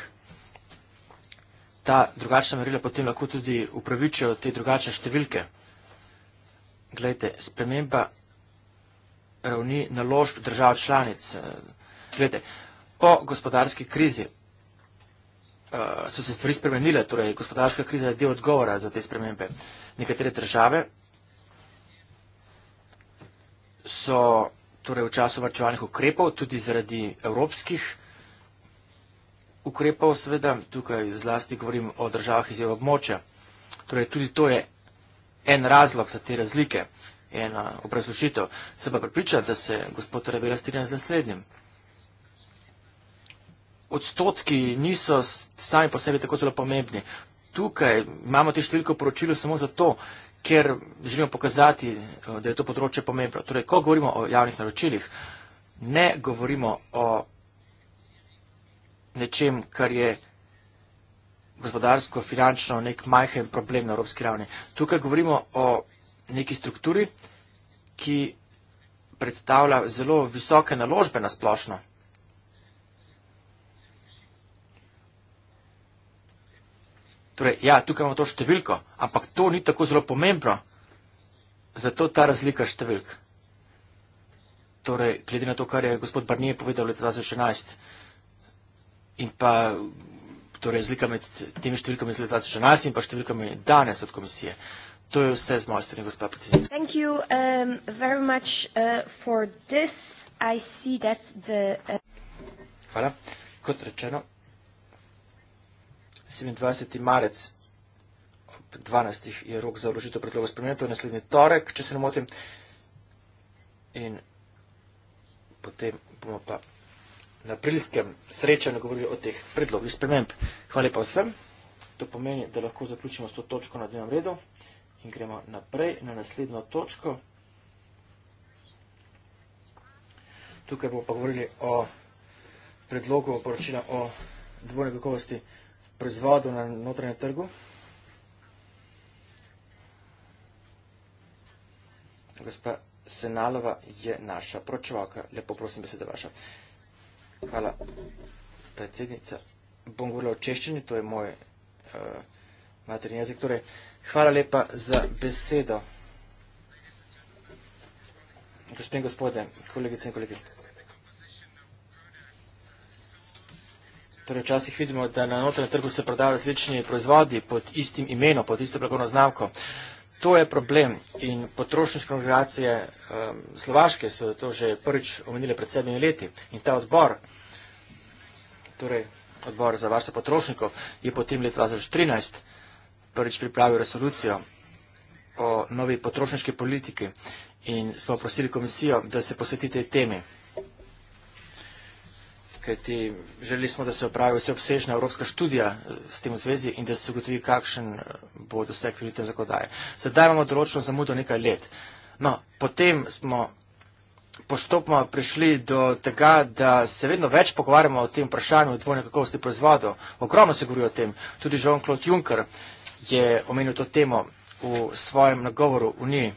Ta drugačna merila potem lahko tudi upravičajo te drugačne številke. Glejte, sprememba ravni naložb držav članic. Eh, Glede, po gospodarski krizi uh, so se stvari spremenile, torej gospodarska kriza je del odgovora za te spremembe. Nekatere države so torej, v času varčevalnih ukrepov, tudi zaradi evropskih ukrepov, seveda tukaj zlasti govorim o državah iz območja. Torej, tudi to je en razlog za te razlike, ena obrazložitev. Se pa pripriča, da se gospod Rebela strinja z naslednjim odstotki niso sami po sebi tako zelo pomembni. Tukaj imamo te številke v poročilu samo zato, ker želimo pokazati, eh, da je to področje pomembno. Torej, ko govorimo o javnih naročilih, ne govorimo o nečem, kar je gospodarsko, finančno nek majhen problem na evropski ravni. Tukaj govorimo o neki strukturi, ki predstavlja zelo visoke naložbe na splošno. Torej, ja, tukaj imamo to številko, ampak to ni tako zelo pomembno, zato ta razlika številk. Torej, glede na to, kar je gospod Barnije povedal leta 2011 in pa torej, razlika med temi številkami iz leta 2011 in pa številkami danes od komisije. To je vse z moje strani, gospod predsednik. Thank you um, very much uh, for this. I see that the... Uh... Hvala. Kot rečeno, 27. marec ob 12. je rok za vložitev predloga spremenitev, to je naslednji torek, če se ne motim. In potem bomo pa na aprilskem srečanju govorili o teh predlogih sprememb. Hvala pa vsem. To pomeni, da lahko zaključimo s to točko na dnevnem redu in gremo naprej na naslednjo točko. Tukaj bomo pa govorili o predlogu poročila o dvojne kakovosti proizvodov na notranjem trgu. Gospa Senalova je naša pročvaka. Lepo prosim, beseda vaša. Hvala, predsednica. Bom govorila o češčini, to je moj eh, materni jezik. Torej, hvala lepa za besedo. Gospod in gospode, kolegice in kolegice. Torej, včasih vidimo, da na notranjem trgu se prodajo različni proizvodi pod istim imenom, pod isto blagovno znamko. To je problem in potrošniške organizacije um, ehm, Slovaške so to že prvič omenile pred sedmimi leti in ta odbor, torej odbor za varstvo potrošnikov, je potem leta 2013 prvič pripravil resolucijo o novi potrošniški politiki in smo prosili komisijo, da se posveti tej temi kajti želeli smo, da se opravi vse obsežna evropska študija eh, s tem v zvezi in da se zagotovi, kakšen eh, bo doseg kreditev in tako dalje. Sedaj imamo določeno zamudo nekaj let. No, potem smo postopoma prišli do tega, da se vedno več pogovarjamo o tem vprašanju o dvojne kakovosti proizvodov. Ogromno se govori o tem. Tudi Jean-Claude Juncker je omenil to temo v svojem nagovoru v Uniji.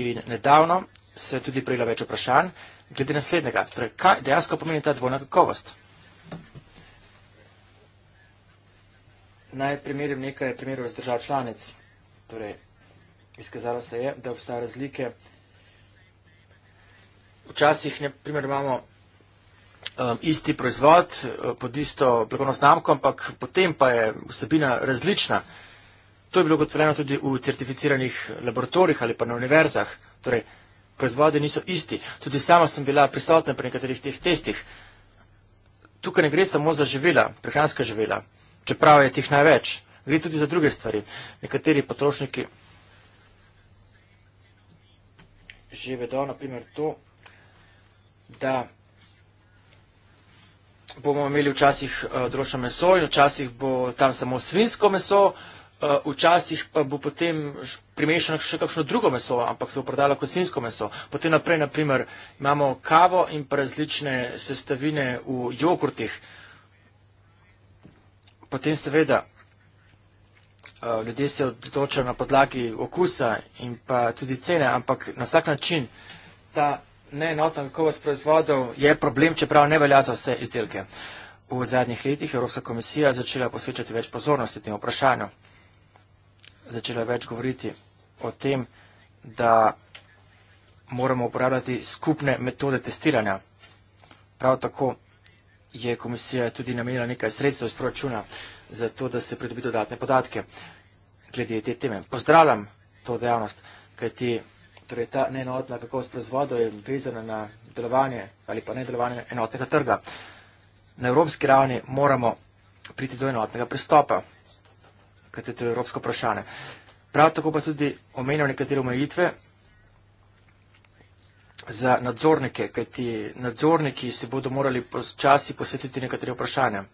In nedavno se je tudi prijela več vprašanj glede naslednjega, torej, kaj dejansko pomeni ta dvojna kakovost. Naj primerim nekaj primerov iz držav članic. Torej, izkazalo se je, da obstajajo razlike. Včasih, na primer, imamo um, isti proizvod uh, pod isto blagovno znamko, ampak potem pa je vsebina različna. To je bilo gotovljeno tudi v certificiranih laboratorijih ali pa na univerzah. Torej, proizvodi niso isti. Tudi sama sem bila prisotna pri nekaterih teh testih. Tukaj ne gre samo za živila, prehranska živila, čeprav je teh največ. Gre tudi za druge stvari. Nekateri potrošniki že vedo, naprimer, to, da bomo imeli včasih eh, drošno meso in včasih bo tam samo svinsko meso. Uh, Eh, včasih pa bo potem primešano še kakšno drugo meso, ampak se bo prodalo kot svinsko meso. Potem naprej, naprimer, imamo kavo in pa različne sestavine v jogurtih. Potem seveda eh, ljudje se odločajo na podlagi okusa in pa tudi cene, ampak na vsak način ta neenotna kakovost proizvodov je problem, čeprav ne velja za vse izdelke. V zadnjih letih je Evropska komisija začela posvečati več pozornosti tem vprašanju začela več govoriti o tem, da moramo uporabljati skupne metode testiranja. Prav tako je komisija tudi namenila nekaj sredstev iz proračuna za to, da se pridobi dodatne podatke glede te teme. Pozdravljam to dejavnost, kajti torej ta neenotna kakovost proizvodov je vezana na delovanje ali pa nedelovanje enotnega trga. Na evropski ravni moramo priti do enotnega pristopa ker to je evropsko vprašanje. Prav tako pa tudi omenjam nekatere omejitve za nadzornike, ker ti nadzorniki se bodo morali počasi posvetiti nekatere vprašanja.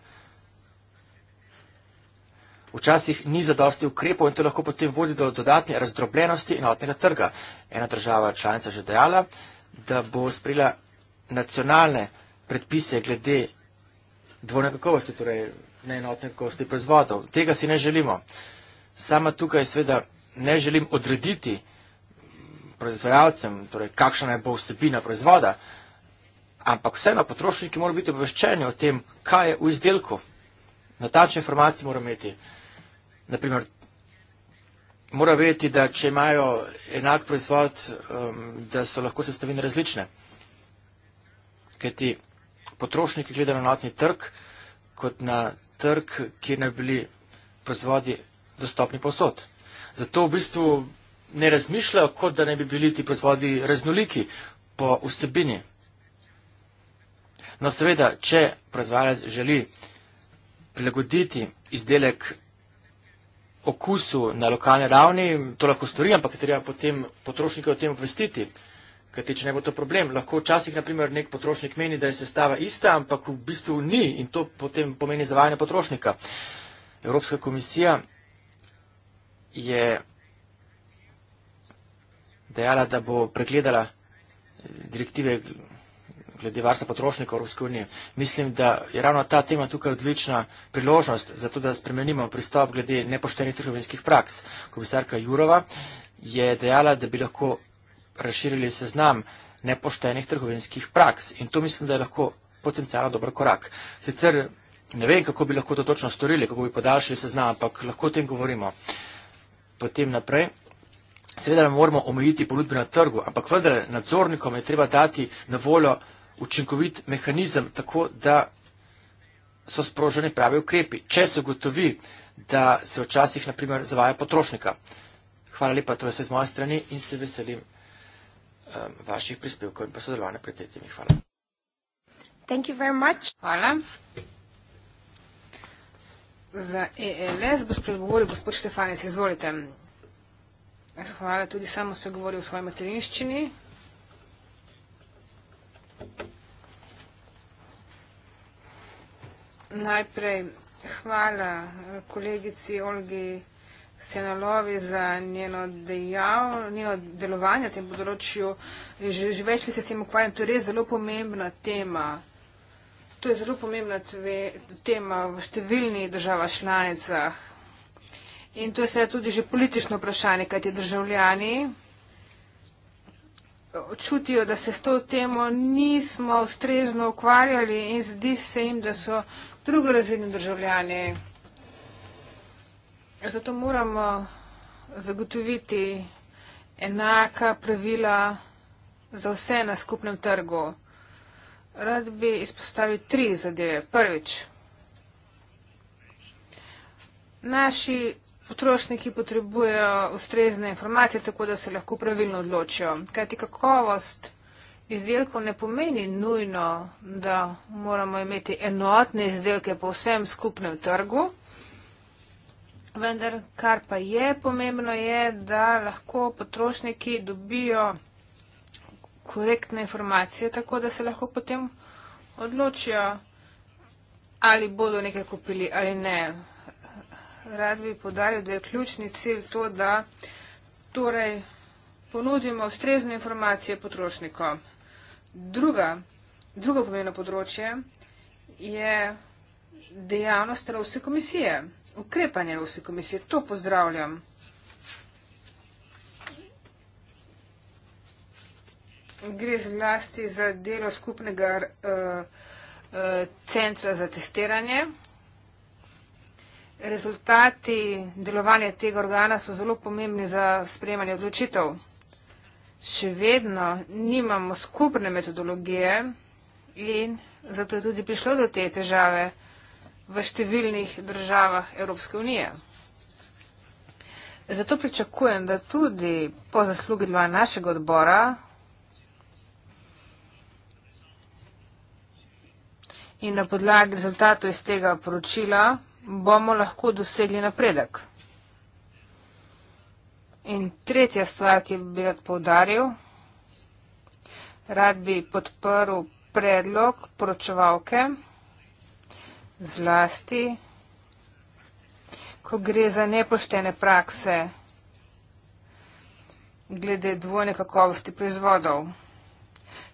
Včasih ni zadosti ukrepov in to lahko potem vodi do dodatne razdrobljenosti enotnega trga. Ena država članica že dejala, da bo sprejela nacionalne predpise glede dvojne kakovosti, torej neenotne kosti proizvodov. Tega si ne želimo. Sama tukaj seveda ne želim odrediti proizvajalcem, torej kakšna je bo vsebina proizvoda, ampak vseeno potrošniki morajo biti obveščeni o tem, kaj je v izdelku. Natančne informacije morajo imeti. Naprimer, mora vedeti, da če imajo enak proizvod, um, da so lahko sestavine različne. Ker ti potrošniki gledajo na notni trg kot na trg, ki naj bili proizvodi dostopni povsod. Zato v bistvu ne razmišljajo, kot da ne bi bili ti proizvodi raznoliki po vsebini. No, seveda, če proizvajalec želi prilagoditi izdelek okusu na lokalni ravni, to lahko stori, ampak je treba potem potrošnike o tem obvestiti kajti če ne bo to problem, lahko včasih, naprimer, nek potrošnik meni, da je sestava ista, ampak v bistvu ni in to potem pomeni zavajanje potrošnika. Evropska komisija je dejala, da bo pregledala eh, direktive glede varstva potrošnika Evropske unije. Mislim, da je ravno ta tema tukaj odlična priložnost za to, da spremenimo pristop glede nepoštenih trgovinskih praks. Komisarka Jurova je dejala, da bi lahko razširili seznam nepoštenih trgovinskih praks in to mislim, da je lahko potencijalno dober korak. Sicer ne vem, kako bi lahko to točno storili, kako bi podaljšali seznam, ampak lahko o tem govorimo potem naprej. Seveda ne moramo omejiti ponudbe na trgu, ampak vendar nadzornikom je treba dati na voljo učinkovit mehanizem, tako da so sproženi pravi ukrepi, če se ugotovi, da se včasih, na primer, zavaja potrošnika. Hvala lepa, to je vse z moje strani in se veselim Um, vaših prispevkov in pa sodelovanja pri tej temi. Hvala. Thank you very much. Hvala. Za ELS bo spregovoril gospod Štefanec. Izvolite. Hvala. Tudi sam bo spregovoril v svoji materinščini. Najprej hvala kolegici Olgi Štefanec se nalovi za njeno, dejav, njeno delovanje na tem področju. Že, že več let se s tem ukvarjam, to je res zelo pomembna tema. To je zelo pomembna tve, tema v številnih državah članicah. In to je seveda tudi že politično vprašanje, kaj ti državljani čutijo, da se s to temo nismo ustrezno ukvarjali in zdi se jim, da so drugorazredni državljani. Zato moramo zagotoviti enaka pravila za vse na skupnem trgu. Rad bi izpostavil tri zadeve. Prvič, naši potrošniki potrebujejo ustrezne informacije, tako da se lahko pravilno odločijo. Kajti kakovost izdelkov ne pomeni nujno, da moramo imeti enotne izdelke po vsem skupnem trgu. Vendar, kar pa je pomembno, je, da lahko potrošniki dobijo korektne informacije, tako da se lahko potem odločijo, ali bodo nekaj kupili ali ne. Rad bi podaril, da je ključni cilj to, da torej ponudimo ustrezne informacije potrošnikom. Druga, drugo pomembno področje je dejavnost Evropske komisije, ukrepanje Evropske komisije. To pozdravljam. Gre zlasti za delo skupnega eh, eh, centra za testiranje. Rezultati delovanja tega organa so zelo pomembni za sprejemanje odločitev. Še vedno nimamo skupne metodologije in zato je tudi prišlo do te težave v številnih državah Evropske unije. Zato pričakujem, da tudi po zaslugi dva našega odbora in na podlagi rezultatov iz tega poročila bomo lahko dosegli napredek. In tretja stvar, ki bi rad povdaril, rad bi podprl predlog poročevalke zlasti, ko gre za nepoštene prakse glede dvojne kakovosti proizvodov.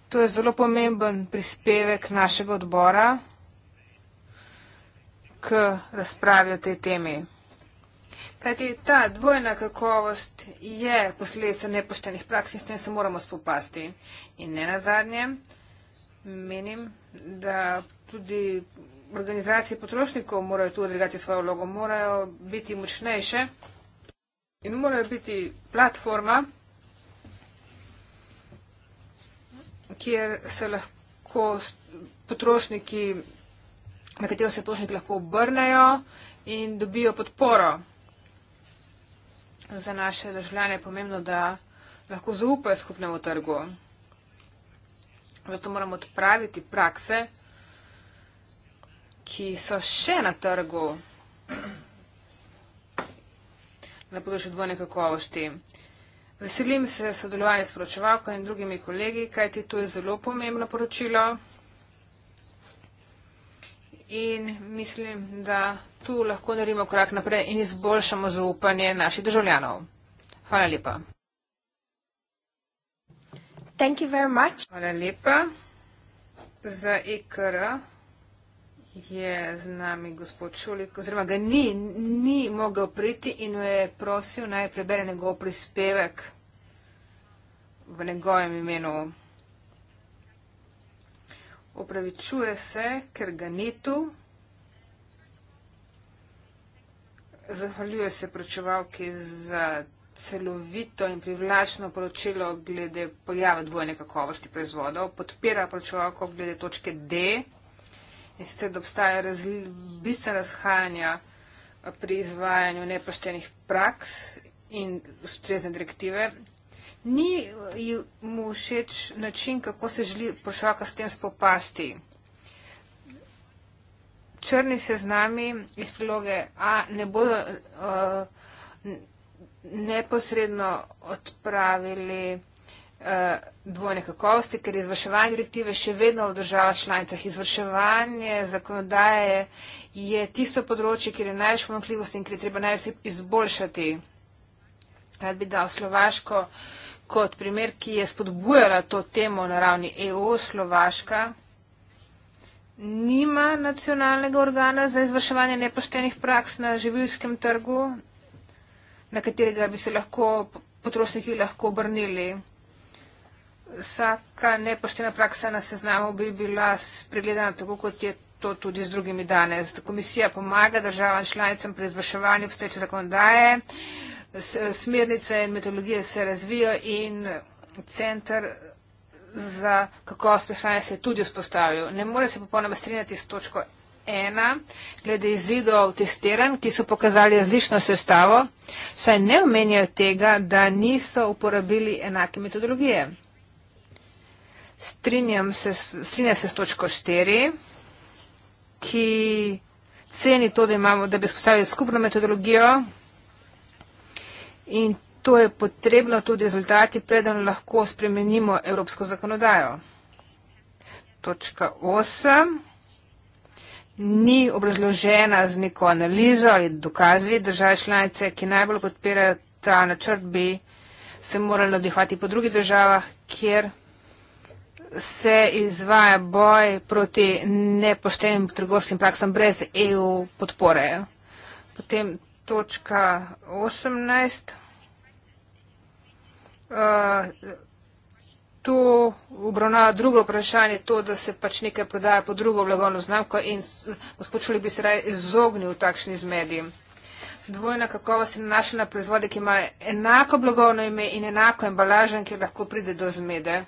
To je zelo pomemben prispevek našega odbora k razpravi o tej temi. Kajti ta dvojna kakovost je posledica nepoštenih praks in s tem se moramo spopasti. In ne nazadnje, menim, da tudi organizacije potrošnikov morajo tu odigrati svojo vlogo, morajo biti močnejše in morajo biti platforma, kjer se lahko potrošniki, na katero se potrošniki lahko obrnejo in dobijo podporo. Za naše državljane je pomembno, da lahko zaupajo skupnemu trgu. Zato moramo odpraviti prakse, ki so še na trgu na področju dvojne kakovosti. Veselim se sodelovanja s poročevalko in drugimi kolegi, kajti to je zelo pomembno poročilo. In mislim, da tu lahko naredimo korak naprej in izboljšamo zaupanje naših državljanov. Hvala lepa. Thank you very much. Hvala lepa za IKR. E je z nami gospod Šulik, oziroma ga ni, ni mogel priti in jo je prosil naj prebere njegov prispevek v njegovem imenu. Opravičuje se, ker ga ni tu. Zahvaljuje se pročevalki za celovito in privlačno poročilo glede pojava dvojne kakovosti proizvodov. Podpira pročevalko glede točke D in sicer da obstaja bistvena razhajanja pri izvajanju nepoštenih praks in ustrezne direktive. Ni mu všeč način, kako se želi pošvaka s tem spopasti. Črni se z nami iz priloge A ne bodo uh, neposredno odpravili Eh, dvojne kakovosti, ker izvrševanje direktive še vedno v državah članicah. Izvrševanje zakonodaje je tisto področje, kjer je največ pomakljivosti in kjer je treba največ izboljšati. Rad bi dal Slovaško kot primer, ki je spodbujala to temo na ravni EU. Slovaška nima nacionalnega organa za izvrševanje nepoštenih praks na živilskem trgu, na katerega bi se lahko potrošniki lahko obrnili vsaka nepoštena praksa na seznamu bi bila spregledana tako, kot je to tudi z drugimi danes. Komisija pomaga državam članicam pri izvrševanju obstoječe zakonodaje, smernice in metodologije se razvijo in center za kakovost prehrane se je tudi vzpostavil. Ne morem se popolnoma strinjati s točko ena, glede izidov testiran, ki so pokazali različno sestavo, saj ne omenjajo tega, da niso uporabili enake metodologije. Strinjam se, strinja se s točko 4, ki ceni to, da, imamo, da bi spostavili skupno metodologijo in to je potrebno tudi rezultati, preden lahko spremenimo evropsko zakonodajo. Točka 8 ni obrazložena z neko analizo ali dokazi države članice, ki najbolj podpirajo ta načrt, bi se morali nadihvati po drugih državah, kjer se izvaja boj proti nepoštenim trgovskim praksam brez EU podpore. Potem točka 18. Uh, eh, tu obravnava drugo vprašanje, to, da se pač nekaj prodaja po drugo blagovno znamko in gospod Šuli bi se raje izognil takšni zmedij dvojna kakovost nanaša na proizvode, ki imajo enako blagovno ime in enako embalažo, ki lahko pride do zmede.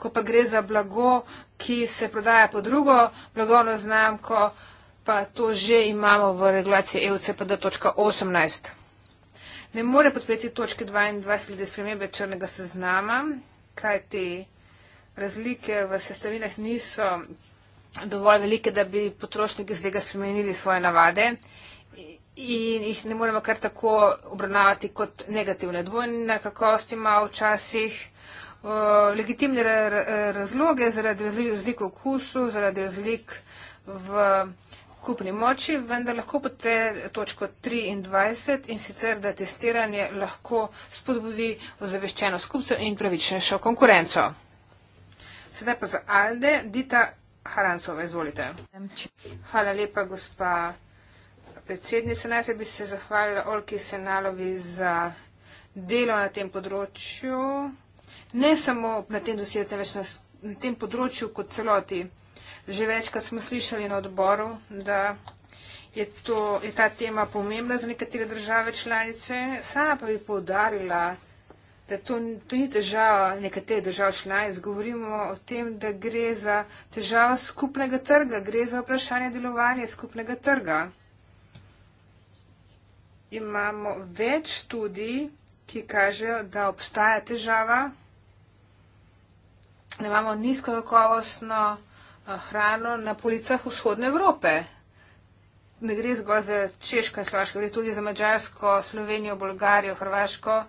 Ko pa gre za blago, ki se prodaja po drugo blagovno znamko, pa to že imamo v regulaciji EUCPD.18. Ne more podpreti točke 22 glede spremembe črnega seznama, kaj te razlike v sestavinah niso dovolj velike, da bi potrošniki z tega spremenili svoje navade in jih ne moremo kar tako obravnavati kot negativne. Dvojna kakost ima včasih uh, legitimne razloge zaradi razlik v okusu, zaradi razlik v kupni moči, vendar lahko podpre točko 23 in sicer, da testiranje lahko spodbudi ozaveščeno skupce in pravičnejšo konkurenco. Sedaj pa za Alde, Dita Harancova, izvolite. Hvala lepa, gospa predsednica. Najprej bi se zahvalila Olki Senalovi za delo na tem področju, ne samo na tem dosjeju, temveč na, na tem področju kot celoti. Že večkrat smo slišali na odboru, da je, to, je ta tema pomembna za nekatere države članice. Sama pa bi poudarila, da to, to ni težava nekaterih držav članic. Govorimo o tem, da gre za težavo skupnega trga, gre za vprašanje delovanja skupnega trga imamo več študij, ki kažejo, da obstaja težava, da imamo nizkokakovostno eh, hrano na policah vzhodne Evrope. Ne gre zgolj za Češko in Slovaško, gre tudi za Mačarsko, Slovenijo, Bolgarijo, Hrvaško,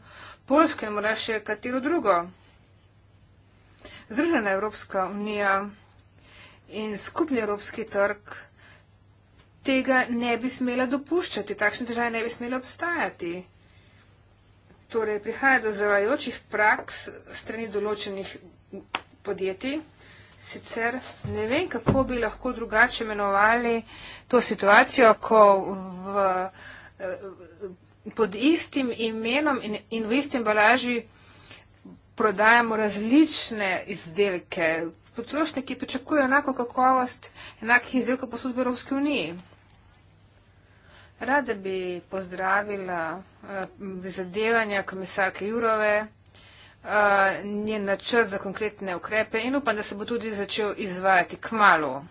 Polsko in morda še katero drugo. Združena Evropska unija in skupni evropski trg tega ne bi smela dopuščati, takšne države ne bi smela obstajati. Torej, prihaja do zavajočih praks strani določenih podjetij, sicer ne vem, kako bi lahko drugače imenovali to situacijo, ko v, eh, pod istim imenom in, in v istem balaži prodajamo različne izdelke. Potrošniki pričakujejo enako kakovost enakih izdelkov posod v Evropski uniji. Rada bi pozdravila eh, zadevanja komisarke Jurove, eh, njen načrt za konkretne ukrepe in upam, da se bo tudi začel izvajati k malu.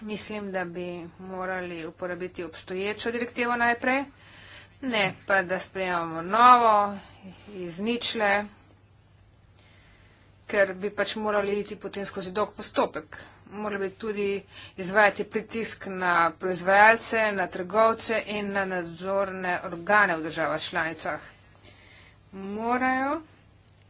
Mislim, da bi morali uporabiti obstoječo direktivo najprej, ne pa, da sprejemamo novo iz ničle, ker bi pač morali iti potem skozi dolg postopek morali bi tudi izvajati pritisk na proizvajalce, na trgovce in na nadzorne organe v državah članicah. Morajo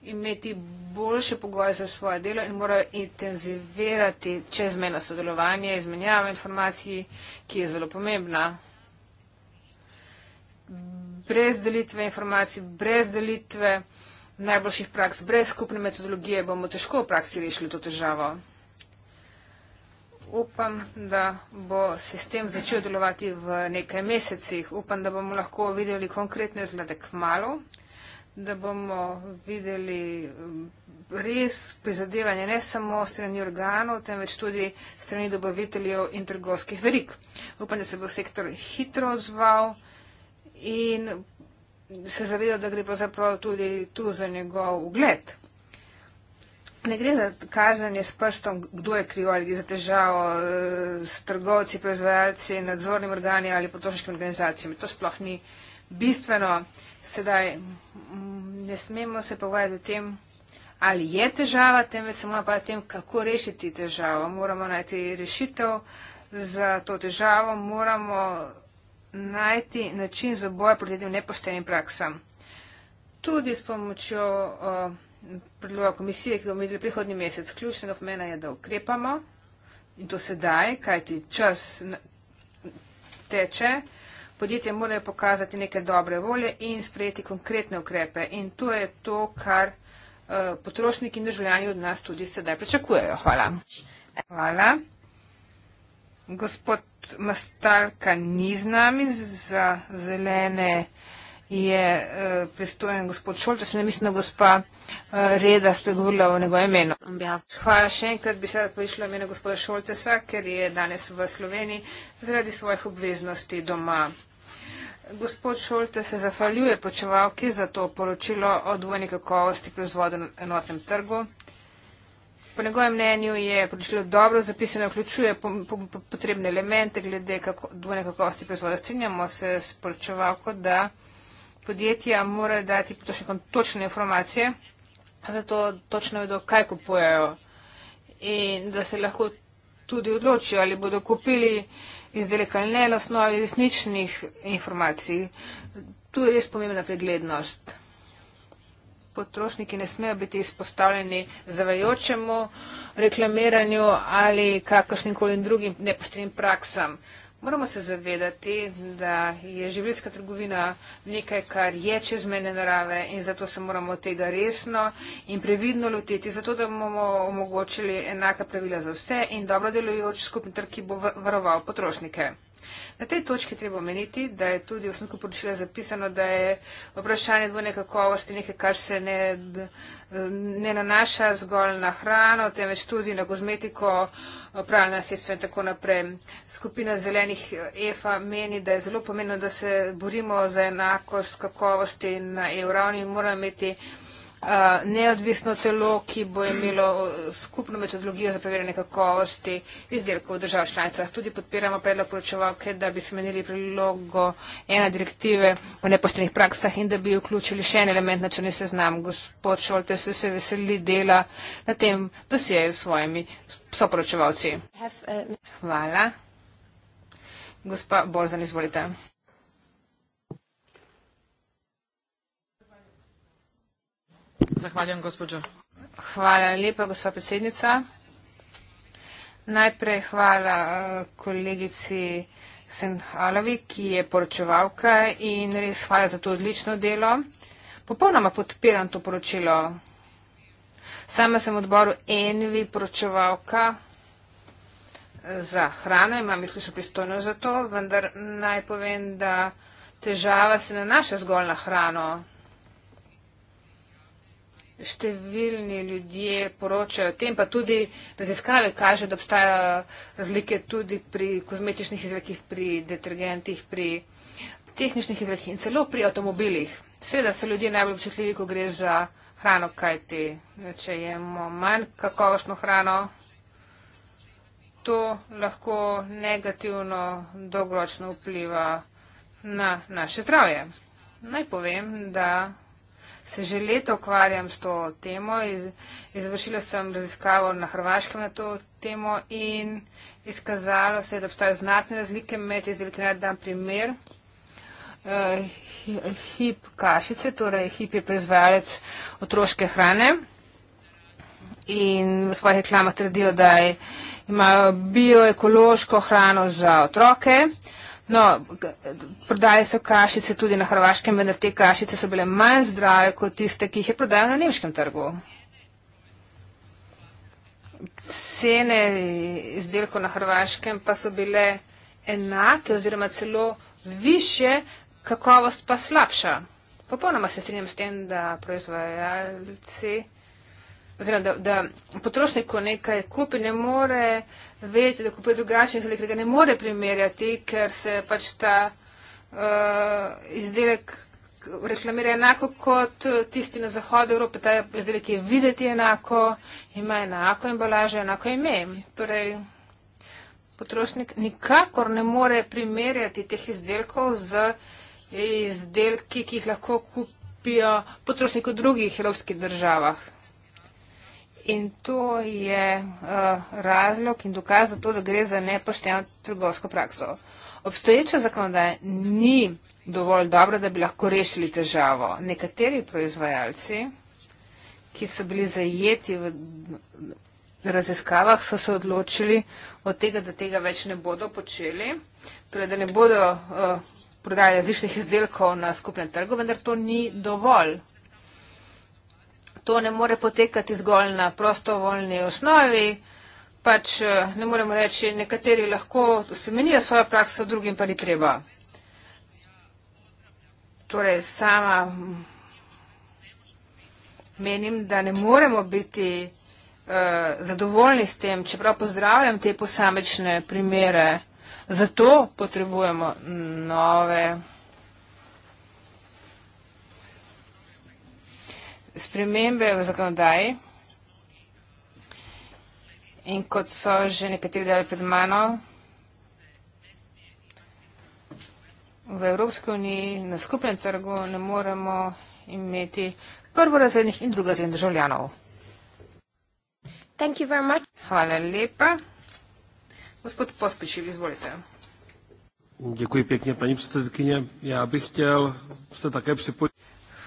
imeti boljše pogoje za svoje delo in morajo intenzivirati čezmeno sodelovanje, izmenjavo informacij, ki je zelo pomembna. Brez delitve informacij, brez delitve najboljših praks, brez skupne metodologije bomo težko v praksi rešili to težavo. Upam, da bo sistem začel delovati v nekaj mesecih. Upam, da bomo lahko videli konkretne zlade k malu, da bomo videli mm, res prizadevanje ne samo strani organov, temveč tudi strani dobaviteljev in trgovskih verik. Upam, da se bo sektor hitro odzval in se zavedal, da gre pa zapravo tudi tu za njegov ugled. Ne gre za kazanje s prstom, kdo je kriv ali za težavo eh, s trgovci, proizvajalci, nadzornimi organi ali potrošniškimi organizacijami. To sploh ni bistveno. Sedaj ne smemo se pogovarjati o tem, ali je težava, temveč samo pa o tem, kako rešiti težavo. Moramo najti rešitev za to težavo, moramo najti način za boj proti tem nepoštenim praksam. Tudi s pomočjo. Uh, predloga komisije, ki ga bomo videli prihodnji mesec. Ključnega pomena je, da ukrepamo in to sedaj, kajti čas teče. Podjetje morajo pokazati neke dobre volje in sprejeti konkretne ukrepe. In to je to, kar eh, potrošniki in državljani od nas tudi sedaj pričakujejo. Hvala. Hvala. Gospod Mastalka ni z nami za zelene je uh, pristojen gospod Šolta, se ne mislim, da gospa uh, Reda spregovorila o njegovem imenu. Hvala še enkrat, bi se rada prišla imena gospoda Šoltesa, ker je danes v Sloveniji zaradi svojih obveznosti doma. Gospod Šolte se zahvaljuje počevalki za to poročilo o dvojni kakovosti proizvoda na enotnem trgu. Po njegovem mnenju je poročilo dobro zapisano, vključuje potrebne elemente glede kako, dvojne kakovosti proizvoda. Strinjamo se s poročevalko, da podjetja morajo dati točne informacije, zato točno vedo, kaj kupujejo in da se lahko tudi odločijo, ali bodo kupili izdelek ali ne na osnovi resničnih informacij. Tu je res pomembna preglednost. Potrošniki ne smejo biti izpostavljeni zavajočemu reklamiranju ali kakršnim koli drugim nepoštenim praksam. Moramo se zavedati, da je življenska trgovina nekaj, kar je čezmene narave in zato se moramo tega resno in previdno lotiti, zato da bomo omogočili enaka pravila za vse in dobro delujoč skupni trg, ki bo varoval potrošnike. Na tej točki treba omeniti, da je tudi v osnovku poročila zapisano, da je vprašanje dvojne kakovosti nekaj, kar se ne, ne nanaša zgolj na hrano, temveč tudi na kozmetiko, pravilna sredstva in tako naprej. Skupina zelenih EFA meni, da je zelo pomembno, da se borimo za enakost kakovosti na EU ravni in moramo imeti neodvisno telo, ki bo imelo skupno metodologijo za preverjanje kakovosti izdelkov v državah članicah. Tudi podpiramo predlog poročevalke, da bi spremenili prilogo ena direktive o nepoštenih praksah in da bi vključili še en element na črni seznam. Gospod Šolte, se se veseli dela na tem dosjeju s svojimi soporočevalci. Uh, Hvala. Gospa Borzan, izvolite. Zahvaljujem, gospođo. Hvala lepa, gospa predsednica. Najprej hvala eh, kolegici Senhalovi, ki je poročevalka in res hvala za to odlično delo. Popolnoma podpiram to poročilo. Sama sem v odboru Envi poročevalka eh, za hrano, imam izključno pristojno za to, vendar naj povem, da težava se nanaša zgolj na hrano številni ljudje poročajo o tem, pa tudi raziskave kaže, da obstajajo razlike tudi pri kozmetičnih izrekih, pri detergentih, pri tehničnih izrekih in celo pri avtomobilih. Seveda so ljudje najbolj občutljivi, ko gre za hrano, kaj ti. Če jemo manj kakovostno hrano, to lahko negativno dolgoročno vpliva na naše zdravje. Naj povem, da se že leto ukvarjam s to temo. Iz, izvršila sem raziskavo na Hrvaškem na to temo in izkazalo se je, da obstajajo znatne razlike med izdelki. Naj dam primer. Uh, hip kašice, torej hip je proizvajalec otroške hrane in v svojih reklamah trdijo, da imajo bioekološko hrano za otroke. Uh, No, prodaje so kašice tudi na hrvaškem, vendar te kašice so bile manj zdrave kot tiste, ki jih je prodajo na nemškem trgu. Cene izdelkov na hrvaškem pa so bile enake oziroma celo više, kakovost pa slabša. Popolnoma se strinjam s tem, da proizvajalci oziroma da, da potrošnik, ko nekaj kupi, ne more vedeti, da kupuje drugačen izdelek, ker ga ne more primerjati, ker se pač ta uh, izdelek reklamira enako kot eh, tisti na zahodu Evrope. Ta izdelek je videti enako, ima enako embalažo, enako ime. Torej, potrošnik nikakor ne more primerjati teh izdelkov z izdelki, ki jih lahko kupijo potrošniki v drugih evropskih državah in to je uh, razlog in dokaz za to, da gre za nepošteno trgovsko prakso. Obstoječa zakonodaja ni dovolj dobra, da bi lahko rešili težavo. Nekateri proizvajalci, ki so bili zajeti v raziskavah, so se odločili od tega, da tega več ne bodo počeli, torej da ne bodo uh, prodajali različnih izdelkov na skupnem trgu, vendar to ni dovolj to ne more potekati zgolj na prostovoljni osnovi, pač eh, ne moremo reči, nekateri lahko spremenijo svojo prakso, drugim pa ni treba. Torej, sama menim, da ne moremo biti uh, zadovoljni s tem, čeprav pozdravljam te posamečne primere, zato potrebujemo nove. spremembe v zakonodaji. In kot so že nekateri dali pred mano, v Evropski uniji na skupnem trgu ne moremo imeti prvorazrednih in drugorazrednih državljanov. Hvala lepa. Gospod Pospišil, izvolite. Děkuji pěkně, paní předsedkyně. Já bych chtěl se také připojit.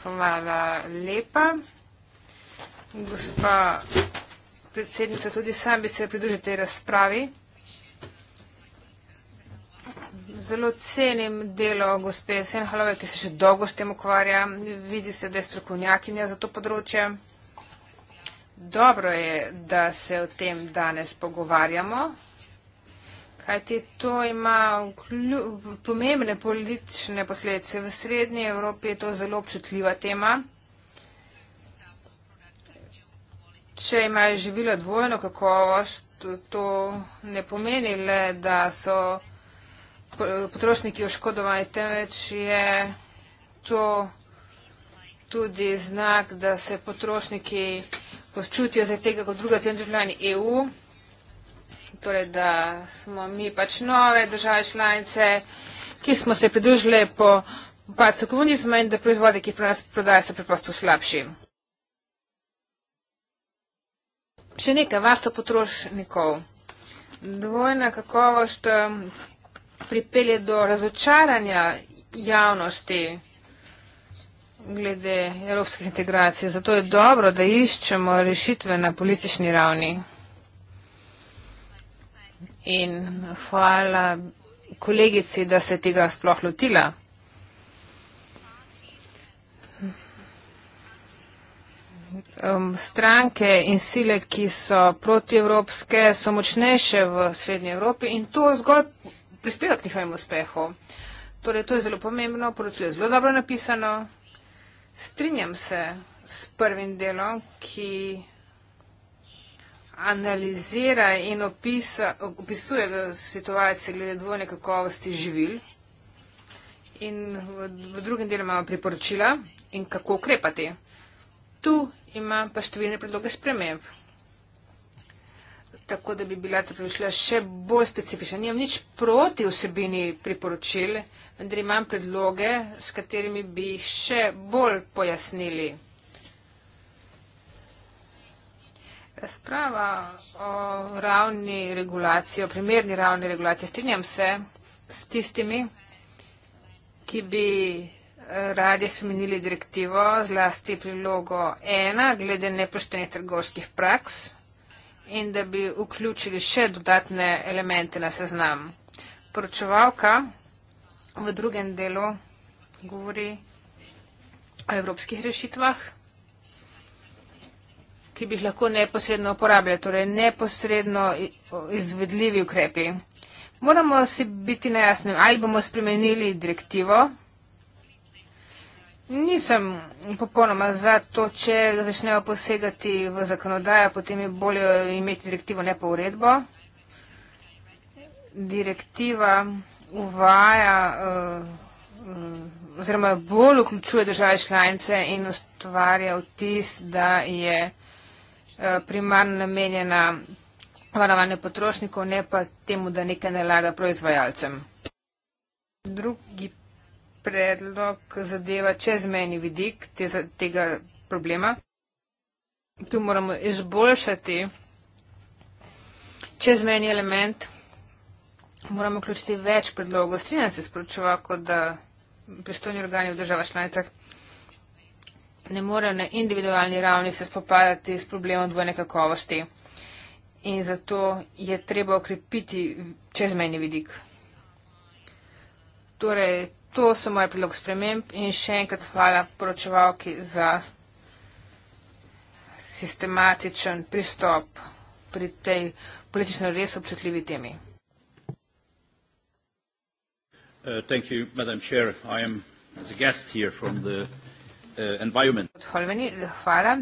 Hvala lepa. Gospa predsednica, tudi sam bi se pridružil tej razpravi. Zelo cenim delo gospe Senhalove, ki se še dolgo s tem ukvarja. Vidi se, da je strokovnjakinja za to področje. Dobro je, da se o tem danes pogovarjamo kajti to ima pomembne politične posledice. V srednji Evropi je to zelo občutljiva tema. Če imajo živilo dvojno kakovost, to ne pomeni le, da so potrošniki oškodovani, temveč je to tudi znak, da se potrošniki počutijo za tega kot druga centrum EU torej da smo mi pač nove države članice, ki smo se pridružili po upadcu komunizma in da proizvode, ki jih pri nas prodajajo, so preprosto slabši. Še nekaj, varstvo potrošnikov. Dvojna kakovost pripelje do razočaranja javnosti glede evropske integracije. Zato je dobro, da iščemo rešitve na politični ravni. In hvala kolegici, da se tega sploh lotila. Um, stranke in sile, ki so protievropske, so močnejše v srednji Evropi in to zgolj prispeva k njihovemu uspehu. Torej, to je zelo pomembno, poročilo je zelo dobro napisano. Strinjam se s prvim delom, ki analizira in opisa, opisuje situacijo glede dvojne kakovosti živil in v, v drugem delu ima priporočila in kako ukrepati. Tu ima pa številne predloge sprememb. Tako da bi bila ta priporočila še bolj specifična. Nimam nič proti vsebini priporočil, vendar imam predloge, s katerimi bi jih še bolj pojasnili. Razprava o ravni regulacije, o primerni ravni regulacije. Strinjam se s tistimi, ki bi radi spremenili direktivo zlasti prilogo ena glede nepoštenih trgovskih praks in da bi vključili še dodatne elemente na seznam. Poročevalka v drugem delu govori o evropskih rešitvah ki bi jih lahko neposredno uporabljali, torej neposredno izvedljivi ukrepi. Moramo si biti na jasnem, ali bomo spremenili direktivo. Nisem popolnoma za to, če začnejo posegati v zakonodajo, potem je bolje imeti direktivo, ne pa uredbo. Direktiva uvaja eh, eh, oziroma bolj vključuje države članice in ustvarja vtis, da je. Eh, primarno namenjena varovanju potrošnikov, ne pa temu, da nekaj nalaga proizvajalcem. Drugi predlog zadeva čezmejni vidik te, tega problema. Tu moramo izboljšati čezmejni element, moramo vključiti več predlogov. Strinjam se s pročovako, da pristojni organi v državah članicah ne morejo na individualni ravni se spopadati s problemom dvojne kakovosti. In zato je treba okrepiti čezmejni vidik. Torej, to so moje predlog sprememb in še enkrat hvala poročevalki za sistematičen pristop pri tej politično res občutljivi temi. Uh, thank you, Madam Chair. I am as a guest here from the Eh, environment. Holmeni, hvala.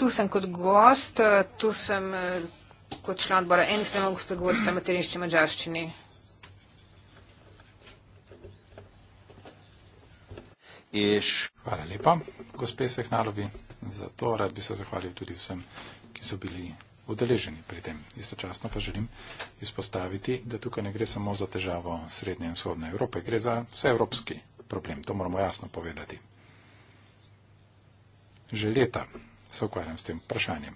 Tu sem kot gost, eh, tu sem eh, kot član odbora. En se ne mogu spregovoriti samo materinščini mađarščini. Iš. Hvala lepa, gospe Sehnalovi, za to. Rad bi se zahvalil tudi vsem, ki so bili udeleženi pri tem. Istočasno pa želim izpostaviti, da tukaj ne gre samo za težavo Srednje in Vzhodne Evrope, gre za vseevropski problem. To moramo jasno povedati že leta se ukvarjam s tem vprašanjem,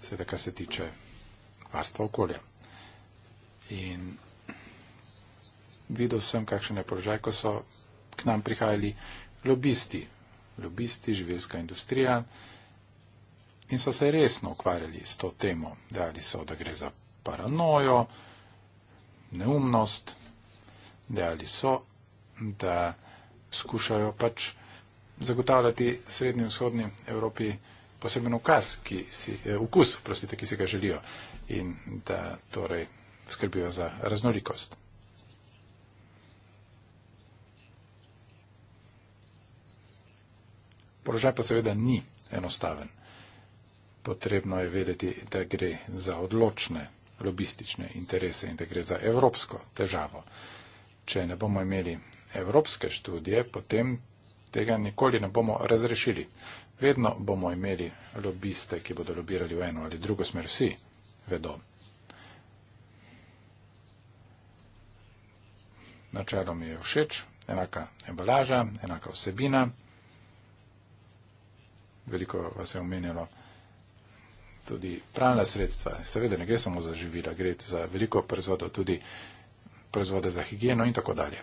seveda, kar se tiče varstva okolja. In videl sem, kakšen je položaj, ko so k nam prihajali lobisti, lobisti, živelska industrija in so se resno ukvarjali s to temo. Dejali so, da gre za paranojo, neumnost, dejali so, da skušajo pač zagotavljati srednji in vzhodni Evropi poseben ukaz, ki si, vkus, eh, prosite, ki si ga želijo in da torej skrbijo za raznolikost. Položaj pa seveda ni enostaven. Potrebno je vedeti, da gre za odločne lobistične interese in da gre za evropsko težavo. Če ne bomo imeli evropske študije, potem tega nikoli ne bomo razrešili. Vedno bomo imeli lobiste, ki bodo lobirali v eno ali drugo smer, vsi vedo. Načelo mi je všeč, enaka embalaža, enaka vsebina. Veliko vas je omenjalo tudi pralna sredstva. Seveda ne gre samo za živila, gre za veliko proizvodov, tudi proizvode za higieno in tako dalje.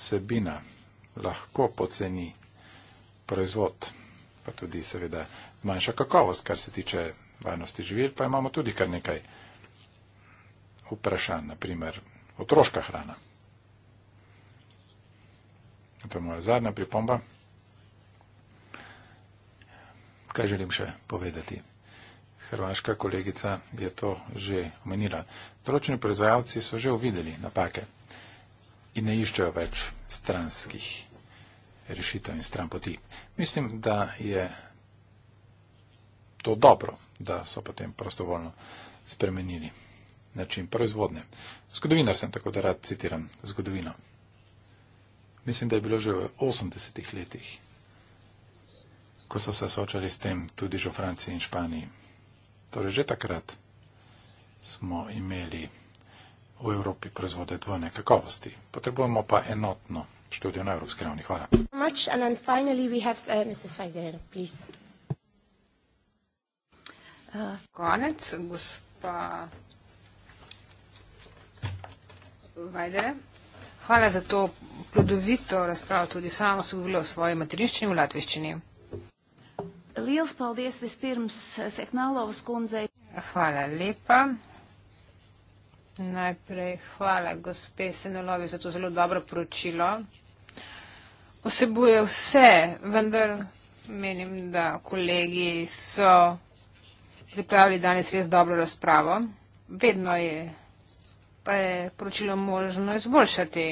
vsebina lahko poceni proizvod, pa tudi seveda manjša kakovost, kar se tiče varnosti živil, pa imamo tudi kar nekaj vprašanj, naprimer otroška hrana. To je moja zadnja pripomba. Kaj želim še povedati? Hrvaška kolegica je to že omenila. Določeni proizvajalci so že uvideli napake in ne iščejo več stranskih rešitev in stran poti. Mislim, da je to dobro, da so potem prostovoljno spremenili način proizvodne. Zgodovinar sem tako, da rad citiram zgodovino. Mislim, da je bilo že v 80-ih letih, ko so se soočali s tem tudi že v Franciji in Španiji. Torej, že takrat smo imeli v Evropi proizvode dvojne kakovosti. Potrebujemo pa enotno študijo na evropski ravni. Hvala. Uh, uh, konec, gospa Vajdere. Hvala za to plodovito razpravo. Tudi sama so bila v svoji materinščini v latviščini. Hvala lepa. Najprej hvala gospe Senolovi za to zelo dobro poročilo. Vsebuje vse, vendar menim, da kolegi so pripravili danes res dobro razpravo. Vedno je, pa je poročilo možno izboljšati.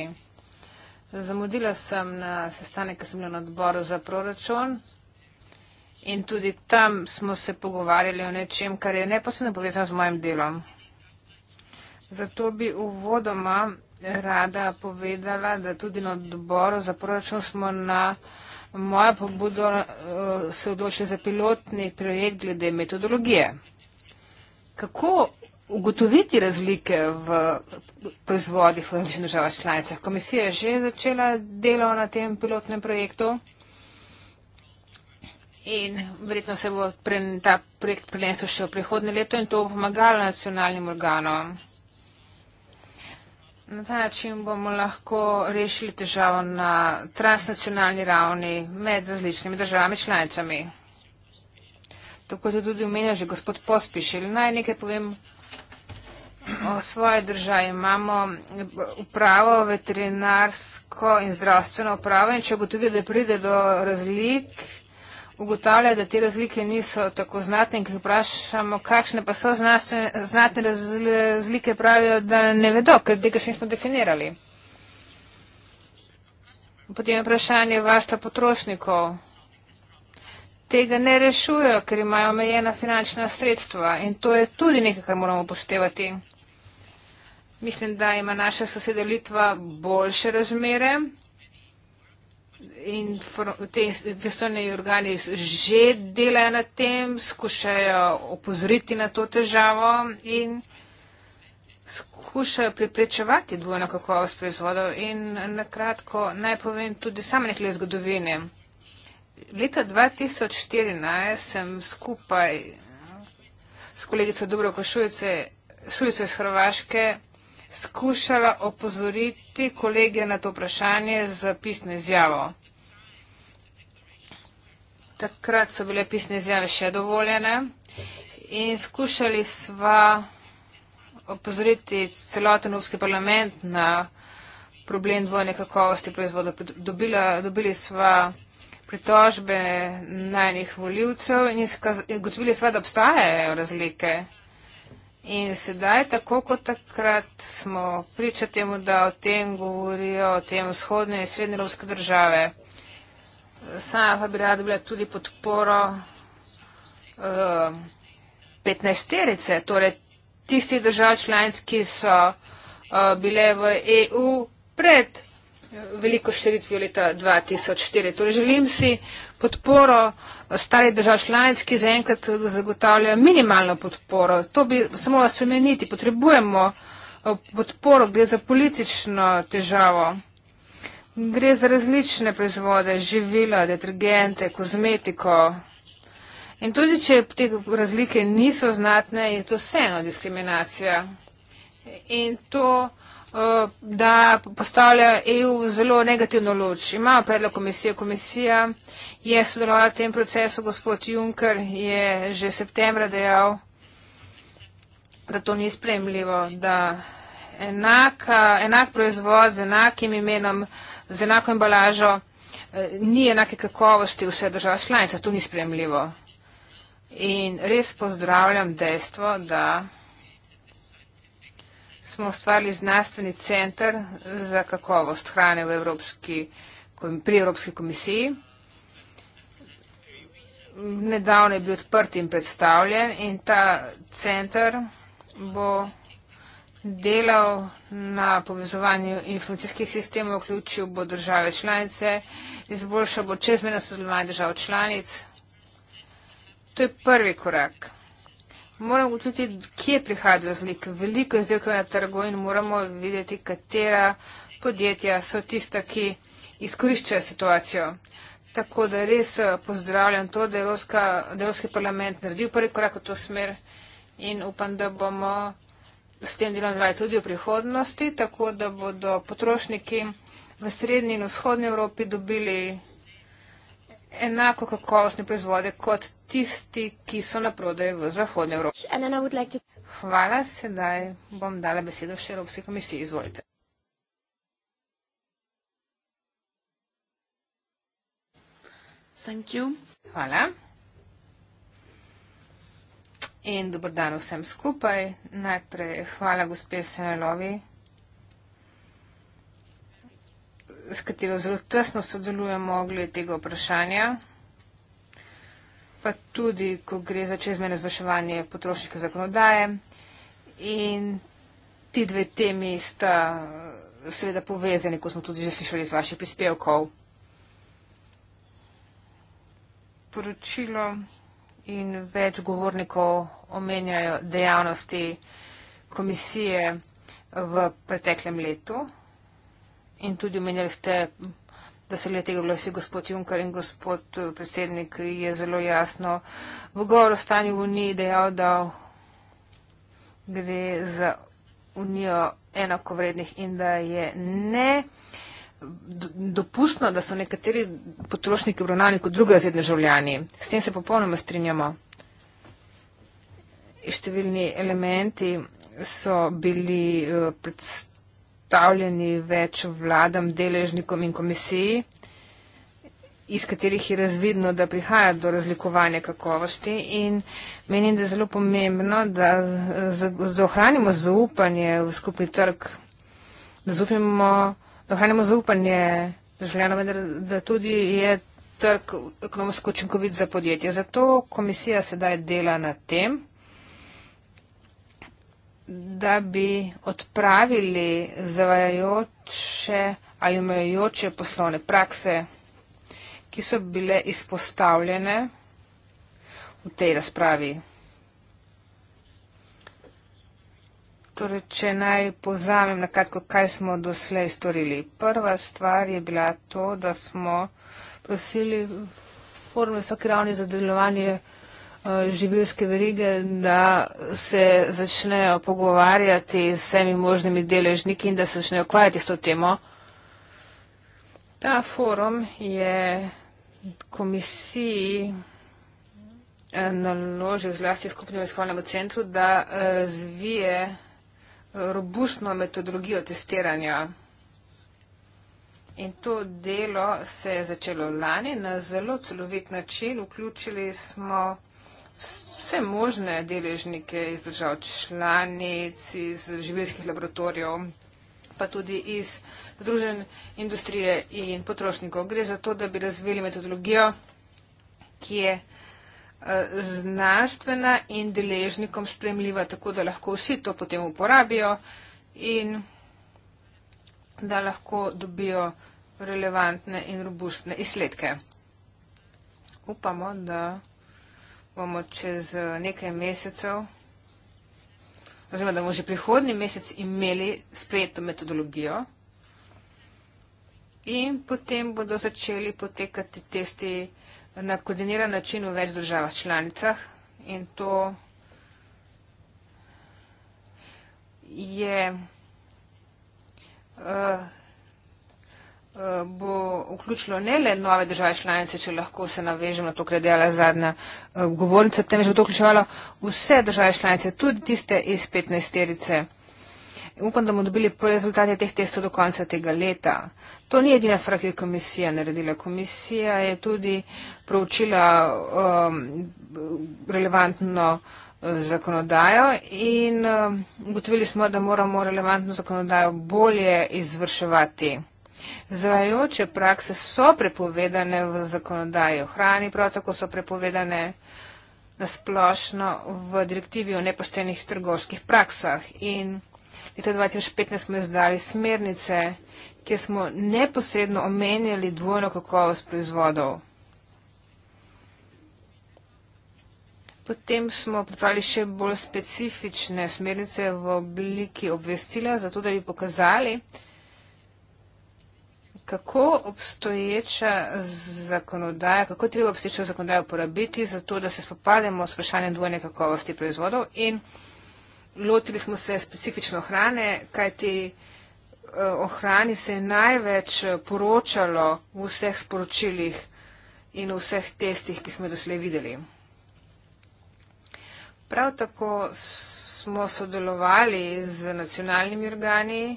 Zamudila sem na sestanek, ki sem bila na odboru za proračun in tudi tam smo se pogovarjali o nečem, kar je neposredno povezano z mojim delom. Zato bi uvodoma rada povedala, da tudi na odboru za proračun smo na mojo pobudo eh, se odločili za pilotni projekt glede metodologije. Kako ugotoviti razlike v proizvodih v različnih državah članicah? Komisija je že začela delo na tem pilotnem projektu in verjetno se bo ta projekt prenesel še v prihodnje leto in to bo pomagalo nacionalnim organom. Na ta način bomo lahko rešili težavo na transnacionalni ravni med različnimi državami članicami. Tako je tudi omenil že gospod Pospišil. Naj nekaj povem o svoji državi. Imamo eh, upravo, veterinarsko in zdravstveno upravo in če ugotovijo, da pride do razlik ugotavlja, da te razlike niso tako znate in ki vprašamo, kakšne pa so znatne razlike, pravijo, da ne vedo, ker tega še nismo definirali. Potem je vprašanje varstva potrošnikov. Tega ne rešujo, ker imajo omejena finančna sredstva in to je tudi nekaj, kar moramo upoštevati. Mislim, da ima naša soseda Litva boljše razmere pristojni organi že delajo na tem, skušajo opozoriti na to težavo in skušajo priprečevati dvojno kakovost proizvodov. In na kratko naj povem tudi sam nekaj zgodovine. Leta 2014 sem skupaj s kolegico Dubrovko Šujico iz Hrvaške skušala opozoriti kolege na to vprašanje z pisno izjavo takrat so bile pisne izjave še dovoljene in skušali sva opozoriti celoten Evropski parlament na problem dvojne kakovosti proizvoda. Dobila, dobili sva pritožbe najnih voljivcev in gotovili sva, da obstajajo razlike. In sedaj, tako kot takrat, smo priča temu, da o tem govorijo o tem vzhodne in srednjerovske države sama pa bi rada bila tudi podporo uh, eh, 15-terice, torej tistih držav članic, ki so uh, bile v EU pred eh, veliko širitvijo leta 2004. Torej želim si podporo starih držav članic, ki zaenkrat zagotavljajo minimalno podporo. To bi samo spremeniti. Potrebujemo podporo, gre za politično težavo. Gre za različne proizvode, živila, detergente, kozmetiko. In tudi, če te razlike niso znatne, je to vseeno diskriminacija. In to eh, da postavlja EU zelo negativno luč. Imajo predlog komisije. Komisija je sodelovala v tem procesu. Gospod Juncker je že septembra dejal, da to ni spremljivo, da enaka, enak proizvod z enakim imenom, z enako embalažo, eh, ni enake kakovosti vse država članica, to ni spremljivo. In res pozdravljam dejstvo, da smo ustvarili znanstveni center za kakovost hrane v Evropski, pri Evropski komisiji. Nedavno je bil odprt in predstavljen in ta center bo delal na povezovanju informacijskih sistemov, vključil bo države članice, izboljšal bo čezmeno sodelovanje držav članic. To je prvi korak. Moramo učiti, kje prihaja razlik. Veliko je izdelkov na trgu in moramo videti, katera podjetja so tista, ki izkoriščajo situacijo. Tako da res eh, pozdravljam to, da je Evropski parlament naredil prvi korak v to smer in upam, da bomo s tem delali tudi v prihodnosti, tako da bodo potrošniki v srednji in vzhodnji Evropi dobili enako kakovostne proizvode kot tisti, ki so na prodaju v zahodnji Evropi. Hvala, sedaj bom dala besedo še Evropski komisiji. Izvolite. Hvala. In dober dan vsem skupaj. Najprej hvala gospe Senelovi, s katero zelo tesno sodelujemo glede tega vprašanja, pa tudi, ko gre za čezmene zvrševanje potrošnike zakonodaje. In ti dve temi sta seveda povezani, kot smo tudi že slišali iz vaših prispevkov. Poročilo in več govornikov omenjajo dejavnosti komisije v preteklem letu. In tudi omenjali ste, da se le tega glasi gospod Juncker in gospod eh, predsednik je zelo jasno v govoru o stanju v Uniji dejal, da gre za Unijo enakovrednih in da je ne. Uh, dopustno, da so nekateri potrošniki obravnani kot druge zredne življani. S tem se popolnoma strinjamo. Številni elementi so bili eh, predstavljeni več vladam, deležnikom in komisiji, iz katerih je razvidno, da prihaja do razlikovanja kakovosti in menim, da je zelo pomembno, da ohranimo zaupanje v skupni trg, da zaupimo ohranjamo zaupanje državljanov, vendar da tudi je trg ekonomsko učinkovit za podjetje. Zato komisija sedaj dela na tem, da bi odpravili zavajajoče ali omejujoče poslovne prakse, ki so bile izpostavljene v tej razpravi. Torej, če naj pozamem na kratko, kaj smo doslej storili. Prva stvar je bila to, da smo prosili forum visoke ravni za delovanje eh, živilske verige, da se začnejo pogovarjati s vsemi možnimi deležniki in da se začnejo ukvarjati s to temo. Ta forum je komisiji eh, naložil zlasti skupnemu izhvalnemu centru, da eh, razvije robustno metodologijo testiranja. In to delo se je začelo lani na zelo celovit način. Vključili smo vse možne deležnike iz držav članic, iz življenskih laboratorijev, pa tudi iz družen industrije in potrošnikov. Gre za to, da bi razvili metodologijo, ki je Eh, znanstvena in deležnikom spremljiva, tako da lahko vsi to potem uporabijo in da lahko dobijo relevantne in robustne izsledke. Upamo, da bomo čez eh, nekaj mesecev, oziroma da bomo že prihodni mesec imeli sprejeto metodologijo in potem bodo začeli potekati testi izsledke na koordiniran način v več državah članicah in to je uh, bo vključilo ne le nove države članice, če lahko se navežem na to, kar je dejala zadnja eh, govornica, temveč bo to vključevalo vse države članice, tudi tiste iz 15. -terice. Upam, da bomo dobili rezultate teh testov do konca tega leta. To ni edina stvar, ki je komisija naredila. Komisija je tudi proučila um, relevantno eh, zakonodajo in um, ugotovili smo, da moramo relevantno zakonodajo bolje izvrševati. Zavajajoče prakse so prepovedane v zakonodaji o hrani, prav tako so prepovedane nasplošno v direktivi o nepoštenih trgovskih praksah in leta 2015 smo izdali smernice, kjer smo neposredno omenjali dvojno kakovost proizvodov. Potem smo pripravili še bolj specifične smernice v obliki obvestila, zato da bi pokazali, kako obstoječa zakonodaja, kako treba obstoječa zakonodaja uporabiti, zato da se spopademo s vprašanjem dvojne kakovosti proizvodov in lotili smo se specifično hrane, kajti eh, o hrani se je največ eh, poročalo v vseh sporočilih in v vseh testih, ki smo doslej videli. Prav tako smo sodelovali z nacionalnimi organi,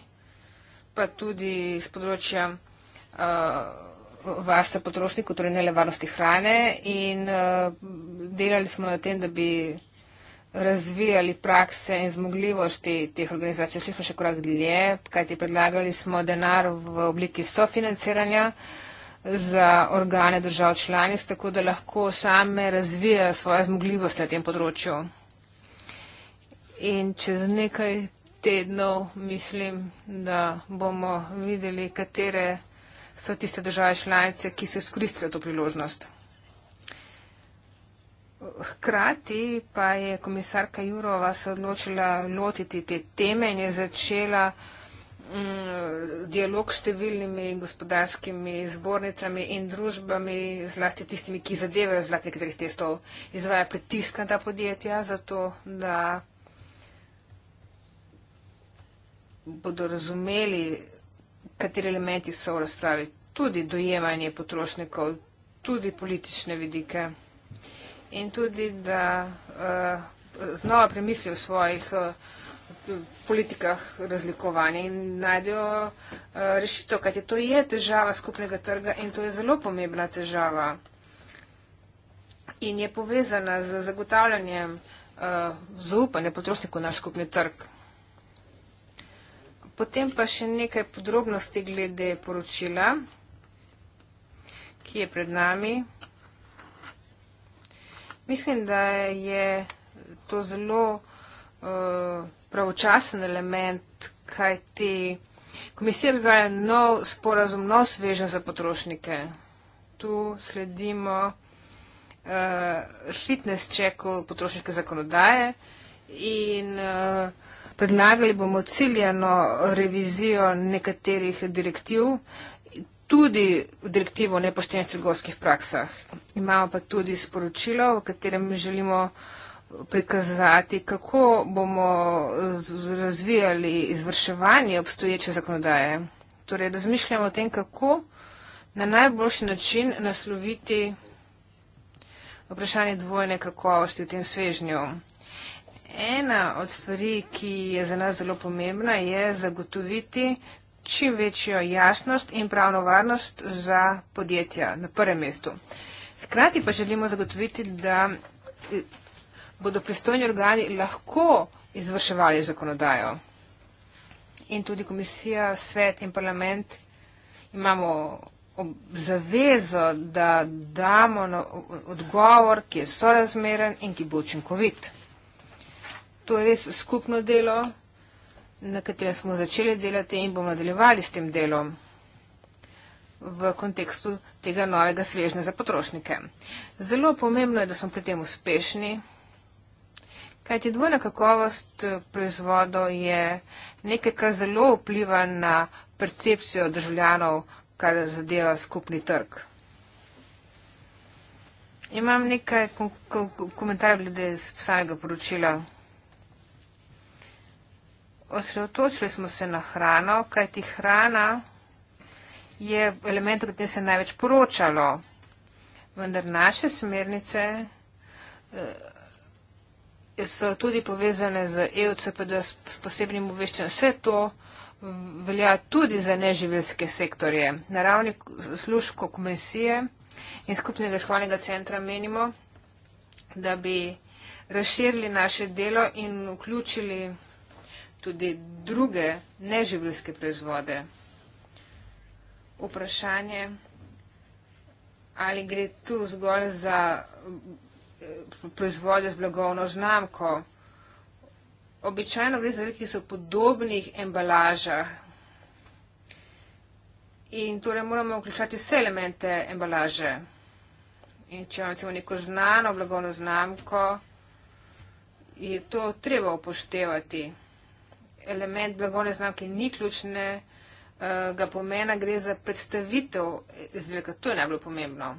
pa tudi z področja uh, varstva potrošnikov, torej ne le varnosti hrane in uh, delali smo na tem, da bi razvijali prakse in zmogljivosti teh organizacij, šli smo še korak dlje, kajti predlagali smo denar v obliki sofinanciranja za organe držav članic, tako da lahko same razvijajo svoje zmogljivosti na tem področju. In čez nekaj tednov mislim, da bomo videli, katere so tiste države članice, ki so izkoristile to priložnost. Hkrati pa je komisarka Jurova se odločila lotiti te teme in je začela mm, dialog s številnimi gospodarskimi zbornicami in družbami, zlasti tistimi, ki zadevajo zlat nekaterih testov, izvaja pritisk na ta podjetja, zato da bodo razumeli, kateri elementi so v razpravi, tudi dojemanje potrošnikov, tudi politične vidike in tudi, da eh, znova premisli o svojih eh, politikah razlikovanja in najdejo eh, rešitev, kaj je to je težava skupnega trga in to je zelo pomembna težava in je povezana z zagotavljanjem zaupanja potrošnikov naš skupni trg. Potem pa še nekaj podrobnosti glede poročila, ki je pred nami. Mislim, da je to zelo uh, pravočasen element, kaj ti komisija bi bila nov sporazum, nov svežen za potrošnike. Tu sledimo uh, fitness checku potrošnike zakonodaje in uh, predlagali bomo ciljano revizijo nekaterih direktiv tudi direktivo o nepoštenih trgovskih praksah. Imamo pa tudi sporočilo, v katerem želimo prikazati, kako bomo razvijali izvrševanje obstoječe zakonodaje. Torej, razmišljamo o tem, kako na najboljši način nasloviti vprašanje dvojne kakovosti v tem svežnju. Ena od stvari, ki je za nas zelo pomembna, je zagotoviti čim večjo jasnost in pravno varnost za podjetja na prvem mestu. Hkrati pa želimo zagotoviti, da bodo pristojni organi lahko izvrševali zakonodajo. In tudi komisija, svet in parlament imamo zavezo, da damo odgovor, ki je sorazmeren in ki bo učinkovit. To je res skupno delo na katerem smo začeli delati in bomo nadaljevali s tem delom v kontekstu tega novega svežnja za potrošnike. Zelo pomembno je, da smo pri tem uspešni, kajti dvojna kakovost proizvodov je nekaj, kar zelo vpliva na percepcijo državljanov, kar zadeva skupni trg. Imam nekaj komentarjev glede samega poročila osredotočili smo se na hrano, kajti hrana je element, o katerem se je največ poročalo. Vendar naše smernice eh, so tudi povezane z EUCPD s posebnim obveščanjem. Vse to velja tudi za neživljske sektorje. Na ravni služko komisije in skupnega shvalnega centra menimo, da bi razširili naše delo in vključili tudi druge neživljske proizvode. Vprašanje, ali gre tu zgolj za eh, proizvode z blagovno znamko. Običajno gre za nekaj, ki so v podobnih embalažah. In torej moramo vključati vse elemente embalaže. In če imamo recimo neko znano blagovno znamko, je to treba upoštevati element blagovne znamke ni ključne. Ga pomena, gre za predstavitev izdelka. To je najbolj pomembno.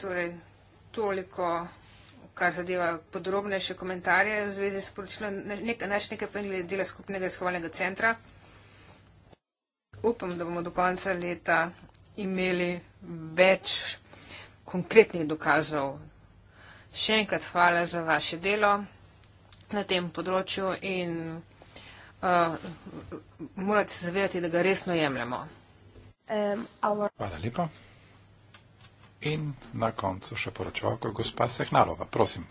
Torej, toliko, kar zadeva podrobnejše komentarje v zvezi s poročilom. Naš nekaj pa je glede dela skupnega izhovalnega centra. Upam, da bomo do konca leta imeli več konkretnih dokazov. Še enkrat hvala za vaše delo na tem področju in uh, morate se zavedati, da ga resno jemljamo. Um, our... Hvala lepa. In na koncu še poročevalka gospa Sehnalova. Prosim.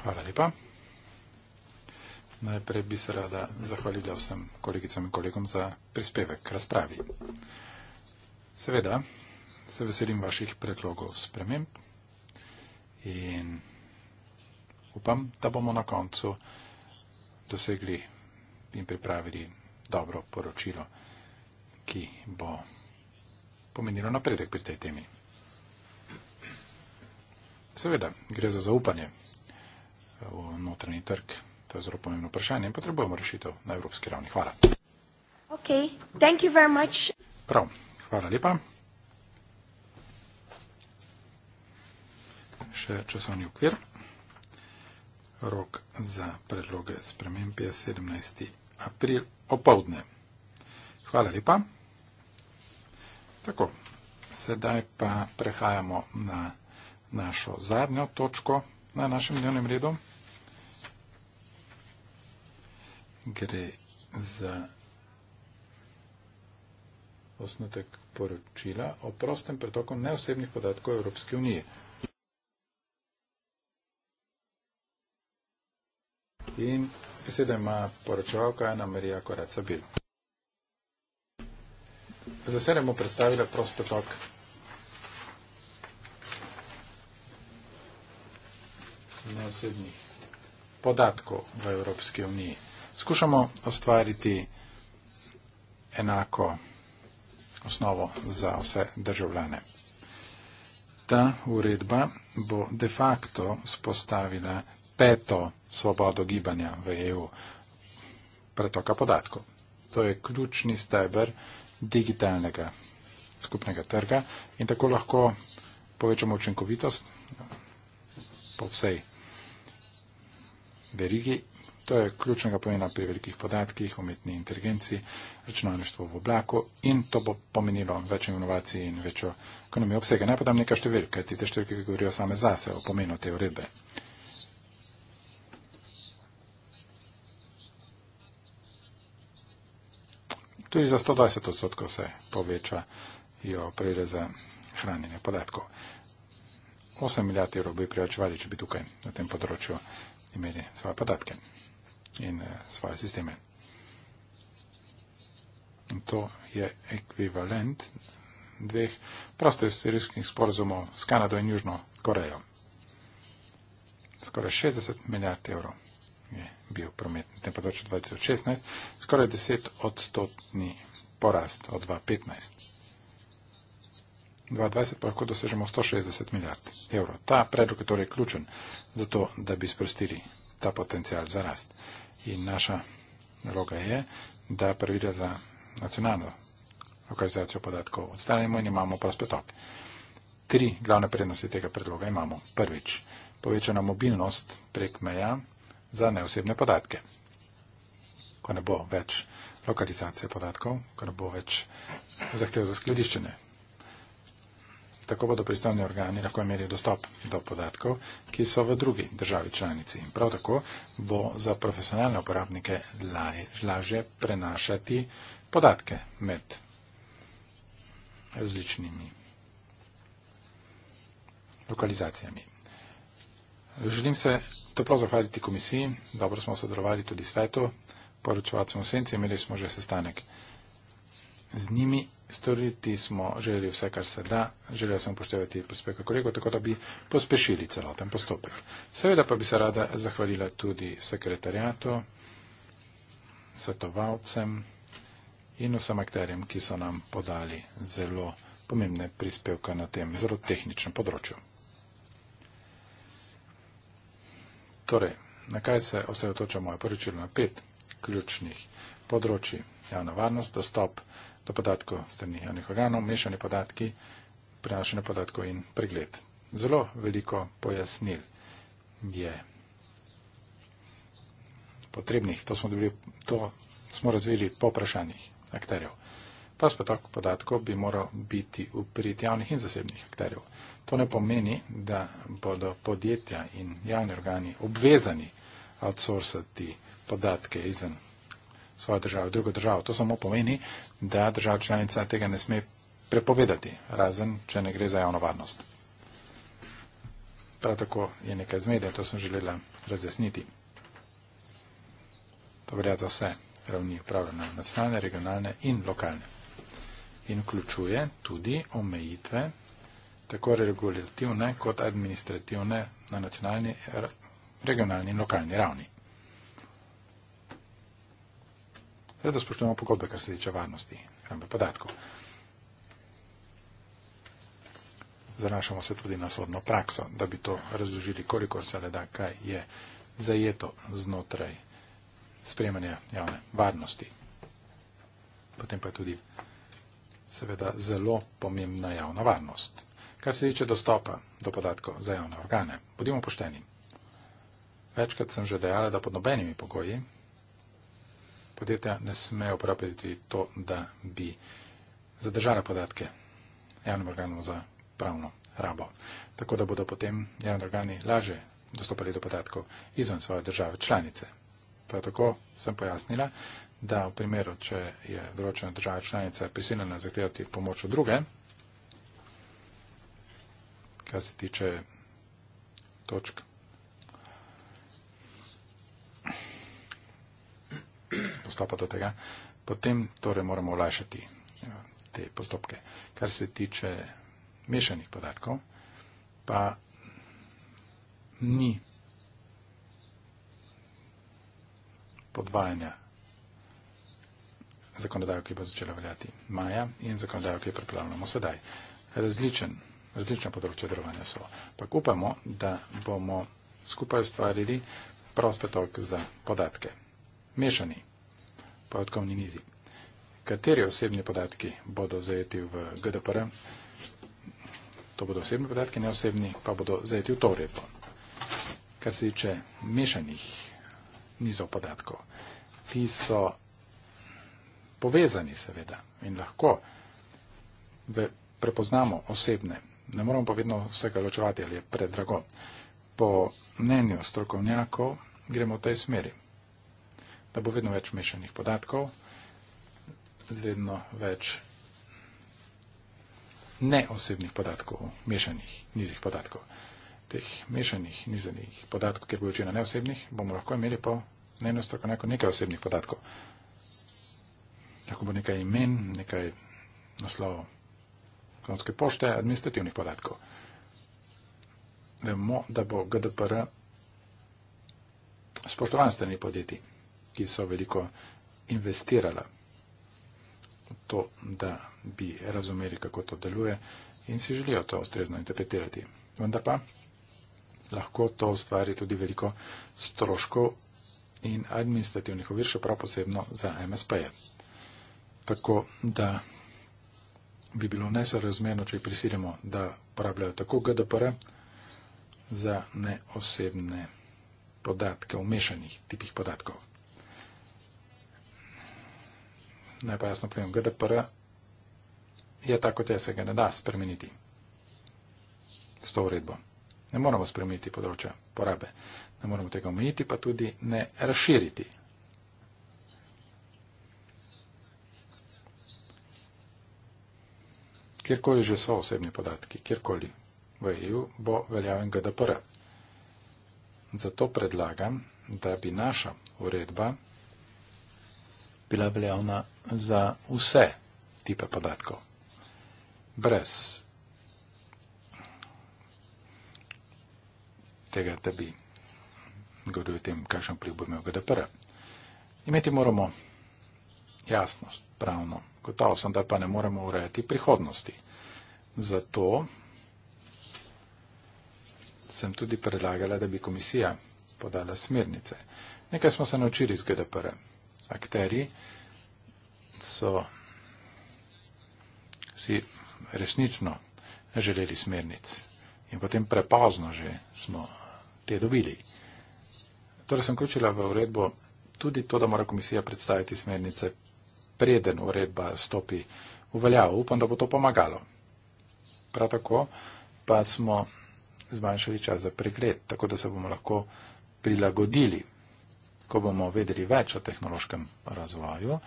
Hvala lepa. Najprej bi se rada zahvalila vsem kolegicam in kolegom za prispevek k razpravi. Seveda, se veselim vaših predlogov sprememb in upam, da bomo na koncu dosegli in pripravili dobro poročilo, ki bo pomenilo napredek pri tej temi. Seveda, gre za zaupanje v notranji trg. To je zelo pomembno vprašanje in potrebujemo rešitev na evropski ravni. Hvala. Okay. Thank you very much. Prav, hvala lepa. Še časovni okvir rok za predloge sprememb je 17. april opovdne. Hvala lepa. Tako, sedaj pa prehajamo na našo zadnjo točko na našem dnevnem redu. Gre za osnotek poročila o prostem pretoku neosebnih podatkov Evropske unije. in beseda ima poročevalka Ana Marija Koraca Bil. Za sedem mu predstavila prost potok. neosebnih podatkov v Evropski uniji. Skušamo ustvariti enako osnovo za vse državljane. Ta uredba bo de facto spostavila peto svobodo gibanja v EU. Pretoka podatkov. To je ključni steber digitalnega skupnega trga in tako lahko povečamo učinkovitost po vsej verigi. To je ključnega pomena pri velikih podatkih, umetni inteligenci, računalništvo v oblaku in to bo pomenilo več inovacij in večjo ekonomijo obsega. Naj podam nekaj številk, kajti te številke govorijo same zase o pomenu te uredbe. tudi za 120 odstotkov se povečajo prireze hranjenja podatkov. 8 milijard evrov bi privačevali, če bi tukaj na tem področju imeli svoje podatke in eh, svoje sisteme. In to je ekvivalent dveh prostorskih sporozumov s Kanado in Južno Korejo. Skoraj 60 milijard evrov bio prometni. Temperatura 2016, skoro 10 odstotni porast od 2015. 2020 pa lahko dosežemo 160 milijard evrov. Ta predlog je torej ključen za to, da bi sprostili ta potencial za rast. In naša naloga je, da pravila za nacionalno lokalizacijo podatkov odstranimo in imamo pa spet ok. Tri glavne prednosti tega predloga imamo. Prvič, povečana mobilnost prek meja, za neosebne podatke. Ko ne bo več lokalizacije podatkov, ko ne bo več zahtev za skladiščenje. Tako bodo pristojni organi lahko imeli dostop do podatkov, ki so v drugi državi članici. In prav tako bo za profesionalne uporabnike lažje prenašati podatke med različnimi lokalizacijami. Želim se toplo zahvaliti komisiji, dobro smo sodelovali tudi svetu, poročevati smo v senci, imeli smo že sestanek. Z njimi storiti smo želeli vse, kar se da, želeli smo upoštevati prispevke kolegov, tako da bi pospešili celoten postopek. Seveda pa bi se rada zahvalila tudi sekretarijatu, svetovalcem in vsem akterjem, ki so nam podali zelo pomembne prispevke na tem zelo tehničnem področju. Torej, na kaj se osredotoča moje poročilo? Na pet ključnih področji. Javna varnost, dostop do podatkov strani javnih organov, mešani podatki, prenašanje podatkov in pregled. Zelo veliko pojasnil je potrebnih. To smo, dobili, to smo razvili po vprašanjih akterjev. Prost potok podatkov bi moral biti v prid javnih in zasebnih akterjev. To ne pomeni, da bodo podjetja in javni organi obvezani outsourcati podatke izven svoje države, drugo državo. To samo pomeni, da država članica tega ne sme prepovedati, razen če ne gre za javno varnost. Prav tako je nekaj zmede, to sem želela razjasniti. To velja za vse ravni upravljanja nacionalne, regionalne in lokalne. In vključuje tudi omejitve tako regulativne kot administrativne na nacionalni, regionalni in lokalni ravni. Zdaj, da spoštujemo pogodbe, kar se tiče varnosti in podatkov. Zanašamo se tudi na sodno prakso, da bi to razložili, koliko se le da, kaj je zajeto znotraj spremanja javne varnosti. Potem pa je tudi seveda zelo pomembna javna varnost kar se tiče dostopa do podatkov za javne organe. Bodimo pošteni. Večkrat sem že dejala, da pod nobenimi pogoji podjetja ne smejo uporabljati to, da bi zadržala podatke javnim organom za pravno rabo. Tako da bodo potem javni organi laže dostopali do podatkov izven svoje države članice. Prav tako sem pojasnila, da v primeru, če je določena država članica prisiljena zahtevati pomoč od druge, kar se tiče točk. Postopa do tega. Potem torej moramo olajšati ja, te postopke. Kar se tiče mešanih podatkov, pa ni podvajanja zakonodajo, ki bo začela veljati maja in zakonodajo, ki jo pripravljamo sedaj. Različen različna področja delovanja so. Pa upamo, da bomo skupaj ustvarili prost pretok za podatke. Mešani podatkovni nizi. Kateri osebni podatki bodo zajeti v GDPR? To bodo osebni podatki, ne osebni, pa bodo zajeti v to repo. Kar se tiče mešanih nizov podatkov, ti so povezani seveda in lahko prepoznamo osebne Ne moramo pa vedno vsega ločevati, ali je predrago. Po mnenju strokovnjakov gremo v tej smeri, da bo vedno več mešanih podatkov, z vedno več neosebnih podatkov, mešanih nizih podatkov. Teh mešanih nizanih podatkov, kjer bo večina neosebnih, bomo lahko imeli po mnenju strokovnjakov nekaj osebnih podatkov. Lahko bo nekaj imen, nekaj naslovov elektronske pošte, administrativnih podatkov. Vemo, da bo GDPR spoštovan strani podjetij, ki so veliko investirala v to, da bi razumeli, kako to deluje in si želijo to ustrezno interpretirati. Vendar pa lahko to ustvari tudi veliko stroškov in administrativnih ovir, še prav posebno za MSP-je. Tako da bi bilo nesorazmerno, če jih prisilimo, da uporabljajo tako GDPR za neosebne podatke, vmešanih tipih podatkov. Naj pa jasno povem, GDPR je tako, da se ga ne da spremeniti s to uredbo. Ne moramo spremeniti področja porabe, ne moramo tega omejiti, pa tudi ne razširiti kjerkoli že so osebni podatki, kjerkoli v EU, bo veljaven GDPR. Zato predlagam, da bi naša uredba bila veljavna za vse tipe podatkov. Brez tega, da bi govoril o tem, kakšen pliv bo imel GDPR. Imeti moramo jasnost, pravno gotovo sem, da pa ne moremo urejati prihodnosti. Zato sem tudi predlagala, da bi komisija podala smernice. Nekaj smo se naučili iz GDPR. Akteri so si resnično želeli smernic in potem prepozno že smo te dobili. Torej sem vključila v uredbo tudi to, da mora komisija predstaviti smernice preden uredba stopi v veljavo. Upam, da bo to pomagalo. Prav tako pa smo zmanjšali čas za pregled, tako da se bomo lahko prilagodili, ko bomo vedeli več o tehnološkem razvoju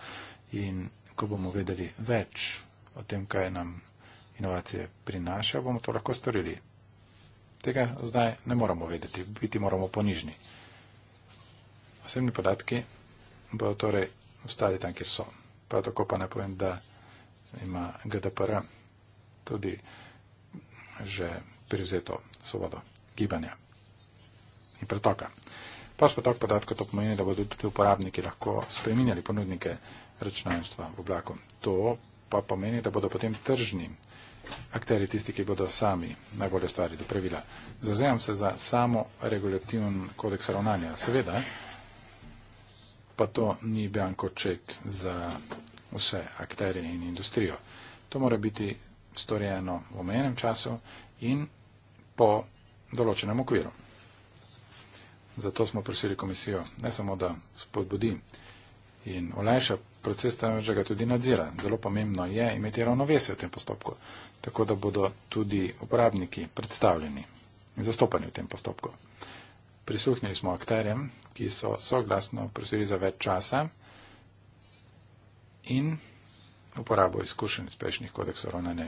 in ko bomo vedeli več o tem, kaj nam inovacije prinašajo, bomo to lahko storili. Tega zdaj ne moramo vedeti, biti moramo ponižni. Osebni podatki bodo torej ostali tam, kjer so prav tako pa ne povem, da ima GDPR tudi že prizeto svobodo gibanja in pretoka. Pas potok podatkov to pomeni, da bodo tudi uporabniki lahko spreminjali ponudnike računalništva v oblaku. To pa pomeni, da bodo potem tržni akteri tisti, ki bodo sami najbolje stvari dopravila. Zazajam se za samo regulativen kodeks ravnanja. Seveda, pa to ni bianko ček za vse akterje in industrijo. To mora biti storjeno v omejenem času in po določenem okviru. Zato smo prosili komisijo, ne samo da spodbudi in olajša proces, temveč ga tudi nadzira. Zelo pomembno je imeti ravnovesje v tem postopku, tako da bodo tudi uporabniki predstavljeni in zastopani v tem postopku. Prisluhnili smo akterjem, ki so soglasno prosili za več časa in uporabo izkušenj iz prejšnjih kodeksov ravnanja.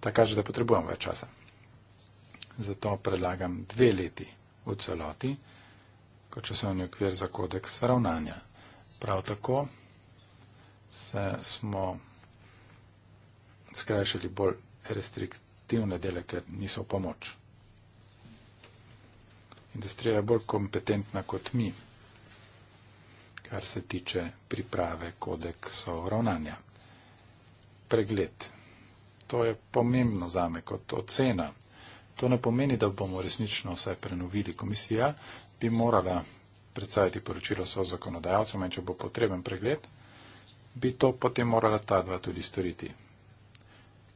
Ta kaže, da potrebujemo več časa. Zato predlagam dve leti v celoti, kot če so oni okvir za kodeks ravnanja. Prav tako se smo skrajšali bolj restriktivne dele, ker niso pomoč industrija je bolj kompetentna kot mi, kar se tiče priprave kodeksa ravnanja. Pregled. To je pomembno za me kot ocena. To ne pomeni, da bomo resnično vse prenovili. Komisija bi morala predstaviti poročilo svojo zakonodajalcem in če bo potreben pregled, bi to potem morala ta dva tudi storiti.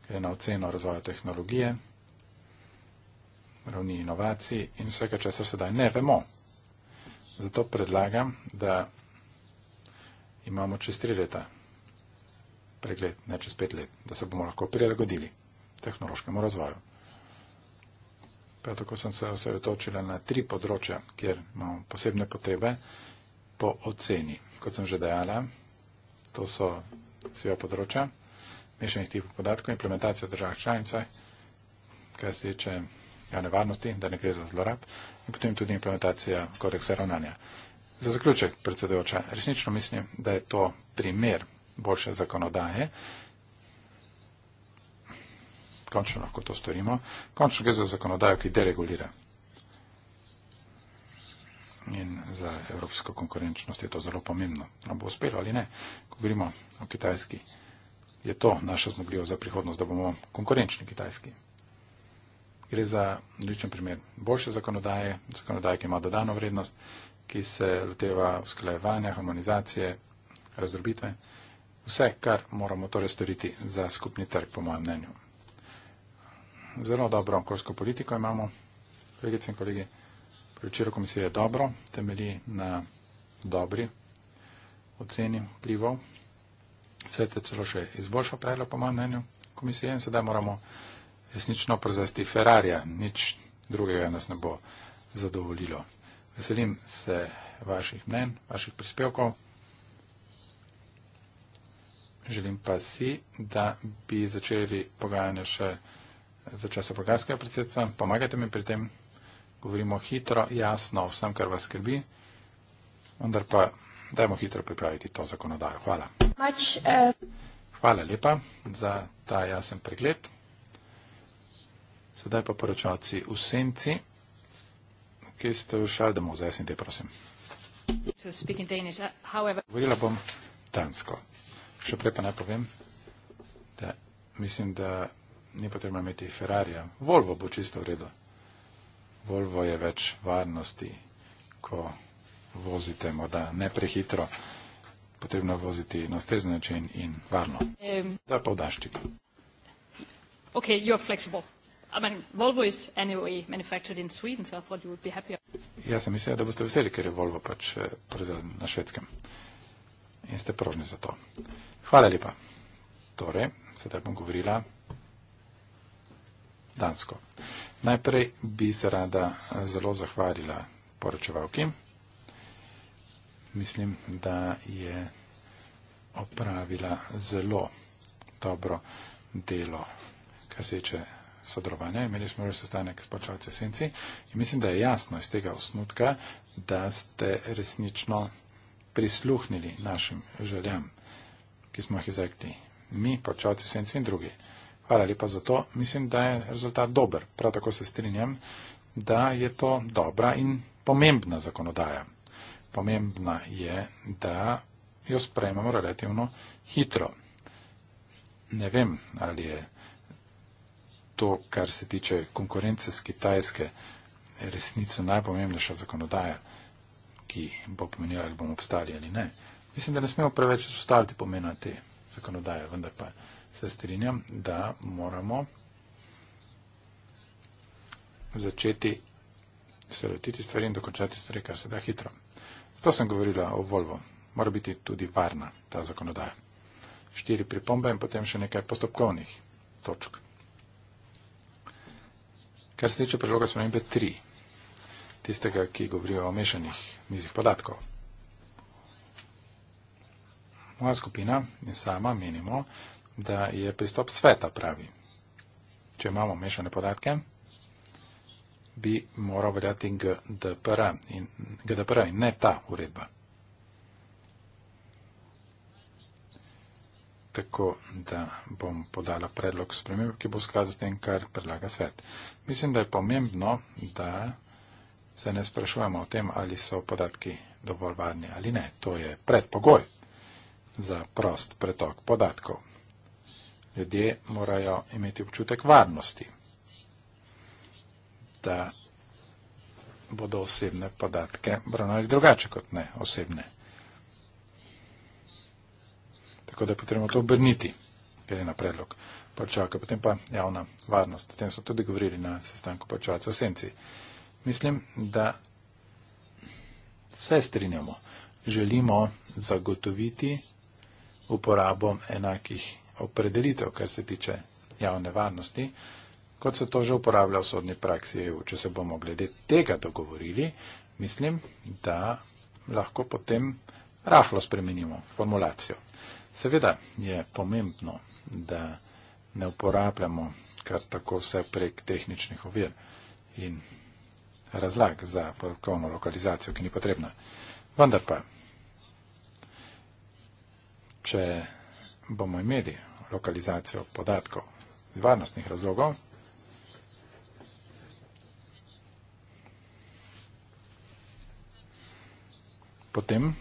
Ena ocena razvoja tehnologije, ravni inovacij in vsega, česar sedaj ne vemo. Zato predlagam, da imamo čez tri leta pregled, ne čez pet let, da se bomo lahko prilagodili tehnološkemu razvoju. Prav tako sem se osredotočila na tri področja, kjer imamo posebne potrebe po oceni. Kot sem že dejala, to so sveja področja mešanih tipov podatkov, implementacija v državah članicah, kar se tiče javne varnosti, da ne gre za zlorab in potem tudi implementacija kodeksa ravnanja. Za zaključek, predsedujoča, resnično mislim, da je to primer boljše zakonodaje. Končno lahko to storimo. Končno gre za zakonodajo, ki deregulira. In za evropsko konkurenčnost je to zelo pomembno. Nam bo uspelo ali ne. Ko govorimo o Kitajski, je to naša zmogljivost za prihodnost, da bomo konkurenčni Kitajski gre za odličen primer boljše zakonodaje, zakonodaje, ki ima dodano vrednost, ki se loteva usklajevanja, harmonizacije, razdrobitve. Vse, kar moramo torej storiti za skupni trg, po mojem mnenju. Zelo dobro okoljsko politiko imamo, kolegice in kolegi. Priročilo komisije je dobro, temelji na dobri oceni vplivov. Svet je celo še izboljšal predlog, po mojem mnenju, komisije in sedaj moramo resnično prozasti Ferrarija. Nič drugega nas ne bo zadovoljilo. Veselim se vaših mnen, vaših prispevkov. Želim pa si, da bi začeli pogajanje še za časa bolgarskega predsedstva. Pomagajte mi pri tem. Govorimo hitro, jasno vsem, kar vas skrbi. Vendar pa dajmo hitro pripraviti to zakonodajo. Hvala. Eh, Hvala lepa za ta jasen pregled. Sedaj pa poročaci v senci, ki ste v Šaldemu, zdaj sem te prosim. Govorila bom dansko. Še prej pa naj povem, da mislim, da ni potrebno imeti Ferrarija. Volvo bo čisto v redu. Volvo je več varnosti, ko vozite morda ne prehitro. Potrebno je voziti na ustrezen način in varno. Um, da pa v daščiku. Ok, you're flexible. I mean, Volvo is anyway manufactured in Sweden, so I thought you would be happier. Jaz sem mislil, da boste veseli, ker je Volvo pač eh, proizveden na švedskem. In ste prožni za to. Hvala lepa. Torej, sedaj bom govorila dansko. Najprej bi se rada eh, zelo zahvalila poročevalki. Mislim, da je opravila zelo dobro delo, kar se tiče sodelovanja. Imeli smo že sestanek s počalci Senci in mislim, da je jasno iz tega osnutka, da ste resnično prisluhnili našim željam, ki smo jih izrekli mi, počalci Senci in drugi. Hvala lepa za to. Mislim, da je rezultat dober. Prav tako se strinjam, da je to dobra in pomembna zakonodaja. Pomembna je, da jo sprejmemo relativno hitro. Ne vem, ali je to, kar se tiče konkurence z Kitajske, resnico najpomembnejša zakonodaja, ki bo pomenila, ali bomo obstali ali ne. Mislim, da ne smemo preveč izpostaviti pomena te zakonodaje, vendar pa se strinjam, da moramo začeti se lotiti stvari in dokončati stvari kar se da hitro. Zato sem govorila o Volvo. Mora biti tudi varna ta zakonodaja. Štiri pripombe in potem še nekaj postopkovnih točk kar se tiče predloga spremembe 3, tistega, ki govori o mešanih mizih podatkov. Moja skupina in sama menimo, da je pristop sveta pravi. Če imamo mešane podatke, bi moral veljati GDPR in, GDPR in ne ta uredba. tako, da bom podala predlog sprememb, ki bo skladu s tem, kar predlaga svet. Mislim, da je pomembno, da se ne sprašujemo o tem, ali so podatki dovolj varni ali ne. To je predpogoj za prost pretok podatkov. Ljudje morajo imeti občutek varnosti, da bodo osebne podatke obravnavali drugače kot ne osebne. Tako da je potrebno to obrniti, ker je na predlog Polčaka. Potem pa javna varnost. O tem so tudi govorili na sestanku Polčaca v Senci. Mislim, da se strinjamo. Želimo zagotoviti uporabo enakih opredelitev, kar se tiče javne varnosti, kot se to že uporablja v sodni praksi EU. Če se bomo glede tega dogovorili, mislim, da lahko potem rahlo spremenimo formulacijo. Seveda je pomembno, da ne uporabljamo kar tako vse prek tehničnih ovir in razlag za podatkovno lokalizacijo, ki ni potrebna. Vendar pa, če bomo imeli lokalizacijo podatkov iz varnostnih razlogov, potem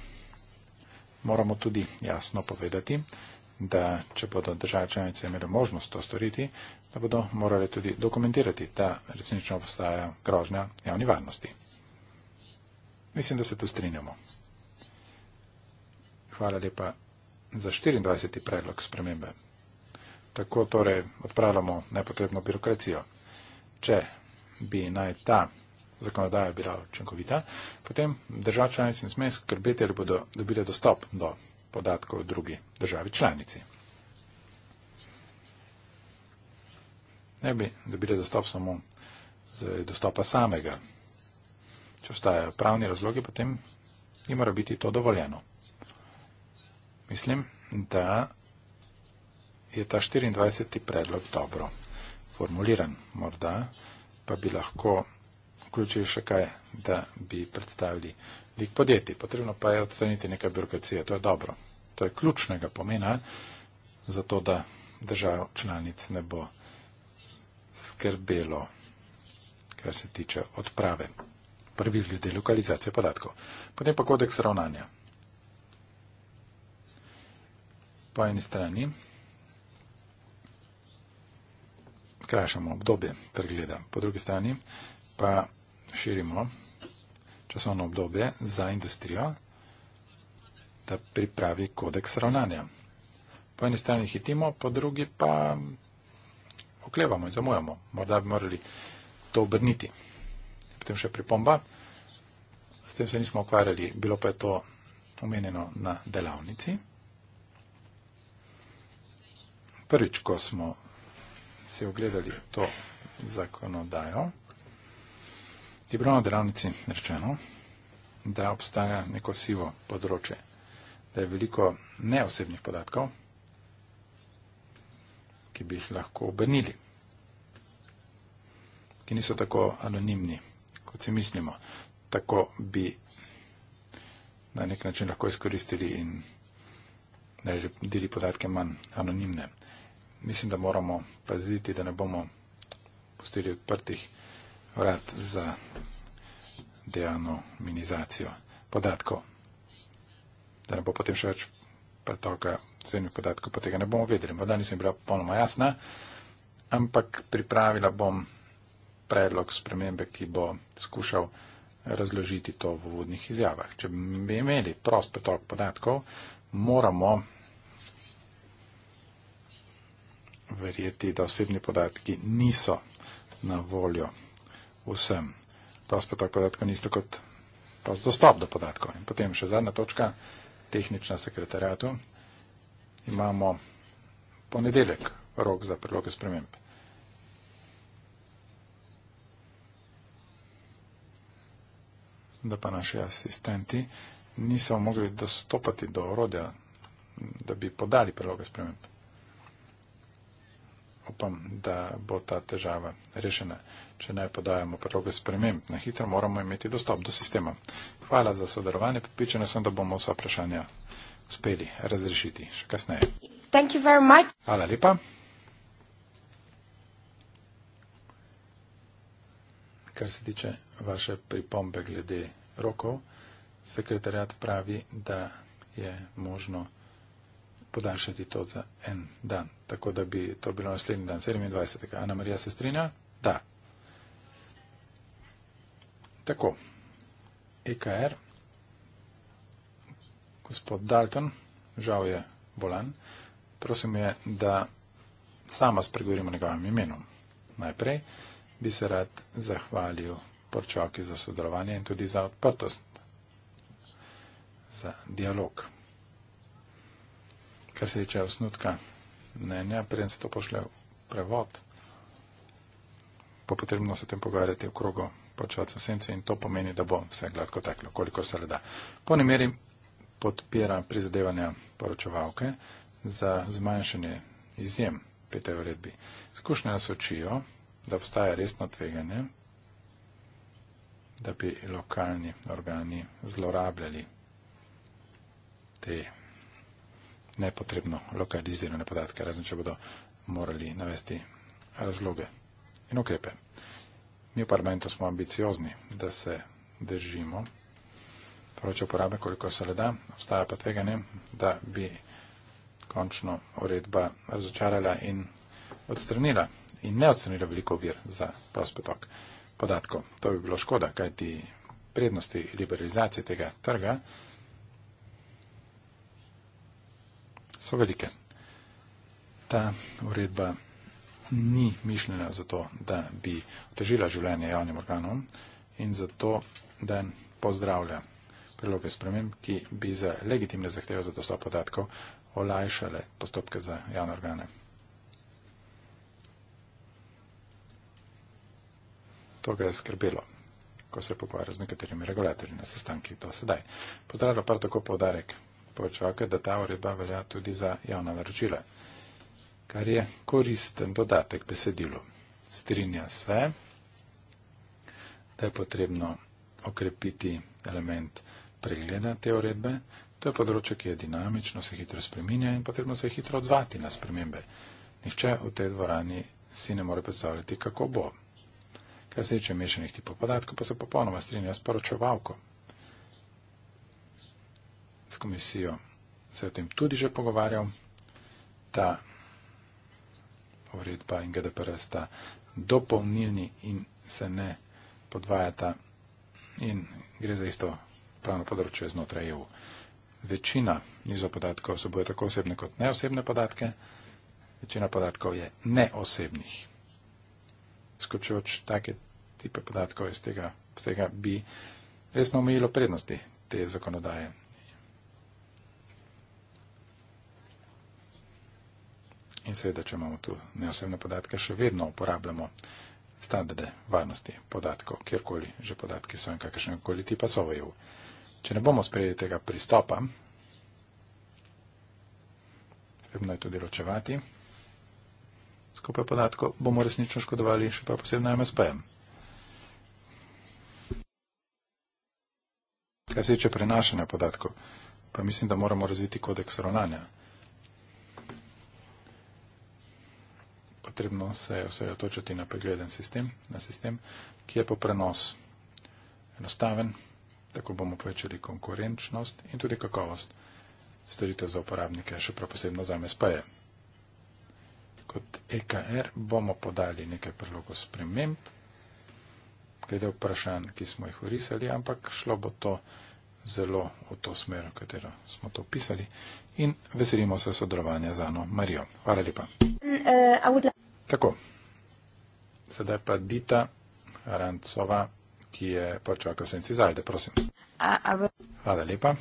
moramo tudi jasno povedati, da če bodo države članice imele možnost to storiti, da bodo morali tudi dokumentirati, da resnično obstaja grožnja javni varnosti. Mislim, da se tu strinjamo. Hvala lepa za 24. predlog spremembe. Tako torej odpravljamo nepotrebno birokracijo. Če bi naj ta zakonodaja bila učinkovita, potem država članic ne sme skrbeti, ali bodo dobile dostop do podatkov drugi državi članici. Ne bi dobile dostop samo z dostopa samega. Če obstajajo pravni razlogi, potem jim mora biti to dovoljeno. Mislim, da je ta 24. predlog dobro formuliran. Morda pa bi lahko vključili še kaj, da bi predstavili lik podjetij. Potrebno pa je odstraniti nekaj birokracije. To je dobro. To je ključnega pomena za to, da držav članic ne bo skrbelo, kar se tiče odprave prvih ljudi, lokalizacije podatkov. Potem pa kodeks ravnanja. Po eni strani krašamo obdobje pregleda, po drugi strani pa širimo časovno obdobje za industrijo, da pripravi kodeks ravnanja. Po eni strani hitimo, po drugi pa oklevamo in zamujamo. Morda bi morali to obrniti. Potem še pripomba. S tem se nismo ukvarjali, bilo pa je to omenjeno na delavnici. Prvič, ko smo si ogledali to zakonodajo, Je bilo na delavnici rečeno, da obstaja neko sivo področje, da je veliko neosebnih podatkov, ki bi jih lahko obrnili, ki niso tako anonimni, kot si mislimo. Tako bi na nek način lahko izkoristili in naredili podatke manj anonimne. Mislim, da moramo paziti, da ne bomo postili odprtih podatkov vrat za dejavno minimizacijo podatkov. Da ne bo potem še več pretoka cenih podatkov, pa tega ne bomo vedeli. Morda nisem bila popolnoma jasna, ampak pripravila bom predlog spremembe, ki bo skušal razložiti to v vodnih izjavah. Če bi imeli prost pretok podatkov, moramo verjeti, da osebni podatki niso na voljo vsem. Dostop podatkov ni isto kot dostop do podatkov. In potem še zadnja točka, tehnična sekretarijatu. Imamo ponedeljek rok za priloge sprememb. Da pa naši asistenti niso mogli dostopati do orodja, da bi podali priloge sprememb. Upam, da bo ta težava rešena. Če ne podajamo predloge sprememb, na hitro moramo imeti dostop do sistema. Hvala za sodelovanje, pripričana sem, da bomo vsa vprašanja uspeli razrešiti še kasneje. Hvala lepa. Kar se tiče vaše pripombe glede rokov, sekretarjat pravi, da je možno podaljšati to za en dan. Tako da bi to bilo naslednji dan, 27. Ana Marija se strinja? Da. Tako, EKR, er. gospod Dalton, žal je bolan, prosim je, da sama spregovorimo njegovim imenom. Najprej bi se rad zahvalil porčavki za sodelovanje in tudi za odprtost, za dialog. Kar se tiče osnutka mnenja, preden se to pošle v prevod, pa potrebno se tem pogovarjati v krogo počivati v senci in to pomeni, da bo vse gladko teklo, koliko se le da. Po nemeri podpira prizadevanja poročevalke za zmanjšanje izjem pete uredbi. Skušnja nas očijo, da obstaja resno tveganje, da bi lokalni organi zlorabljali te nepotrebno lokalizirane podatke, razen če bodo morali navesti razloge in ukrepe. Mi v parlamentu smo ambiciozni, da se držimo proračun porabe, koliko se le da. Obstaja pa tveganje, da bi končno uredba razočarala in odstranila in ne odstranila veliko vir za prost potok podatkov. To bi bilo škoda, kajti prednosti liberalizacije tega trga so velike. Ta uredba ni mišljena za to, da bi otežila življenje javnim organom in zato, da pozdravlja predloge sprememb, ki bi za legitimne zahteve za dostop podatkov olajšale postopke za javne organe. To ga je skrbelo, ko se je pogovarjal z nekaterimi regulatorji na sestankih do sedaj. Pozdravljam pa tako povdarek povečevalke, da ta uredba velja tudi za javna naročila kar je koristen dodatek besedilu. Strinja se, da je potrebno okrepiti element pregleda te uredbe. To je področje, ki je dinamično, se hitro spreminja in potrebno se hitro odzvati na spremembe. Nihče v tej dvorani si ne more predstavljati, kako bo. Kar se tiče mešanih tipov podatkov, pa se popolnoma strinja s poročevalko. S komisijo se je o tem tudi že pogovarjal. Ta uredba in GDPR sta dopolnilni in se ne podvajata in gre za isto pravno področje znotraj EU. Večina nizo podatkov se boje tako osebne kot neosebne podatke, večina podatkov je neosebnih. Skočujoč take tipe podatkov iz tega vsega bi resno omejilo prednosti te zakonodaje. In seveda, če imamo tu neosebne podatke, še vedno uporabljamo standarde varnosti podatkov, kjerkoli že podatki so in kakršnekoli tipa so v EU. Če ne bomo sprejeli tega pristopa, potrebno je tudi ločevati skupaj podatkov, bomo resnično škodovali še pa posebno MSP-jem. Kaj se tiče prenašanja podatkov, pa mislim, da moramo razviti kodeks ravnanja. potrebno se osredotočiti na pregleden sistem, na sistem, ki je po prenos enostaven, tako bomo povečali konkurenčnost in tudi kakovost storitev za uporabnike, še prav posebno za MSP-je. Kot EKR bomo podali nekaj predlogov sprememb, glede vprašanj, ki smo jih urisali, ampak šlo bo to zelo v to smer, v katero smo to pisali in veselimo se sodelovanja z Ano Marijo. Hvala lepa. Uh, Tako. Sedaj pa Dita Rancova, ki je počela, ko sem si zajde, prosim. Hvala lepa.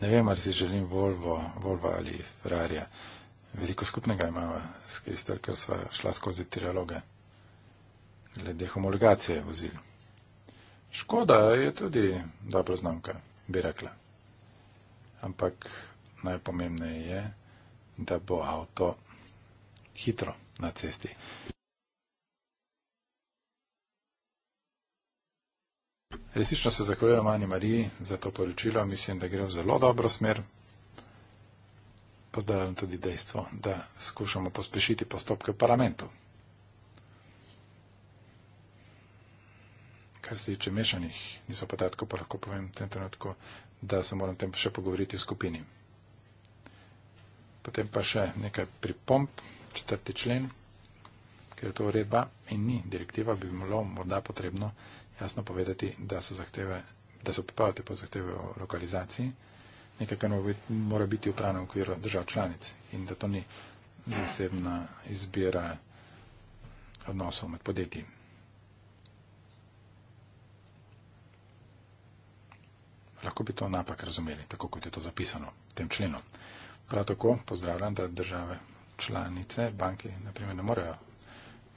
Ne vem, ali si želim Volvo, Volvo ali Ferrari. Veliko skupnega imamo s Kristel, ker sva šla skozi trialoge. Glede homologacije vozil. Škoda je tudi dobro znamka, bi rekla. Ampak najpomembneje je, da bo avto hitro na cesti. Resnično se zahvaljujem Ani Mariji za to poročilo, mislim, da gre v zelo dobro smer. Pozdravljam tudi dejstvo, da skušamo pospešiti postopke v parlamentu. Kar se tiče mešanih, niso podatkov, pa lahko povem v tem trenutku, da se moram tem še pogovoriti v skupini. Potem pa še nekaj pripomp, četrti člen, ker je to uredba in ni direktiva, bi bilo morda potrebno jasno povedati, da so zahteve, da so pripravljate po zahteve o lokalizaciji, nekaj, kar mora biti upravljeno v okviru držav članic in da to ni zasebna izbira odnosov med podjetji. Lahko bi to napak razumeli, tako kot je to zapisano v tem členu. Prav tako pozdravljam, da države članice, banke, naprimer, ne morejo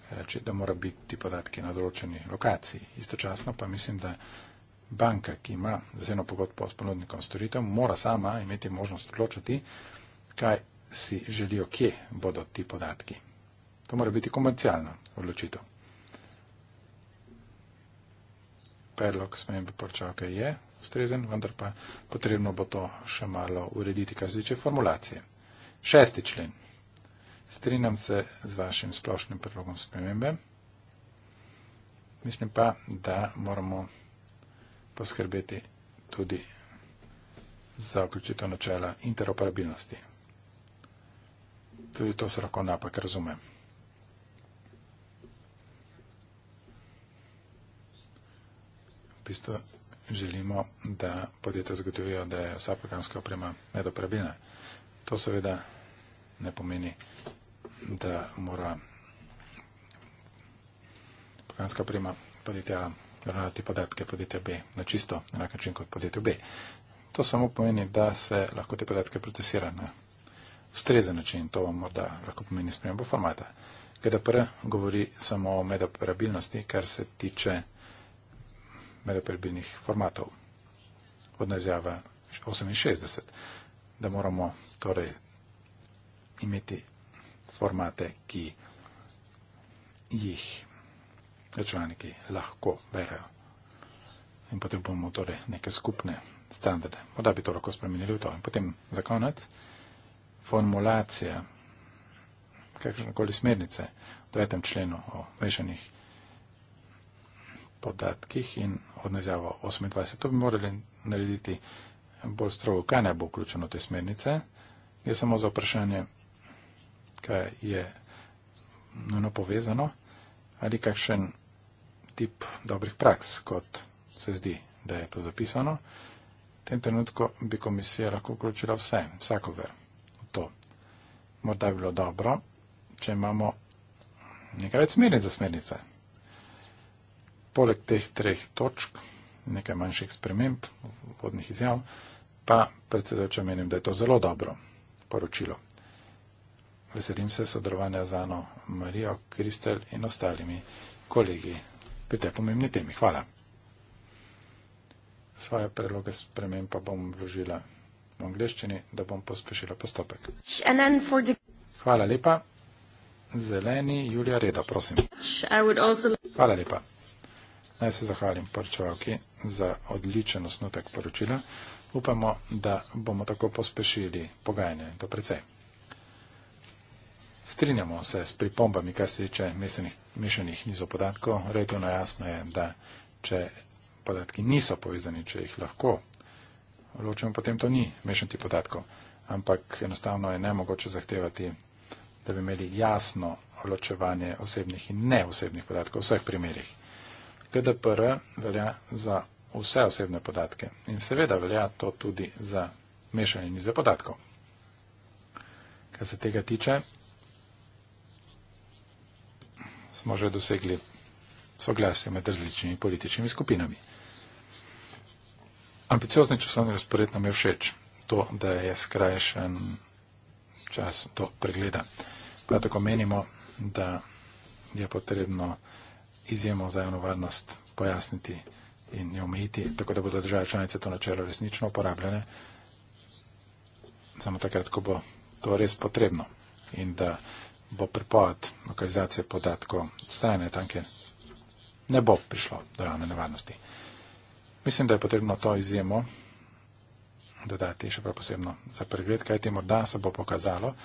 reči, da mora biti ti podatki na določeni lokaciji. Istočasno pa mislim, da banka, ki ima zaseno pogodbo s ponudnikom storitev, mora sama imeti možnost odločiti, kaj si želijo, kje bodo ti podatki. To mora biti komercialna odločitev. Predlog smem poporočal, kaj je ustrezen, vendar pa potrebno bo to še malo urediti, kar se tiče formulacije. Šesti člen. Strinjam se z vašim splošnim predlogom spremembe. Mislim pa, da moramo poskrbeti tudi za vključitev načela interoperabilnosti. Tudi to se lahko napak razume. V bistvu želimo, da podjetja zagotovijo, da je vsa programska oprema nedoprebilna. To seveda ne pomeni, da mora programska oprema podjetja A ravnati podatke podjetja B na čisto enak način kot podjetju B. To samo pomeni, da se lahko te podatke procesira na ustrezen način. To vam morda lahko pomeni spremembo formata. GDPR govori samo o medoperabilnosti, kar se tiče medoperbilnih formatov. Od najzjave 68, da moramo torej imeti formate, ki jih računalniki lahko berajo. In potrebujemo torej neke skupne standarde. Morda bi to lahko spremenili v to. In potem za konec, formulacija kakršnekoli smernice v 9. členu o mešanih informacijah podatkih in odnezjavo 28. To bi morali narediti bolj strogo, kaj naj bo vključeno v te smernice. Je samo za vprašanje, kaj je nujno povezano ali kakšen tip dobrih praks, kot se zdi, da je to zapisano. V tem trenutku bi komisija lahko vključila vse, vsakogar v to. Morda bi bilo dobro, če imamo nekaj več smernic za smernice poleg teh treh točk, nekaj manjših sprememb, vodnih izjav, pa predsedujoča menim, da je to zelo dobro poročilo. Veselim se sodelovanja z Ano Marijo, Kristel in ostalimi kolegi pri tej pomembni temi. Hvala. Svoje predloge sprememb pa bom vložila v angliščini, da bom pospešila postopek. Hvala lepa. Zeleni Julija Reda, prosim. Hvala lepa. Naj se zahvalim poročevalki za odličen osnutek poročila. Upamo, da bomo tako pospešili pogajanje in to precej. Strinjamo se s pripombami, kar se tiče mešanih nizov podatkov. Relativno jasno je, da če podatki niso povezani, če jih lahko ločimo, potem to ni mešanti podatkov. Ampak enostavno je nemogoče zahtevati, da bi imeli jasno ločevanje osebnih in neosebnih podatkov v vseh primerjih. GDPR velja za vse osebne podatke in seveda velja to tudi za mešanje za podatkov. Kar se tega tiče, smo že dosegli soglasje med različnimi političnimi skupinami. Ambiciozni časovni razpored nam je všeč, to, da je skrajšen čas do pregleda. Prav tako menimo, da je potrebno izjemo za javno varnost pojasniti in jo omejiti, tako da bodo države članice to načelo resnično uporabljene, samo takrat, ko bo to res potrebno in da bo prepoved lokalizacije podatkov strane tanke ne bo prišlo do javne nevarnosti. Mislim, da je potrebno to izjemo dodati še prav posebno za pregled, kajti morda se bo pokazalo,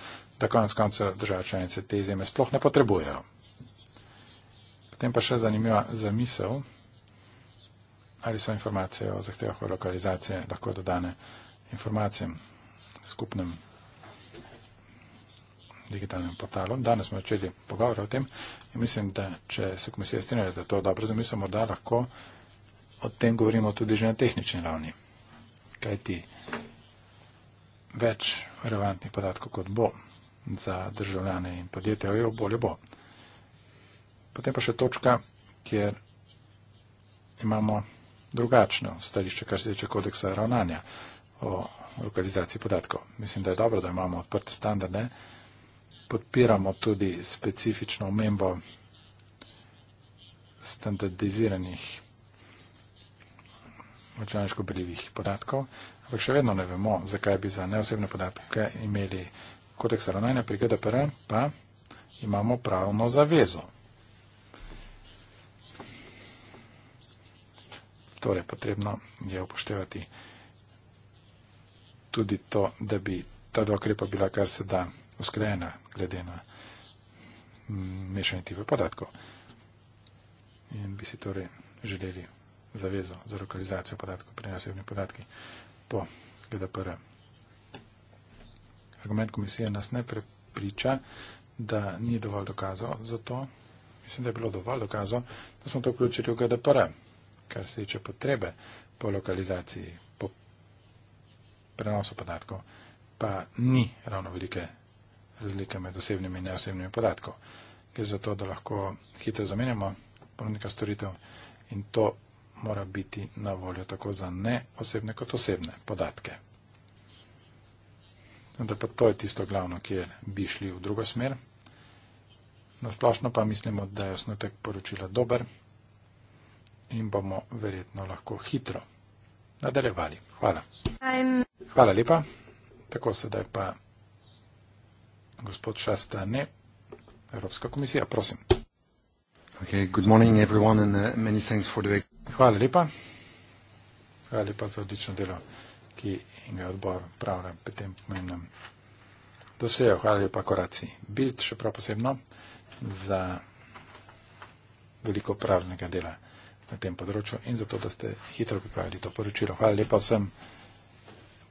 da konec koncev države članice te izjeme sploh ne potrebujejo. Potem pa še zanimiva zamisel, ali so informacije o zahtevah o lokalizacije lahko dodane informacijam skupnem digitalnem portalom. Danes smo začeli pogovore o tem in mislim, da če se komisija strinja, da to je dobro zamisel, morda lahko o tem govorimo tudi že na tehnični ravni. Kaj ti več relevantnih podatkov kot bo za državljane in podjetje, ojo, bolje bo. Ljubo. Potem pa še točka, kjer imamo drugačno stališče, kar se tiče kodeksa ravnanja o lokalizaciji podatkov. Mislim, da je dobro, da imamo odprte standarde. Podpiramo tudi specifično omembo standardiziranih računalniško beljivih podatkov, ampak še vedno ne vemo, zakaj bi za neosebne podatke imeli kodeks ravnanja pri GDPR, pa imamo pravno zavezo. Torej, potrebno je upoštevati tudi to, da bi ta dva ukrepa bila kar se da usklajena glede na mešanje tipe podatkov. In bi si torej želeli zavezo za lokalizacijo podatkov pri nasebni podatki po GDPR. Argument komisije nas ne prepriča, da ni dovolj dokazov za to. Mislim, da je bilo dovolj dokazov, da smo to vključili v GDPR. -a kar se tiče potrebe po lokalizaciji, po prenosu podatkov, pa ni ravno velike razlike med osebnimi in neosebnimi podatkov. Gre za to, da lahko hitro zamenjamo ponudnika storitev in to mora biti na voljo tako za neosebne kot osebne podatke. Da pa to je tisto glavno, kjer bi šli v drugo smer. Nasplošno pa mislimo, da je osnutek poročila dober, in bomo verjetno lahko hitro nadaljevali. Hvala. Hvala lepa. Tako sedaj pa gospod Šasta, ne Evropska komisija, prosim. Okay, good morning everyone and uh, many thanks for the... Hvala lepa. Hvala lepa za odlično delo, ki ga odbor pravlja pri tem pomembnem dosejo. Hvala lepa koraciji Bild, še prav posebno, za veliko pravnega dela na tem področju in zato, da ste hitro pripravili to poročilo. Hvala lepa vsem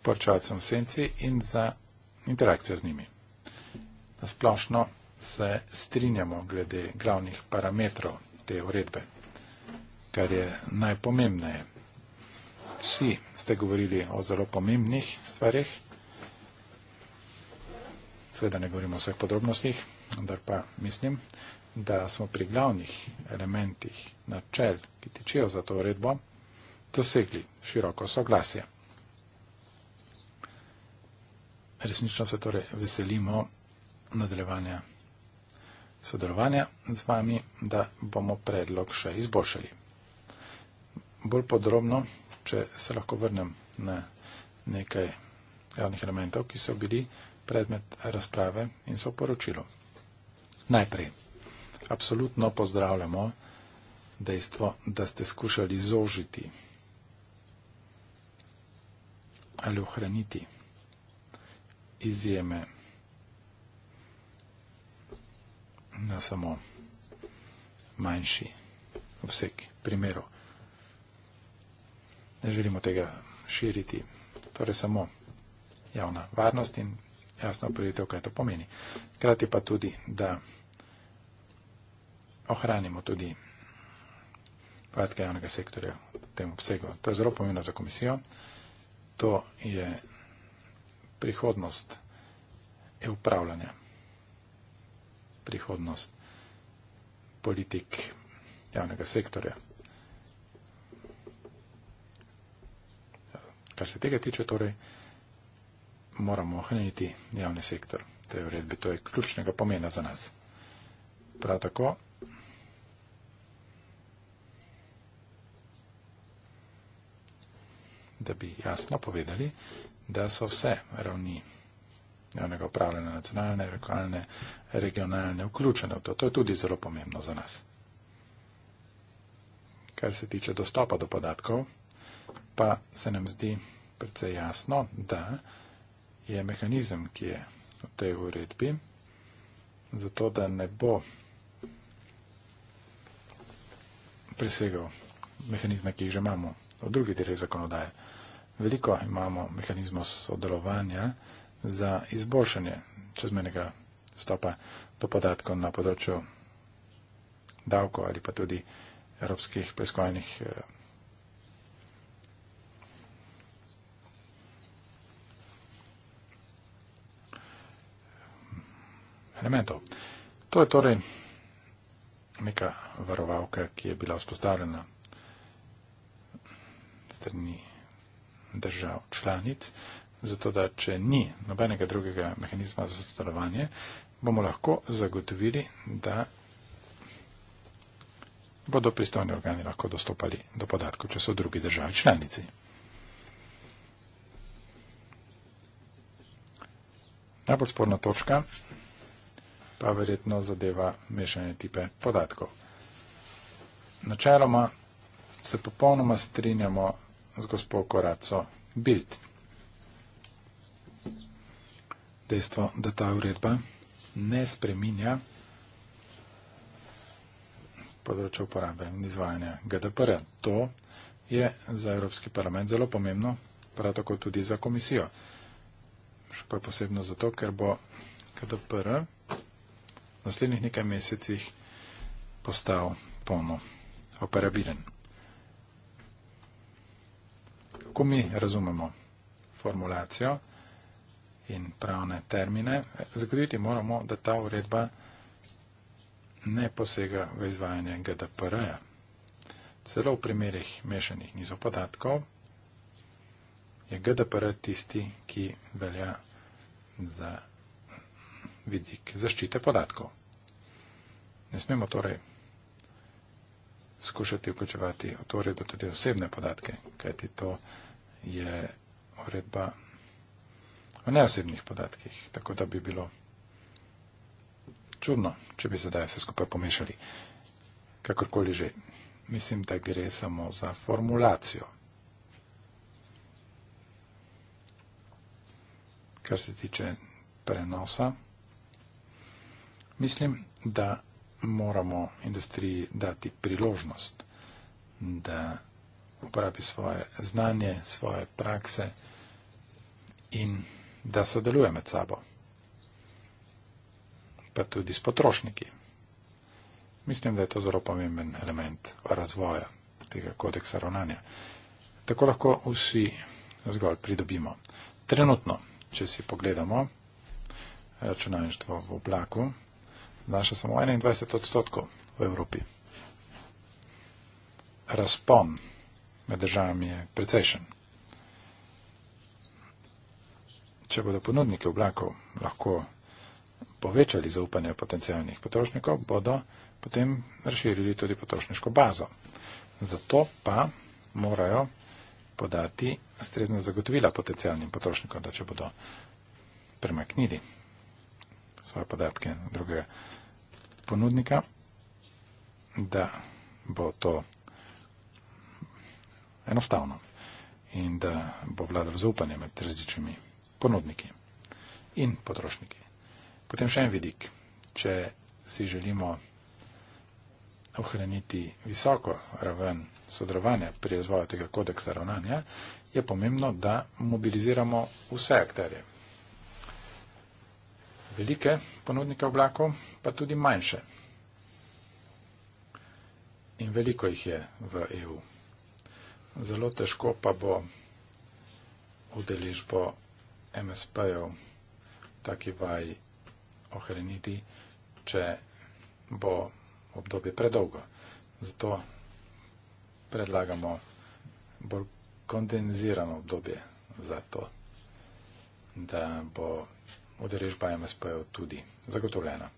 poročevalcem v senci in za interakcijo z njimi. Na splošno se strinjamo glede glavnih parametrov te uredbe, kar je najpomembneje. Vsi ste govorili o zelo pomembnih stvarih, seveda ne govorimo o vseh podrobnostih, vendar pa mislim, da smo pri glavnih elementih načel, ki tičijo za to uredbo, dosegli široko soglasje. Resnično se torej veselimo nadaljevanja sodelovanja z vami, da bomo predlog še izboljšali. Bolj podrobno, če se lahko vrnem na nekaj javnih elementov, ki so bili predmet razprave in so poročilo. Najprej. Absolutno pozdravljamo dejstvo, da ste skušali zožiti ali ohraniti izjeme na samo manjši obseg primerov. Ne želimo tega širiti, torej samo javna varnost in jasno opredelitev, kaj to pomeni. Hkrati pa tudi, da ohranimo tudi podatke javnega sektorja v tem obsegu. To je zelo pomembno za komisijo. To je prihodnost e-upravljanja, prihodnost politik javnega sektorja. Kar se tega tiče, torej, moramo ohraniti javni sektor te vredbe. To je ključnega pomena za nas. Prav tako da bi jasno povedali, da so vse ravni javnega upravljanja nacionalne, lokalne, regionalne vključene v to. To je tudi zelo pomembno za nas. Kar se tiče dostopa do podatkov, pa se nam zdi predvsej jasno, da je mehanizem, ki je v tej uredbi, zato da ne bo presegal mehanizme, ki jih že imamo v drugih delih zakonodaje veliko imamo mehanizmov sodelovanja za izboljšanje čezmenega stopa do podatkov na področju davko ali pa tudi evropskih preiskovalnih eh, elementov. To je torej neka varovalka, ki je bila vzpostavljena strani držav članic, zato da če ni nobenega drugega mehanizma za sodelovanje, bomo lahko zagotovili, da bodo pristojni organi lahko dostopali do podatkov, če so drugi državi članici. Najbolj sporna točka pa verjetno zadeva mešanje tipe podatkov. Načeloma se popolnoma strinjamo z gospod Koraco Bild. Dejstvo, da ta uredba ne spreminja področja uporabe in izvajanja GDPR. -ja. To je za Evropski parlament zelo pomembno, prav tako tudi za komisijo. Še pa posebno zato, ker bo GDPR v naslednjih nekaj mesecih postal polno operabilen ko mi razumemo formulacijo in pravne termine, zagotoviti moramo, da ta uredba ne posega v izvajanje GDPR-ja. Celo v primerih mešanih nizov podatkov je GDPR tisti, ki velja za vidik zaščite podatkov. Ne smemo torej skušati vključevati v to uredbo tudi osebne podatke, kajti to je je uredba o neosebnih podatkih, tako da bi bilo čudno, če bi sedaj vse skupaj pomešali. Kakorkoli že, mislim, da gre samo za formulacijo. Kar se tiče prenosa, mislim, da moramo industriji dati priložnost, da uporabi svoje znanje, svoje prakse in da sodeluje med sabo. Pa tudi s potrošniki. Mislim, da je to zelo pomemben element razvoja tega kodeksa ravnanja. Tako lahko vsi zgolj pridobimo. Trenutno, če si pogledamo računalništvo v oblaku, znaša samo 21 odstotkov v Evropi. Razpon med državami je precejšen. Če bodo ponudniki oblakov lahko povečali zaupanje potencijalnih potrošnikov, bodo potem razširili tudi potrošniško bazo. Zato pa morajo podati strezna zagotovila potencijalnim potrošnikom, da če bodo premaknili svoje podatke drugega ponudnika, da bo to enostavno in da bo vladalo zaupanje med različnimi ponudniki in potrošniki. Potem še en vidik, če si želimo ohraniti visoko raven sodelovanja pri razvoju tega kodeksa ravnanja, je pomembno, da mobiliziramo vse akterje. Velike ponudnike oblakov, pa tudi manjše. In veliko jih je v EU. Zelo težko pa bo udeležbo MSP-jev taki vaj ohreniti, če bo obdobje predolgo. Zato predlagamo bolj kondenzirano obdobje za to, da bo udeležba MSP-jev tudi zagotovljena.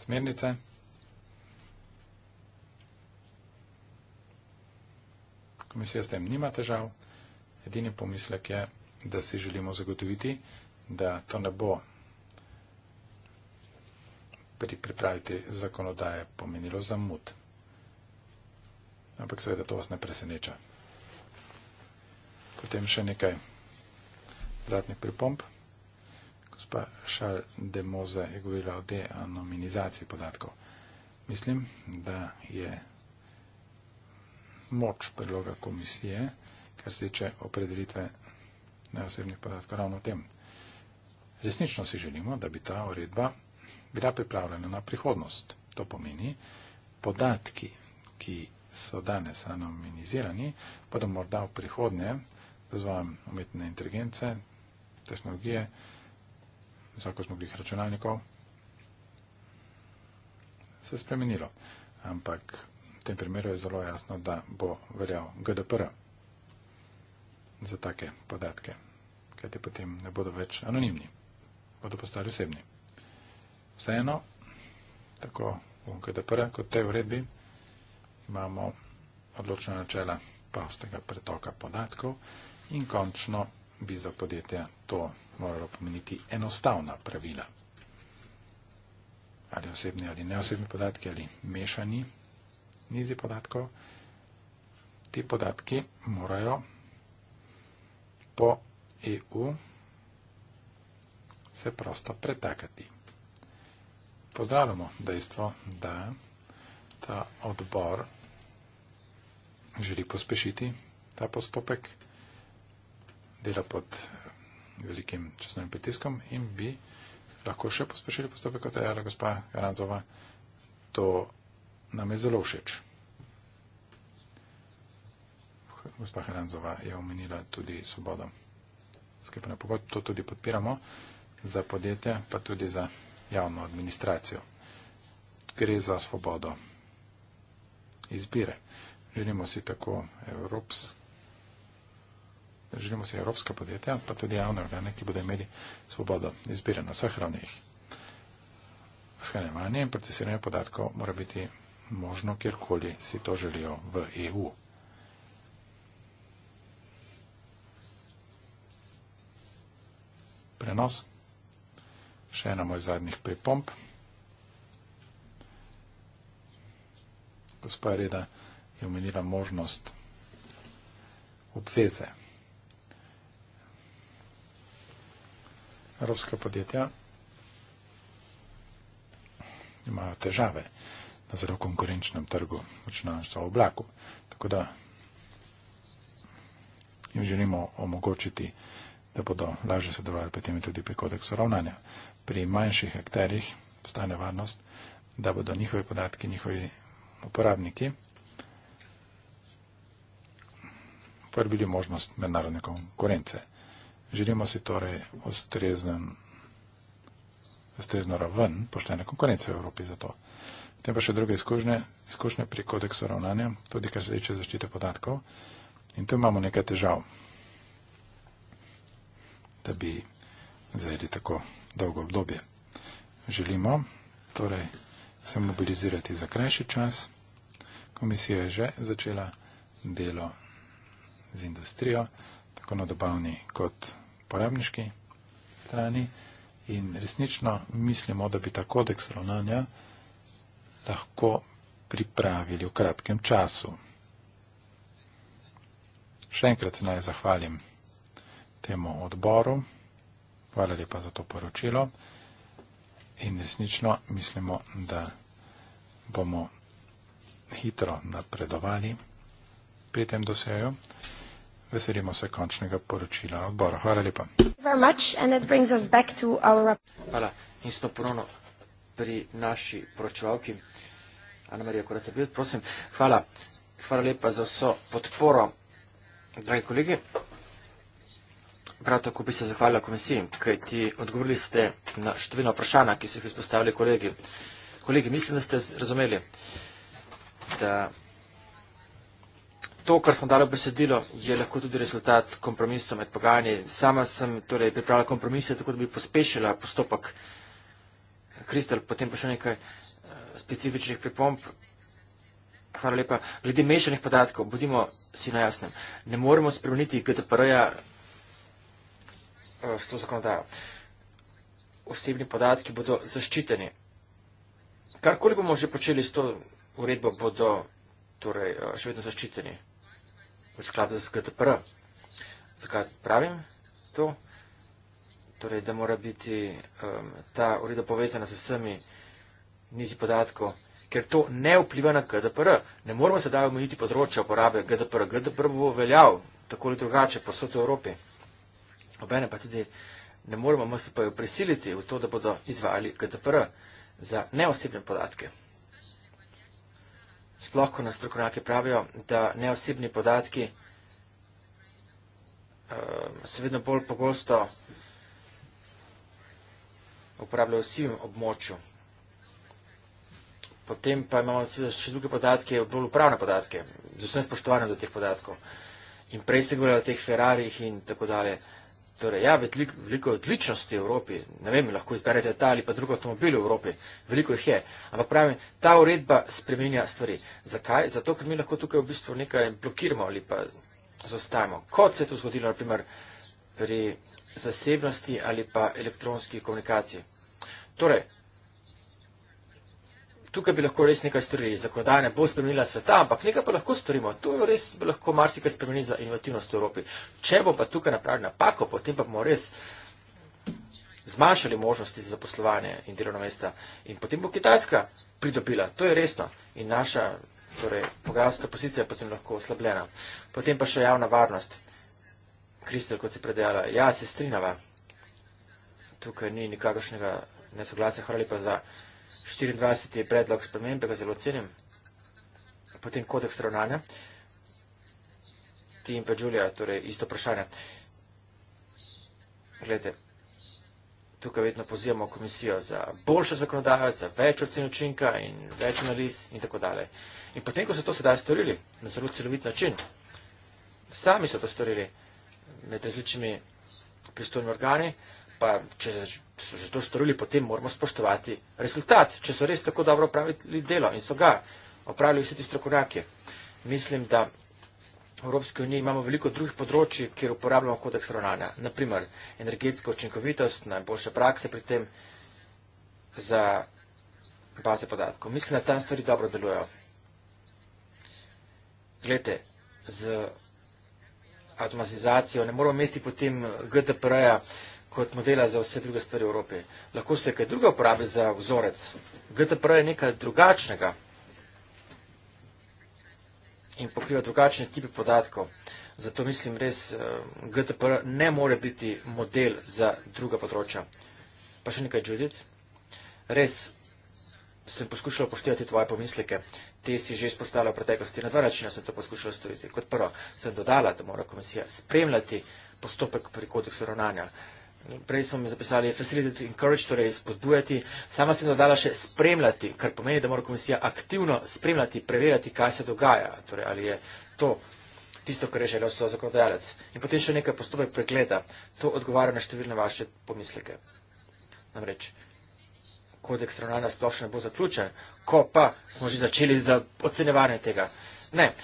Smernice. Komisija s tem nima težav. Edini pomislek je, da si želimo zagotoviti, da to ne bo pri pripraviti zakonodaje pomenilo zamud. Ampak seveda to vas ne preseneča. Potem še nekaj vratnih pripomb. Gospa Šal de Moze je govorila o deanonimizaciji podatkov. Mislim, da je moč predloga komisije, kar se tiče opredelitve neosebnih podatkov ravno v tem. Resnično si želimo, da bi ta uredba bila pripravljena na prihodnost. To pomeni, podatki, ki so danes anonimizirani, bodo morda v prihodnje z razvojem umetne inteligence, tehnologije, zakozmoglih računalnikov, se spremenilo. Ampak v tem primeru je zelo jasno, da bo veljal GDPR za take podatke, kajte potem ne bodo več anonimni, bodo postali osebni. Vseeno, tako v GDPR kot v tej uredbi imamo odločena načela prostega pretoka podatkov in končno bi za podjetja to moralo pomeniti enostavna pravila. Ali osebni ali neosebni podatki ali mešani podatki nizi podatkov, ti podatki morajo po EU se prosto pretakati. Pozdravljamo dejstvo, da ta odbor želi pospešiti ta postopek, dela pod velikim časnovim pritiskom in bi lahko še pospešili postopek, kot je jala gospa Garanzova, to odbor nam je zelo všeč. Gospa Hrenzova je omenila tudi svobodo sklepanja pogodb, to tudi podpiramo za podjetje, pa tudi za javno administracijo. Gre za svobodo izbire. Želimo si tako evropske, želimo si evropska podjetja, pa tudi javne organe, ki bodo imeli svobodo izbire na vseh ravneh. Shranjevanje in procesiranje podatkov mora biti možno kjerkoli si to želijo v EU. Prenos. Še ena moj zadnjih pripomp. Gospa Reda je omenila možnost obveze. Evropska podjetja imajo težave na zelo konkurenčnem trgu računalništva v oblaku. Tako da jim želimo omogočiti, da bodo lažje sodelovali pri tem tudi pri kodeksu ravnanja. Pri manjših akterjih postane varnost, da bodo njihovi podatki, njihovi uporabniki uporabili možnost mednarodne konkurence. Želimo si torej ustrezno raven poštene konkurence v Evropi za to. Potem pa še druge izkušnje, izkušnje pri kodeksu ravnanja, tudi kar se tiče zaščite podatkov. In tu imamo nekaj težav, da bi zajeli tako dolgo obdobje. Želimo torej se mobilizirati za krajši čas. Komisija je že začela delo z industrijo, tako na dobavni kot porabniški strani. In resnično mislimo, da bi ta kodeks ravnanja lahko pripravili v kratkem času. Še enkrat naj zahvalim temu odboru. Hvala lepa za to poročilo. In resnično mislimo, da bomo hitro napredovali pri tem dosegu. Veselimo se končnega poročila odbora. Hvala lepa. Hvala. In smo ponovno pri naši pročevalki. Ana Marija Koracabild, prosim. Hvala. Hvala lepa za vso podporo, dragi kolegi. Prav tako bi se zahvalila komisiji, kaj ti odgovorili ste na številna vprašanja, ki so jih izpostavili kolegi. Kolegi, mislim, da ste razumeli, da to, kar smo dali v besedilo, je lahko tudi rezultat kompromisov med pogajanji. Sama sem torej, pripravila kompromise, tako da bi pospešila postopek. Kristel, potem pa še nekaj eh, specifičnih pripomb. Hvala lepa. Glede mešanih podatkov, bodimo si na jasnem. Ne moremo spremeniti GDPR-ja eh, s to zakonodajo. Osebni podatki bodo zaščiteni. Karkoli bomo že počeli s to uredbo, bodo torej, eh, še vedno zaščiteni v skladu z GDPR. Zakaj pravim to? torej da mora biti um, ta ureda povezana z vsemi nizi podatkov, ker to ne vpliva na GDPR. Ne moramo sedaj omejiti področja uporabe GDPR. GDPR bo veljal tako ali drugače po svetu Evropi. Obene pa tudi ne moramo MSP-jo prisiliti v to, da bodo izvajali GDPR za neosebne podatke. Sploh, ko nas strokovnjaki pravijo, da neosebni podatki uh, se vedno bolj pogosto uporabljajo vsi v območju. Potem pa imamo še druge podatke, bolj upravne podatke, z vsem spoštovanjem do teh podatkov. In prej se govorilo o teh Ferrarih in tako dalje. Torej, ja, veliko je odličnosti v Evropi. Ne vem, lahko izberete ta ali pa drug avtomobil v Evropi. Veliko jih je. Ampak pravim, ta uredba spremenja stvari. Zakaj? Zato, ker mi lahko tukaj v bistvu nekaj blokiramo ali pa zostajamo. Kot se je to zgodilo, naprimer, pri zasebnosti ali pa elektronski komunikaciji. Torej, tukaj bi lahko res nekaj storili. Zakonodaja ne bo spremenila sveta, ampak nekaj pa lahko storimo. To je res lahko marsikaj spremeni za inovativnost v Evropi. Če bo pa tukaj napravljena napako, potem pa bomo res zmanjšali možnosti za poslovanje in delovna mesta. In potem bo Kitajska pridobila. To je resno. In naša torej, pogajalska pozicija je potem lahko oslabljena. Potem pa še javna varnost. Kristel, kot si predajala, ja, se strinjava. Tukaj ni nikakršnega nesoglasje, hvala lepa za 24. predlog spremembe, ga zelo cenim. Potem kodeks ravnanja. Ti in pa Julija, torej isto vprašanje. Glede, tukaj vedno pozivamo komisijo za boljšo zakonodajo, za več ocen učinka in več analiz in tako dalje. In potem, ko so to sedaj storili na zelo celovit način, sami so to storili med različnimi pristojnimi organi, pa če so že to storili, potem moramo spoštovati rezultat, če so res tako dobro opravili delo in so ga opravili vsi ti strokovnjaki. Mislim, da v Evropski uniji imamo veliko drugih področji, kjer uporabljamo kodeks ravnanja. Naprimer, energetska učinkovitost, najboljše prakse pri tem za baze podatkov. Mislim, da tam stvari dobro delujejo. Glede, z avtomatizacijo ne moramo imeti potem GDPR-ja kot modela za vse druge stvari v Evropi. Lahko se kaj druga uporabi za vzorec. GTPR je nekaj drugačnega in pokriva drugačne tipe podatkov. Zato mislim res, eh, GTPR ne more biti model za druga področja. Pa še nekaj, Judith. Res sem poskušala poštevati tvoje pomisleke. Te si že izpostavila v preteklosti. Na dva načina sem to poskušala storiti. Kot prvo, sem dodala, da mora komisija spremljati postopek pri kodeksu ravnanja. Prej smo mi zapisali facility to encourage, torej spodbujati. Sama sem dodala še spremljati, kar pomeni, da mora komisija aktivno spremljati, preverjati, kaj se dogaja. Torej, ali je to tisto, kar je želel so zakonodajalec. In potem še nekaj postopek pregleda. To odgovara na številne vaše pomisleke. Namreč, kodeks ravnanja sploh še ne bo zaključen, ko pa smo že začeli za ocenevanje tega. Ne,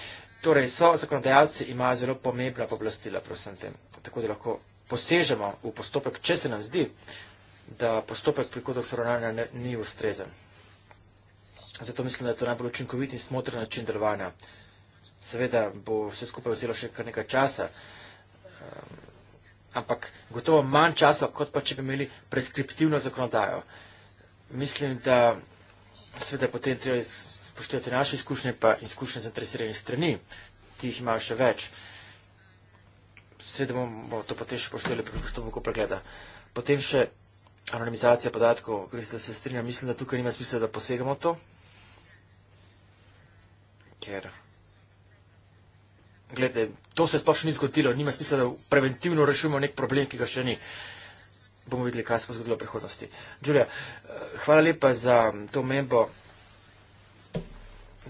torej so zakonodajalci imajo zelo pomembna poblastila, prosim tem. Tako da lahko posežemo v postopek, če se nam zdi, da postopek prihodov soravnanja ni ustrezen. Zato mislim, da je to najbolj učinkovit in smotren način delovanja. Seveda bo vse skupaj vzelo še kar nekaj časa, ehm, ampak gotovo manj časa, kot pa če bi imeli preskriptivno zakonodajo. Mislim, da seveda potem treba spoštovati naše izkušnje pa izkušnje zainteresiranih strani, ti jih imajo še več seveda bomo to potem še pošteli pri postopku pregleda. Potem še anonimizacija podatkov, gre se, da se strinjam, mislim, da tukaj nima smisla, da posegamo to, ker. Glede, to se sploh ni zgodilo, nima smisla, da preventivno rešujemo nek problem, ki ga še ni. Bomo videli, kaj se bo zgodilo v prihodnosti. Julija, eh, hvala lepa za to membo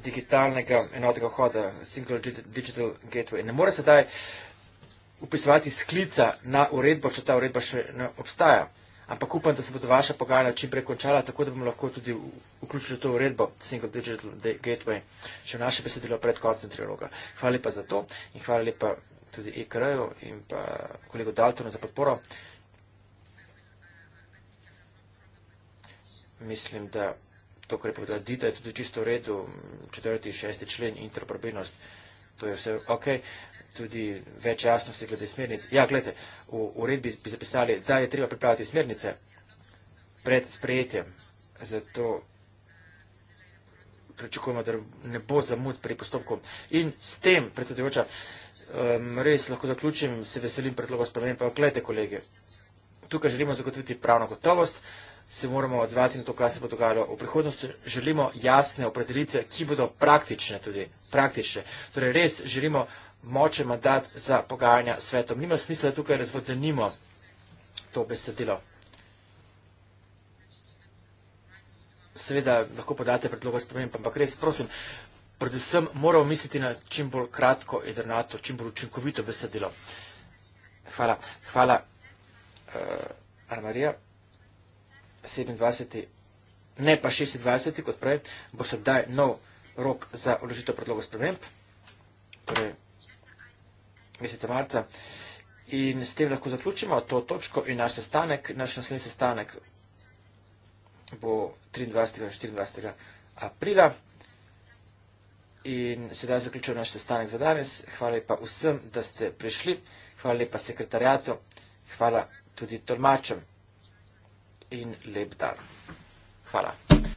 digitalnega enotega hoda, Single Digital Gateway. Ne more se daj. Uh, upisovati sklica na uredbo, če ta uredba še ne obstaja. Ampak upam, da se bodo vaša pogajanja čim prej končala, tako da bomo lahko tudi vključili to uredbo Single Digital Gateway še v naše besedilo pred koncem triloga. Hvala lepa za to in hvala lepa tudi EKR-ju in pa kolegu Daltonu za podporo. Mislim, da to, kar je povedala Dita, je tudi čisto v redu, četvrti in šesti člen, interoperabilnost, to je vse ok. Uh, tudi več jasnosti glede smernic. Ja, gledajte, v uredbi bi zapisali, da je treba pripraviti smernice pred sprejetjem, zato pričakujemo, da ne bo zamud pri postopku. In s tem, predsedujoča, res lahko zaključim, se veselim predloga spremenja, pa gledajte, kolege, tukaj želimo zagotoviti pravno gotovost, se moramo odzvati na to, kaj se bo dogajalo. V prihodnosti želimo jasne opredelitve, ki bodo praktične tudi, praktične. Torej res želimo močen mandat za pogajanja s svetom. Nima smisla tukaj razvodenimo to besedilo. Seveda lahko podate predloga spremem, ampak res prosim, predvsem moramo misliti na čim bolj kratko, jedrnato, čim bolj učinkovito besedilo. Hvala, hvala, uh, Armarija, 27. ne pa 26. kot prej, bo sedaj nov rok za uložitev predloga spremem. Torej, meseca marca. In s tem lahko zaključimo to točko in naš sestanek, naš naslednji sestanek bo 23. in 24. aprila. In sedaj zaključujem naš sestanek za danes. Hvala lepa vsem, da ste prišli. Hvala lepa sekretarjato. Hvala tudi tolmačem. In lep dan. Hvala.